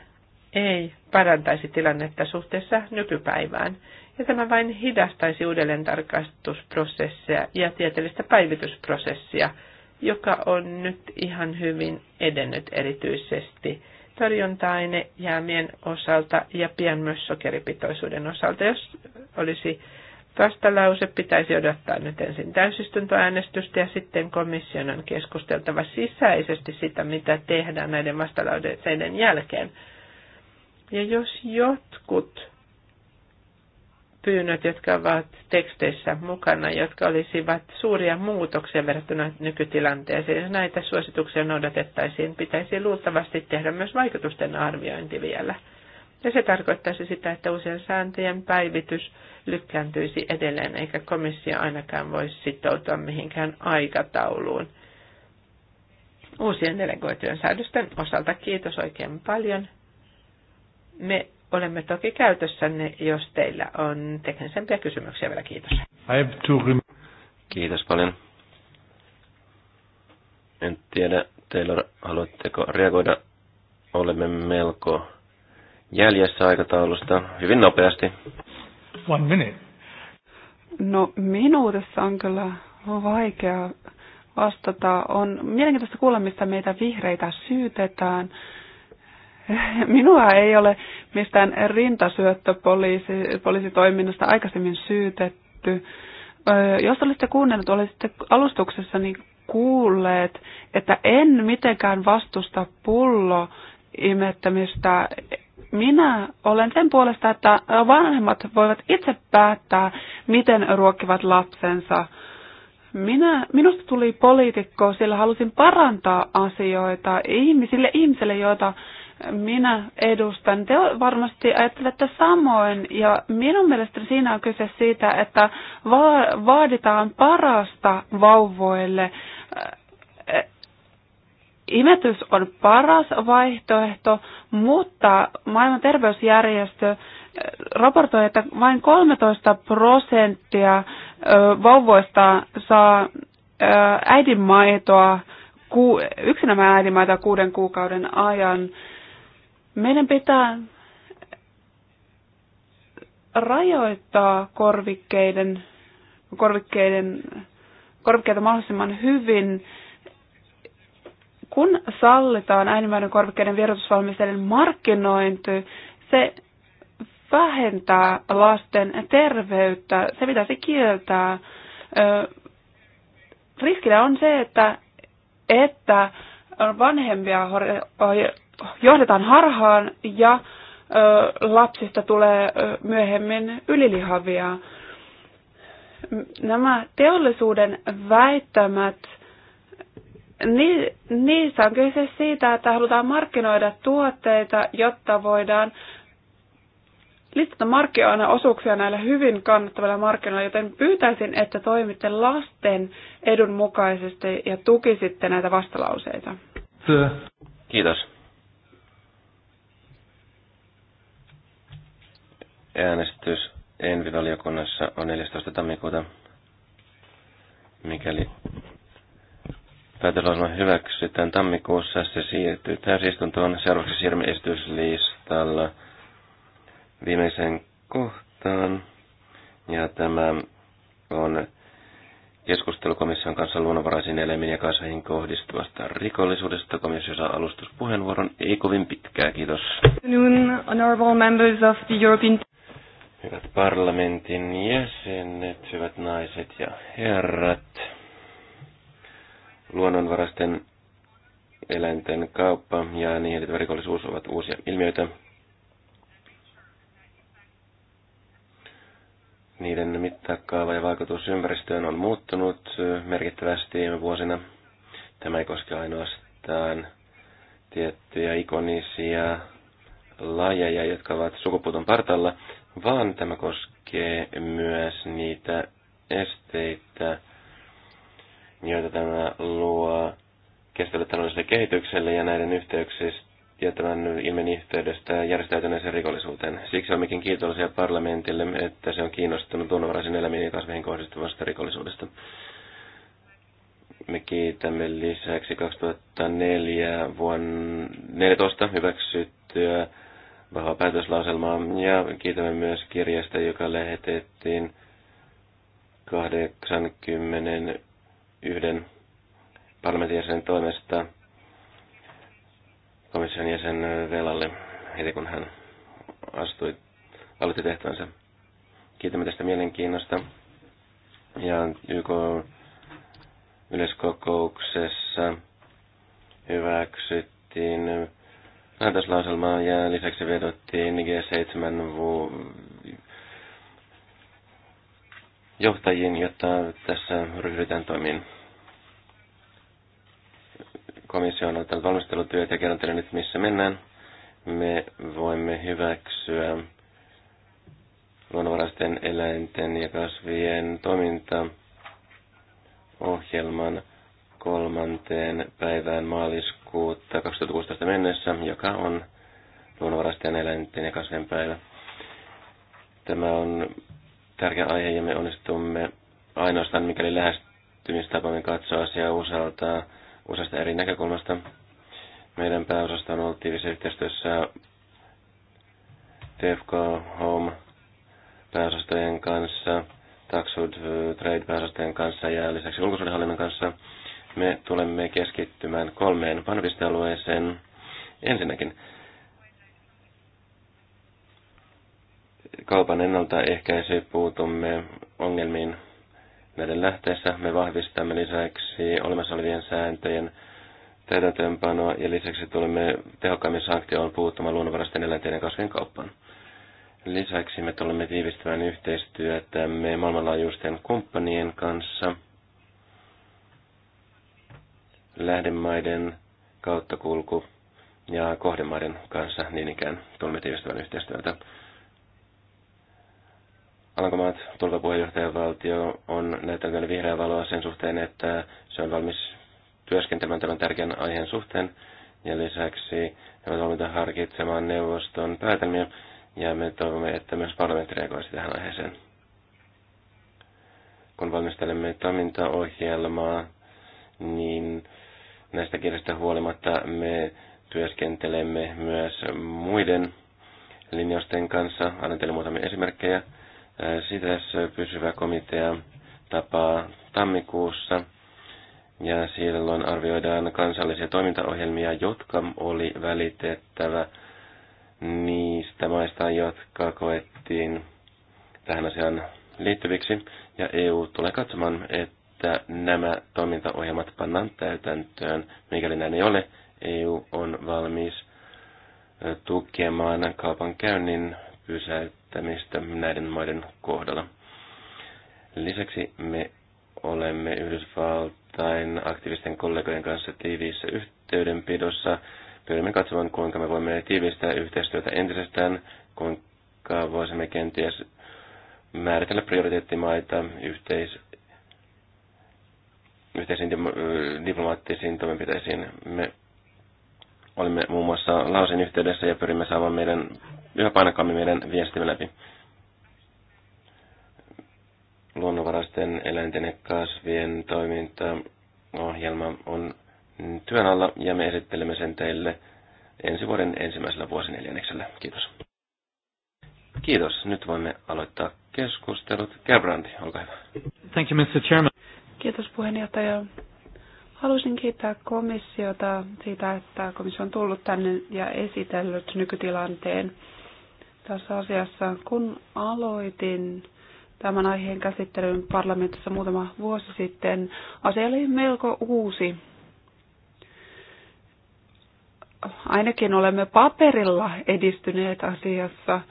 ei parantaisi tilannetta suhteessa nykypäivään, ja tämä vain hidastaisi uudelleen tarkastusprosessia ja tieteellistä päivitysprosessia, joka on nyt ihan hyvin edennyt erityisesti torjunta-ainejäämien osalta ja pian myös sokeripitoisuuden osalta. Jos olisi Tästä lause pitäisi odottaa nyt ensin täysistuntoäänestystä ja sitten komission on keskusteltava sisäisesti sitä, mitä tehdään näiden vastalauseiden jälkeen. Ja jos jotkut pyynnöt, jotka ovat teksteissä mukana, jotka olisivat suuria muutoksia verrattuna nykytilanteeseen. Jos näitä suosituksia noudatettaisiin, pitäisi luultavasti tehdä myös vaikutusten arviointi vielä. Ja se tarkoittaisi sitä, että uusien sääntöjen päivitys lykkääntyisi edelleen, eikä komissio ainakaan voi sitoutua mihinkään aikatauluun. Uusien delegoitujen säädösten osalta kiitos oikein paljon. Me olemme toki käytössänne, jos teillä on teknisempiä kysymyksiä vielä. Kiitos. Kiitos paljon. En tiedä, Taylor, haluatteko reagoida? Olemme melko jäljessä aikataulusta hyvin nopeasti. One minute. No minuutissa on kyllä vaikea vastata. On mielenkiintoista kuulla, mistä meitä vihreitä syytetään. Minua ei ole mistään rintasyöttöpoliisitoiminnasta aikaisemmin syytetty. Jos olisitte kuunnelleet, olisitte alustuksessa niin kuulleet, että en mitenkään vastusta pullo imettämistä, minä olen sen puolesta, että vanhemmat voivat itse päättää, miten ruokkivat lapsensa. Minä, minusta tuli poliitikko, sillä halusin parantaa asioita ihmisille, ihmisille, joita minä edustan. Te varmasti ajattelette samoin ja minun mielestäni siinä on kyse siitä, että vaaditaan parasta vauvoille Imetys on paras vaihtoehto, mutta maailman terveysjärjestö eh, raportoi, että vain 13 prosenttia eh, vauvoista saa eh, äidinmaitoa, yksinämään äidinmaitoa kuuden kuukauden ajan. Meidän pitää rajoittaa korvikkeiden, korvikkeiden, korvikkeita mahdollisimman hyvin kun sallitaan äänimäinen korvikkeiden vierotusvalmisteiden markkinointi, se vähentää lasten terveyttä. Se pitäisi kieltää. Riskinä on se, että, että vanhempia johdetaan harhaan ja lapsista tulee myöhemmin ylilihavia. Nämä teollisuuden väittämät niin niissä on kyse siitä, että halutaan markkinoida tuotteita, jotta voidaan listata markkinoina osuuksia näillä hyvin kannattavilla markkinoilla, joten pyytäisin, että toimitte lasten edun mukaisesti ja tukisitte näitä vastalauseita. Kiitos. Äänestys Envivaliokunnassa on 14. tammikuuta, mikäli päätelosma hyväksytään tammikuussa, se siirtyy täysistuntoon. Seuraavaksi siirrymme esityslistalla viimeiseen kohtaan. Ja tämä on keskustelukomission kanssa luonnonvaraisiin eläimiin ja kasveihin kohdistuvasta rikollisuudesta. Komissio saa alustuspuheenvuoron. Ei kovin pitkää, kiitos. Hyvät parlamentin jäsenet, hyvät naiset ja herrat. Luonnonvarasten eläinten kauppa ja niihin liittyvä rikollisuus ovat uusia ilmiöitä. Niiden mittakaava ja vaikutus ympäristöön on muuttunut merkittävästi viime vuosina. Tämä ei koske ainoastaan tiettyjä ikonisia lajeja, jotka ovat sukupuuton partalla, vaan tämä koskee myös niitä esteitä, joita tämä luo kestävälle taloudelliselle kehitykselle ja näiden yhteyksistä ja tämän ilmeni yhteydestä järjestäytyneeseen rikollisuuteen. Siksi olemmekin kiitollisia parlamentille, että se on kiinnostunut luonnonvaraisen elämiin ja kasveihin kohdistuvasta rikollisuudesta. Me kiitämme lisäksi 2004 vuonna 2014 hyväksyttyä vahvaa päätöslauselmaa ja kiitämme myös kirjasta, joka lähetettiin 80 yhden parlamentin jäsenen toimesta komission jäsen velalle heti kun hän astui, aloitti tehtävänsä. Kiitämme tästä mielenkiinnosta. Ja YK yleiskokouksessa hyväksyttiin päätöslauselmaa ja lisäksi vedottiin G7 johtajiin, jotta tässä ryhdytään toimiin. Komissio on ottanut valmistelutyöt ja kerron teille nyt, missä mennään. Me voimme hyväksyä luonnonvaraisten eläinten ja kasvien toimintaohjelman kolmanteen päivään maaliskuuta 2016 mennessä, joka on luonnonvaraisten eläinten ja kasvien päivä. Tämä on tärkeä aihe ja me onnistumme ainoastaan, mikäli lähestymistapamme katsoa asiaa usealta, useasta eri näkökulmasta. Meidän pääosasta on ollut tiivisessä yhteistyössä TFK Home pääosastojen kanssa, Taxud Trade pääosastojen kanssa ja lisäksi ulkosuudenhallinnon kanssa. Me tulemme keskittymään kolmeen painopistealueeseen. Ensinnäkin kaupan ennaltaehkäisy puutumme ongelmiin näiden lähteessä. Me vahvistamme lisäksi olemassa olevien sääntöjen täytäntöönpanoa ja lisäksi tulemme tehokkaammin sanktioon puuttumaan luonnonvaraisten eläinten ja kasvien kauppaan. Lisäksi me tulemme tiivistämään yhteistyötä me maailmanlaajuisten kumppanien kanssa, lähdemaiden kauttakulku ja kohdemaiden kanssa niin ikään tulemme tiivistämään yhteistyötä. Alankomaat, tuleva valtio on näyttänyt vihreää valoa sen suhteen, että se on valmis työskentelemään tämän tärkeän aiheen suhteen. Ja lisäksi he ovat valmiita harkitsemaan neuvoston päätelmiä, ja me toivomme, että myös parlamentti reagoisi tähän aiheeseen. Kun valmistelemme toimintaohjelmaa, niin näistä kielistä huolimatta me työskentelemme myös muiden linjausten kanssa. Annan teille muutamia esimerkkejä. SIDES pysyvä komitea tapaa tammikuussa ja silloin arvioidaan kansallisia toimintaohjelmia, jotka oli välitettävä niistä maista, jotka koettiin tähän asiaan liittyviksi. Ja EU tulee katsomaan, että nämä toimintaohjelmat pannaan täytäntöön. Mikäli näin ei ole, EU on valmis tukemaan kaupan käynnin pysäyttämistä kehittämistä näiden maiden kohdalla. Lisäksi me olemme Yhdysvaltain aktiivisten kollegojen kanssa tiiviissä yhteydenpidossa. Pyrimme katsomaan, kuinka me voimme tiivistää yhteistyötä entisestään, kuinka voisimme kenties määritellä prioriteettimaita yhteis, yhteisiin diplomaattisiin toimenpiteisiin. Me olimme muun muassa Lausin yhteydessä ja pyrimme saamaan meidän yhä painakkaammin meidän viestimme läpi. Luonnonvaraisten eläinten ja kasvien toimintaohjelma on työn alla ja me esittelemme sen teille ensi vuoden ensimmäisellä vuosineljänneksellä. Kiitos. Kiitos. Nyt voimme aloittaa keskustelut. Gerbrandi, olkaa hyvä. Thank you, Mr. Chairman. Kiitos puheenjohtaja. Haluaisin kiittää komissiota siitä, että komissio on tullut tänne ja esitellyt nykytilanteen tässä asiassa. Kun aloitin tämän aiheen käsittelyn parlamentissa muutama vuosi sitten, asia oli melko uusi. Ainakin olemme paperilla edistyneet asiassa.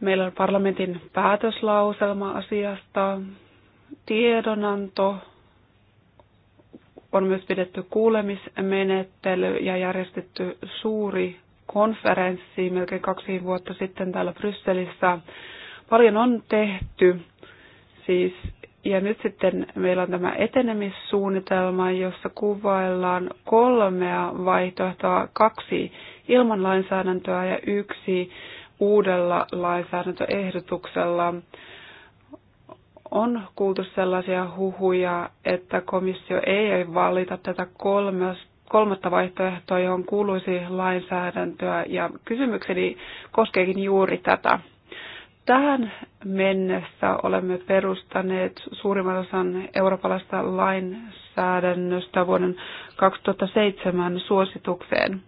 Meillä on parlamentin päätöslauselma asiasta, tiedonanto, on myös pidetty kuulemismenettely ja järjestetty suuri Konferenssi melkein kaksi vuotta sitten täällä Brysselissä. Paljon on tehty siis, ja nyt sitten meillä on tämä etenemissuunnitelma, jossa kuvaillaan kolmea vaihtoehtoa, kaksi ilman lainsäädäntöä ja yksi uudella lainsäädäntöehdotuksella on kuultu sellaisia huhuja, että komissio ei valita tätä kolmesta kolmatta vaihtoehtoa, johon kuuluisi lainsäädäntöä, ja kysymykseni koskeekin juuri tätä. Tähän mennessä olemme perustaneet suurimman osan eurooppalaista lainsäädännöstä vuoden 2007 suositukseen.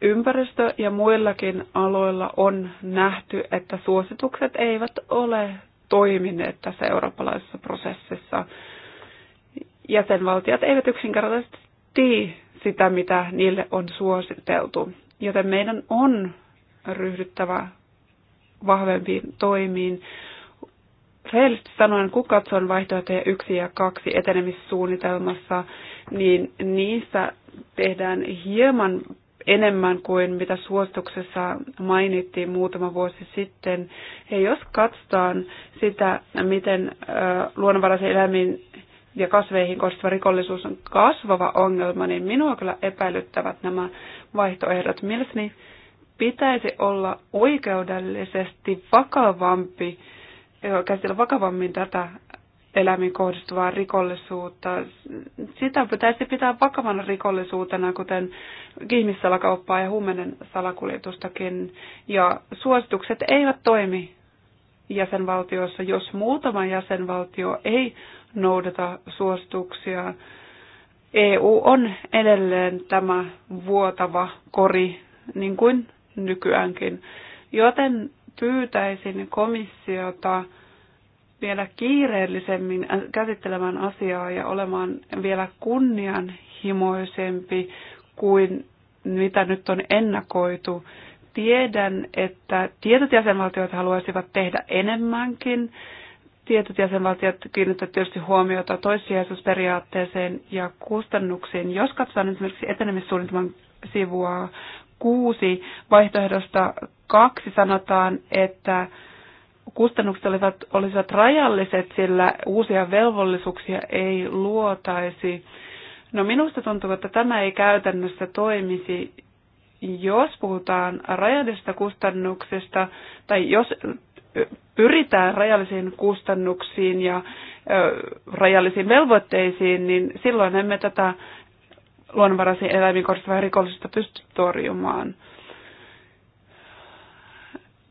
Ympäristö- ja muillakin aloilla on nähty, että suositukset eivät ole toimineet tässä eurooppalaisessa prosessissa. Jäsenvaltiot eivät yksinkertaisesti tii sitä, mitä niille on suositeltu, joten meidän on ryhdyttävä vahvempiin toimiin. Rehellisesti sanoen, kun katson vaihtoehtoja yksi ja kaksi etenemissuunnitelmassa, niin niissä tehdään hieman enemmän kuin mitä suostuksessa mainittiin muutama vuosi sitten. Ja jos katsotaan sitä, miten luonnonvaraisen eläimiin ja kasveihin kohdistuva rikollisuus on kasvava ongelma, niin minua kyllä epäilyttävät nämä vaihtoehdot. Mielestäni pitäisi olla oikeudellisesti vakavampi, käsitellä vakavammin tätä eläimiin kohdistuvaa rikollisuutta. Sitä pitäisi pitää vakavana rikollisuutena, kuten ihmissalakauppaa ja huumeiden salakuljetustakin. Ja suositukset eivät toimi jäsenvaltioissa, jos muutama jäsenvaltio ei noudata suosituksia. EU on edelleen tämä vuotava kori, niin kuin nykyäänkin. Joten pyytäisin komissiota vielä kiireellisemmin käsittelemään asiaa ja olemaan vielä kunnianhimoisempi kuin mitä nyt on ennakoitu. Tiedän, että tietyt jäsenvaltiot haluaisivat tehdä enemmänkin. Tietyt jäsenvaltiot kiinnittävät tietysti huomiota toissijaisuusperiaatteeseen ja kustannuksiin. Jos katsotaan esimerkiksi etenemissuunnitelman sivua kuusi vaihtoehdosta kaksi sanotaan, että kustannukset olivat, olisivat rajalliset, sillä uusia velvollisuuksia ei luotaisi. No minusta tuntuu, että tämä ei käytännössä toimisi, jos puhutaan rajallisista kustannuksista tai jos pyritään rajallisiin kustannuksiin ja rajallisiin velvoitteisiin, niin silloin emme tätä luonnonvaraisiin eläimiin kohdistuvaa rikollisuutta pysty torjumaan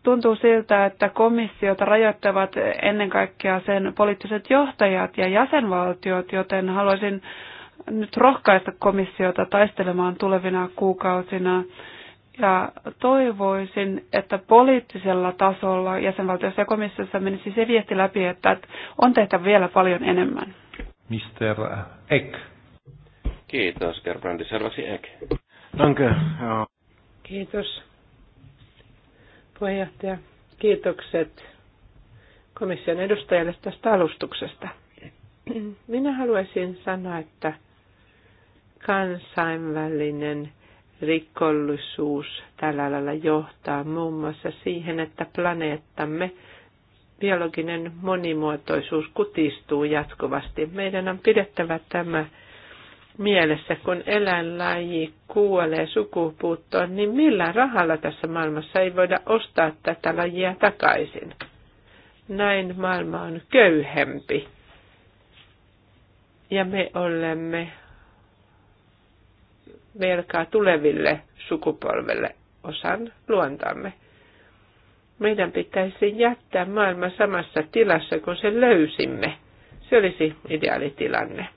tuntuu siltä, että komissiota rajoittavat ennen kaikkea sen poliittiset johtajat ja jäsenvaltiot, joten haluaisin nyt rohkaista komissiota taistelemaan tulevina kuukausina. Ja toivoisin, että poliittisella tasolla jäsenvaltiossa ja komissiossa menisi se viesti läpi, että on tehtävä vielä paljon enemmän. Mr. Eck. Kiitos, Gerbrandi. Seuraavaksi Eck. Danke. Kiitos puheenjohtaja. Kiitokset komission edustajalle tästä alustuksesta. Minä haluaisin sanoa, että kansainvälinen rikollisuus tällä lailla johtaa muun muassa siihen, että planeettamme biologinen monimuotoisuus kutistuu jatkuvasti. Meidän on pidettävä tämä mielessä, kun eläinlaji kuolee sukupuuttoon, niin millä rahalla tässä maailmassa ei voida ostaa tätä lajia takaisin? Näin maailma on köyhempi. Ja me olemme velkaa tuleville sukupolvelle osan luontamme. Meidän pitäisi jättää maailma samassa tilassa kun se löysimme. Se olisi ideaalitilanne. tilanne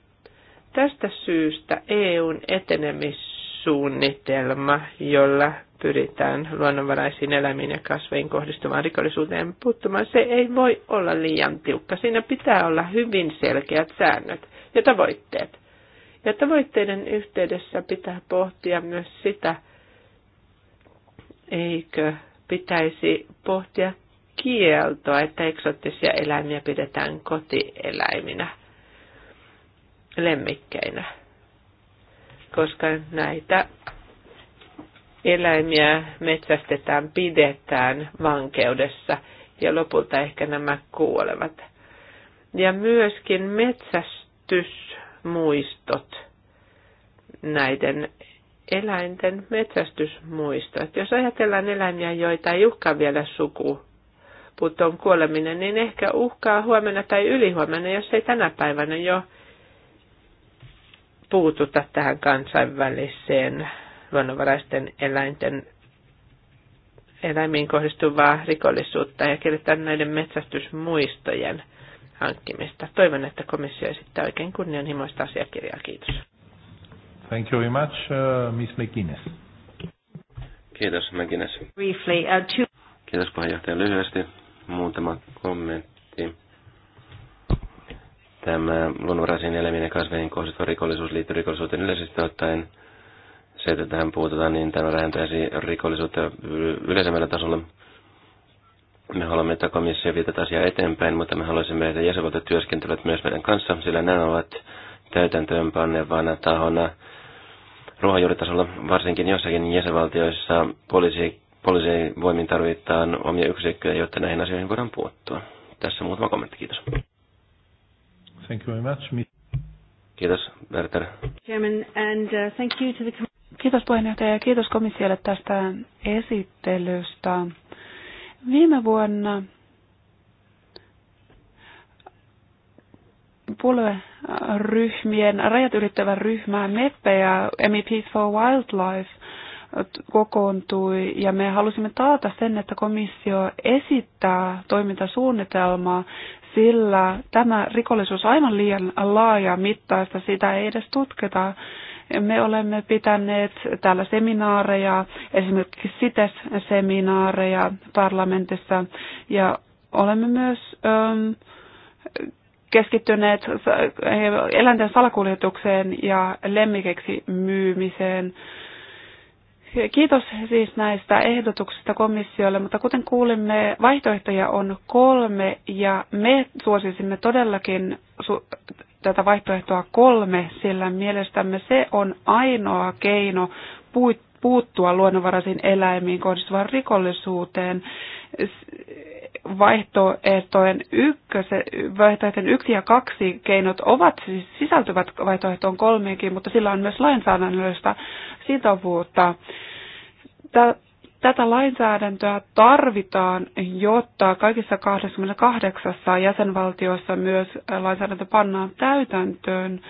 Tästä syystä EUn etenemissuunnitelma, jolla pyritään luonnonvaraisiin eläimiin ja kasveihin kohdistuvaan rikollisuuteen puuttumaan, se ei voi olla liian tiukka. Siinä pitää olla hyvin selkeät säännöt ja tavoitteet. Ja tavoitteiden yhteydessä pitää pohtia myös sitä, eikö pitäisi pohtia kieltoa, että eksottisia eläimiä pidetään kotieläiminä lemmikkeinä, koska näitä eläimiä metsästetään, pidetään vankeudessa ja lopulta ehkä nämä kuolevat. Ja myöskin metsästysmuistot, näiden eläinten metsästysmuistot. Jos ajatellaan eläimiä, joita ei uhkaa vielä suku, on kuoleminen, niin ehkä uhkaa huomenna tai ylihuomenna, jos ei tänä päivänä jo puututa tähän kansainväliseen luonnonvaraisten eläinten eläimiin kohdistuvaa rikollisuutta ja kirjoittaa näiden metsästysmuistojen hankkimista. Toivon, että komissio esittää oikein kunnianhimoista asiakirjaa. Kiitos. Thank you very much, uh, Miss McGuinness. Kiitos, McGuinness. Briefly, uh, two... Kiitos puheenjohtaja lyhyesti. Muutama kommentti tämä luonnonvaraisiin eläimiin ja kasveihin kohdistuva rikollisuus liittyy rikollisuuteen yleisesti ottaen. Se, että tähän puututaan, niin tämä vähentäisi rikollisuutta yleisemmällä tasolla. Me haluamme, että komissio vie tätä asiaa eteenpäin, mutta me haluaisimme, että jäsenvaltiot työskentelevät myös meidän kanssa, sillä nämä ovat täytäntöönpannevana tahona ruohonjuuritasolla, varsinkin jossakin jäsenvaltioissa poliisi, poliisivoimin tarvitaan omia yksikköjä, jotta näihin asioihin voidaan puuttua. Tässä muutama kommentti, kiitos. Thank you very much. Kiitos, Werther. Chairman, and uh, thank you to the... Kiitos puheenjohtaja ja kiitos komissiolle tästä esittelystä. Viime vuonna puolueryhmien, rajat ryhmä ryhmää ja MEPs for Wildlife, kokoontui ja me halusimme taata sen, että komissio esittää toimintasuunnitelmaa sillä tämä rikollisuus on aivan liian laaja mittaista, sitä ei edes tutketa. Me olemme pitäneet täällä seminaareja, esimerkiksi sites seminaareja parlamentissa, ja olemme myös äm, keskittyneet eläinten salakuljetukseen ja lemmikeksi myymiseen. Kiitos siis näistä ehdotuksista komissiolle, mutta kuten kuulimme, vaihtoehtoja on kolme ja me suosisimme todellakin tätä vaihtoehtoa kolme, sillä mielestämme se on ainoa keino puuttua luonnonvaraisiin eläimiin kohdistuvaan rikollisuuteen. Vaihtoehtojen, ykköse, vaihtoehtojen yksi ja kaksi keinot ovat siis sisältyvät vaihtoehtoon kolmeenkin, mutta sillä on myös lainsäädännöllistä sitovuutta. Tätä lainsäädäntöä tarvitaan, jotta kaikissa 28 jäsenvaltiossa myös lainsäädäntö pannaan täytäntöön,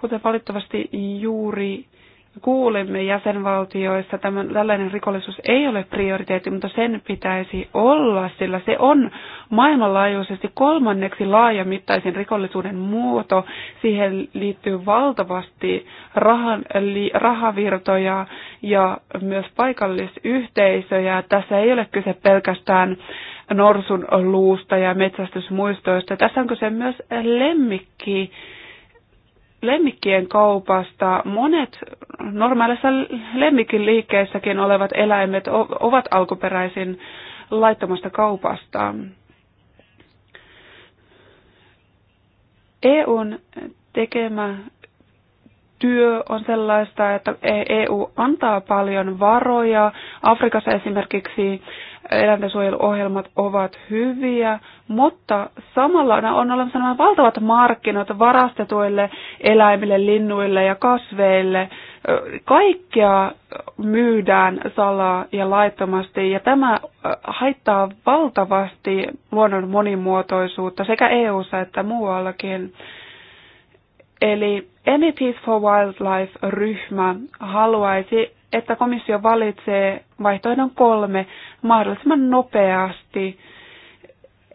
kuten valitettavasti juuri Kuulemme jäsenvaltioissa, tämän, tällainen rikollisuus ei ole prioriteetti, mutta sen pitäisi olla, sillä se on maailmanlaajuisesti kolmanneksi laajamittaisin rikollisuuden muoto. Siihen liittyy valtavasti rahan, li, rahavirtoja ja myös paikallisyhteisöjä. Tässä ei ole kyse pelkästään norsun luusta ja metsästysmuistoista. Tässä on kyse myös lemmikki lemmikkien kaupasta. Monet normaalissa liikkeessäkin olevat eläimet ovat alkuperäisin laittomasta kaupasta. EUn tekemä työ on sellaista, että EU e antaa paljon varoja. Afrikassa esimerkiksi eläintensuojeluohjelmat ovat hyviä, mutta samalla on olemassa nämä valtavat markkinat varastetuille eläimille, linnuille ja kasveille. Kaikkea myydään salaa ja laittomasti ja tämä haittaa valtavasti luonnon monimuotoisuutta sekä EU:ssa että muuallakin. Eli MEPs for Wildlife-ryhmä haluaisi että komissio valitsee vaihtoehdon kolme mahdollisimman nopeasti.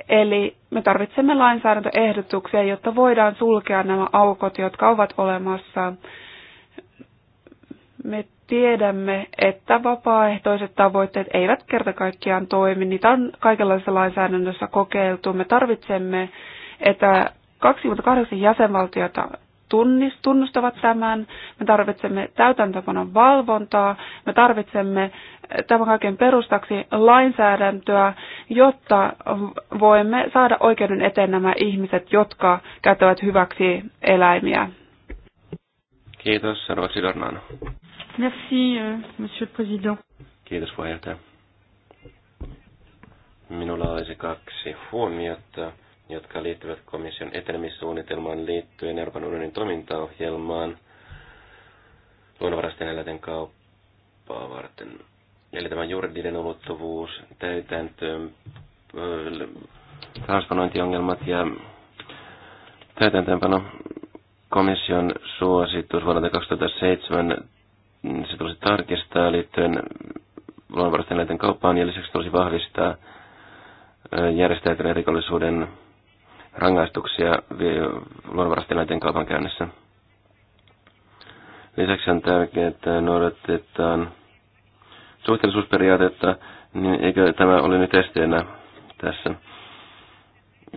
Eli me tarvitsemme lainsäädäntöehdotuksia, jotta voidaan sulkea nämä aukot, jotka ovat olemassa. Me tiedämme, että vapaaehtoiset tavoitteet eivät kerta kaikkiaan toimi. Niitä on kaikenlaisessa lainsäädännössä kokeiltu. Me tarvitsemme, että 28 jäsenvaltiota tunnustavat tämän. Me tarvitsemme täytäntöpanon valvontaa. Me tarvitsemme eh, tämän kaiken perustaksi lainsäädäntöä, jotta voimme saada oikeuden eteen nämä ihmiset, jotka käyttävät hyväksi eläimiä. Kiitos. Seuraavaksi Dornano. Merci, euh, monsieur le président. Kiitos puheenjohtaja. Minulla olisi kaksi huomiota jotka liittyvät komission etenemissuunnitelmaan liittyen Euroopan unionin toimintaohjelmaan luonnonvarasten eläinten kauppaa varten. Eli tämä juridinen ulottuvuus, täytäntöön, transponointiongelmat ja täytäntöönpano komission suositus vuodelta 2007, se tulisi tarkistaa liittyen luonnonvarasten eläinten kauppaan ja lisäksi tulisi vahvistaa järjestäytyneen rikollisuuden rangaistuksia luonnonvarastilanteen kaupankäynnissä. Lisäksi on tärkeää, että noudatetaan suhteellisuusperiaatetta, niin eikö tämä ole nyt esteenä tässä.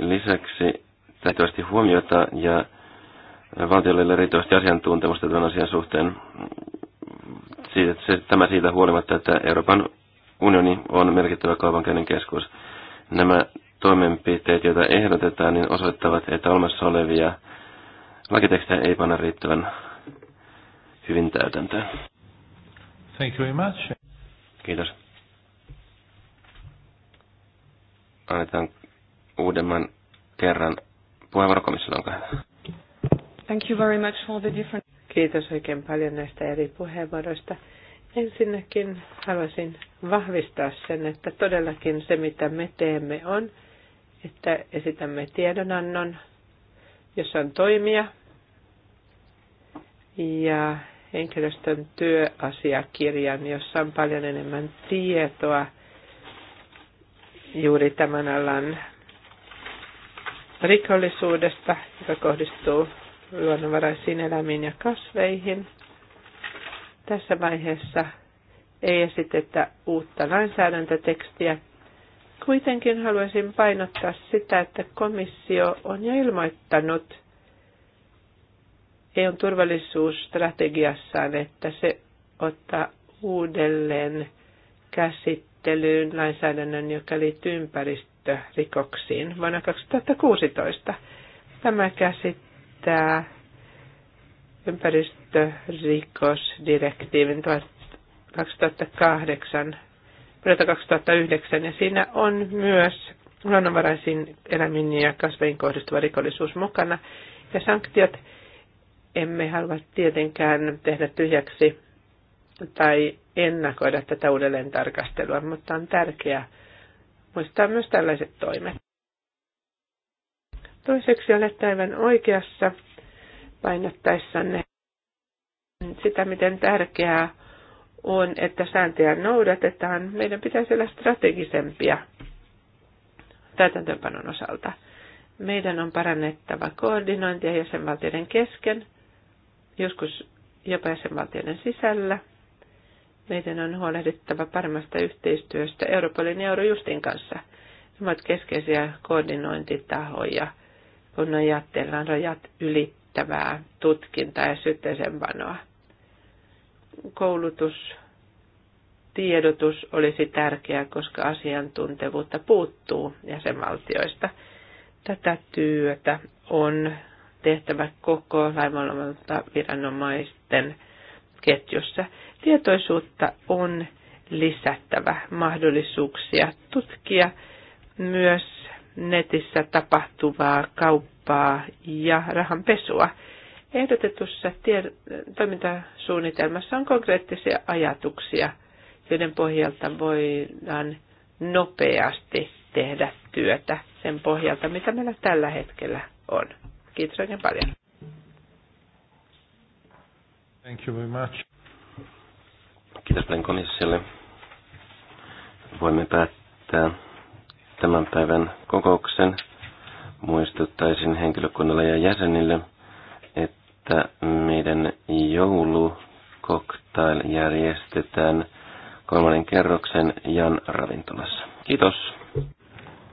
Lisäksi täytyvästi huomiota ja valtiolle riittävästi asiantuntemusta tämän asian suhteen. Siitä, se, tämä siitä huolimatta, että Euroopan unioni on merkittävä kaupankäynnin keskus. Nämä toimenpiteet, joita ehdotetaan, niin osoittavat, että olemassa olevia lakitekstejä ei panna riittävän hyvin täytäntöön. Thank you very much. Kiitos. Annetaan uudemman kerran puheenvuorokomissio, onko Thank you very much for the different... Kiitos oikein paljon näistä eri puheenvuoroista. Ensinnäkin haluaisin vahvistaa sen, että todellakin se mitä me teemme on, että esitämme tiedonannon, jossa on toimia ja henkilöstön työasiakirjan, jossa on paljon enemmän tietoa juuri tämän alan rikollisuudesta, joka kohdistuu luonnonvaraisiin eläimiin ja kasveihin – tässä vaiheessa ei esitetä uutta lainsäädäntötekstiä. Kuitenkin haluaisin painottaa sitä, että komissio on jo ilmoittanut EUn turvallisuusstrategiassaan, että se ottaa uudelleen käsittelyyn lainsäädännön, joka liittyy ympäristörikoksiin vuonna 2016. Tämä käsittää ympäristörikosdirektiivin 2008 vuodelta 2009 ja siinä on myös luonnonvaraisiin eläimiin ja kasveihin kohdistuva rikollisuus mukana. Ja sanktiot emme halua tietenkään tehdä tyhjäksi tai ennakoida tätä uudelleen tarkastelua, mutta on tärkeää muistaa myös tällaiset toimet. Toiseksi olet aivan oikeassa painottaessanne sitä, miten tärkeää on, että sääntöjä noudatetaan. Meidän pitäisi olla strategisempia täytäntöönpanon osalta. Meidän on parannettava koordinointia jäsenvaltioiden kesken, joskus jopa jäsenvaltioiden sisällä. Meidän on huolehdittava paremmasta yhteistyöstä Europolin ja Eurojustin kanssa. Nämä ovat keskeisiä koordinointitahoja, kun ajatellaan rajat ylittäviä riittävää tutkintaa ja vanoa Koulutus, tiedotus olisi tärkeää, koska asiantuntevuutta puuttuu jäsenvaltioista. Tätä työtä on tehtävä koko laivanvalvonta viranomaisten ketjussa. Tietoisuutta on lisättävä mahdollisuuksia tutkia myös netissä tapahtuvaa kauppaa kauppaa ja rahanpesua. Ehdotetussa toimintasuunnitelmassa on konkreettisia ajatuksia, joiden pohjalta voidaan nopeasti tehdä työtä sen pohjalta, mitä meillä tällä hetkellä on. Kiitos oikein paljon. Thank you very much. Kiitos paljon komissiolle. Voimme päättää tämän päivän kokouksen. Muistuttaisin henkilökunnalle ja jäsenille, että meidän joulukoktail järjestetään kolmannen kerroksen Jan ravintolassa. Kiitos.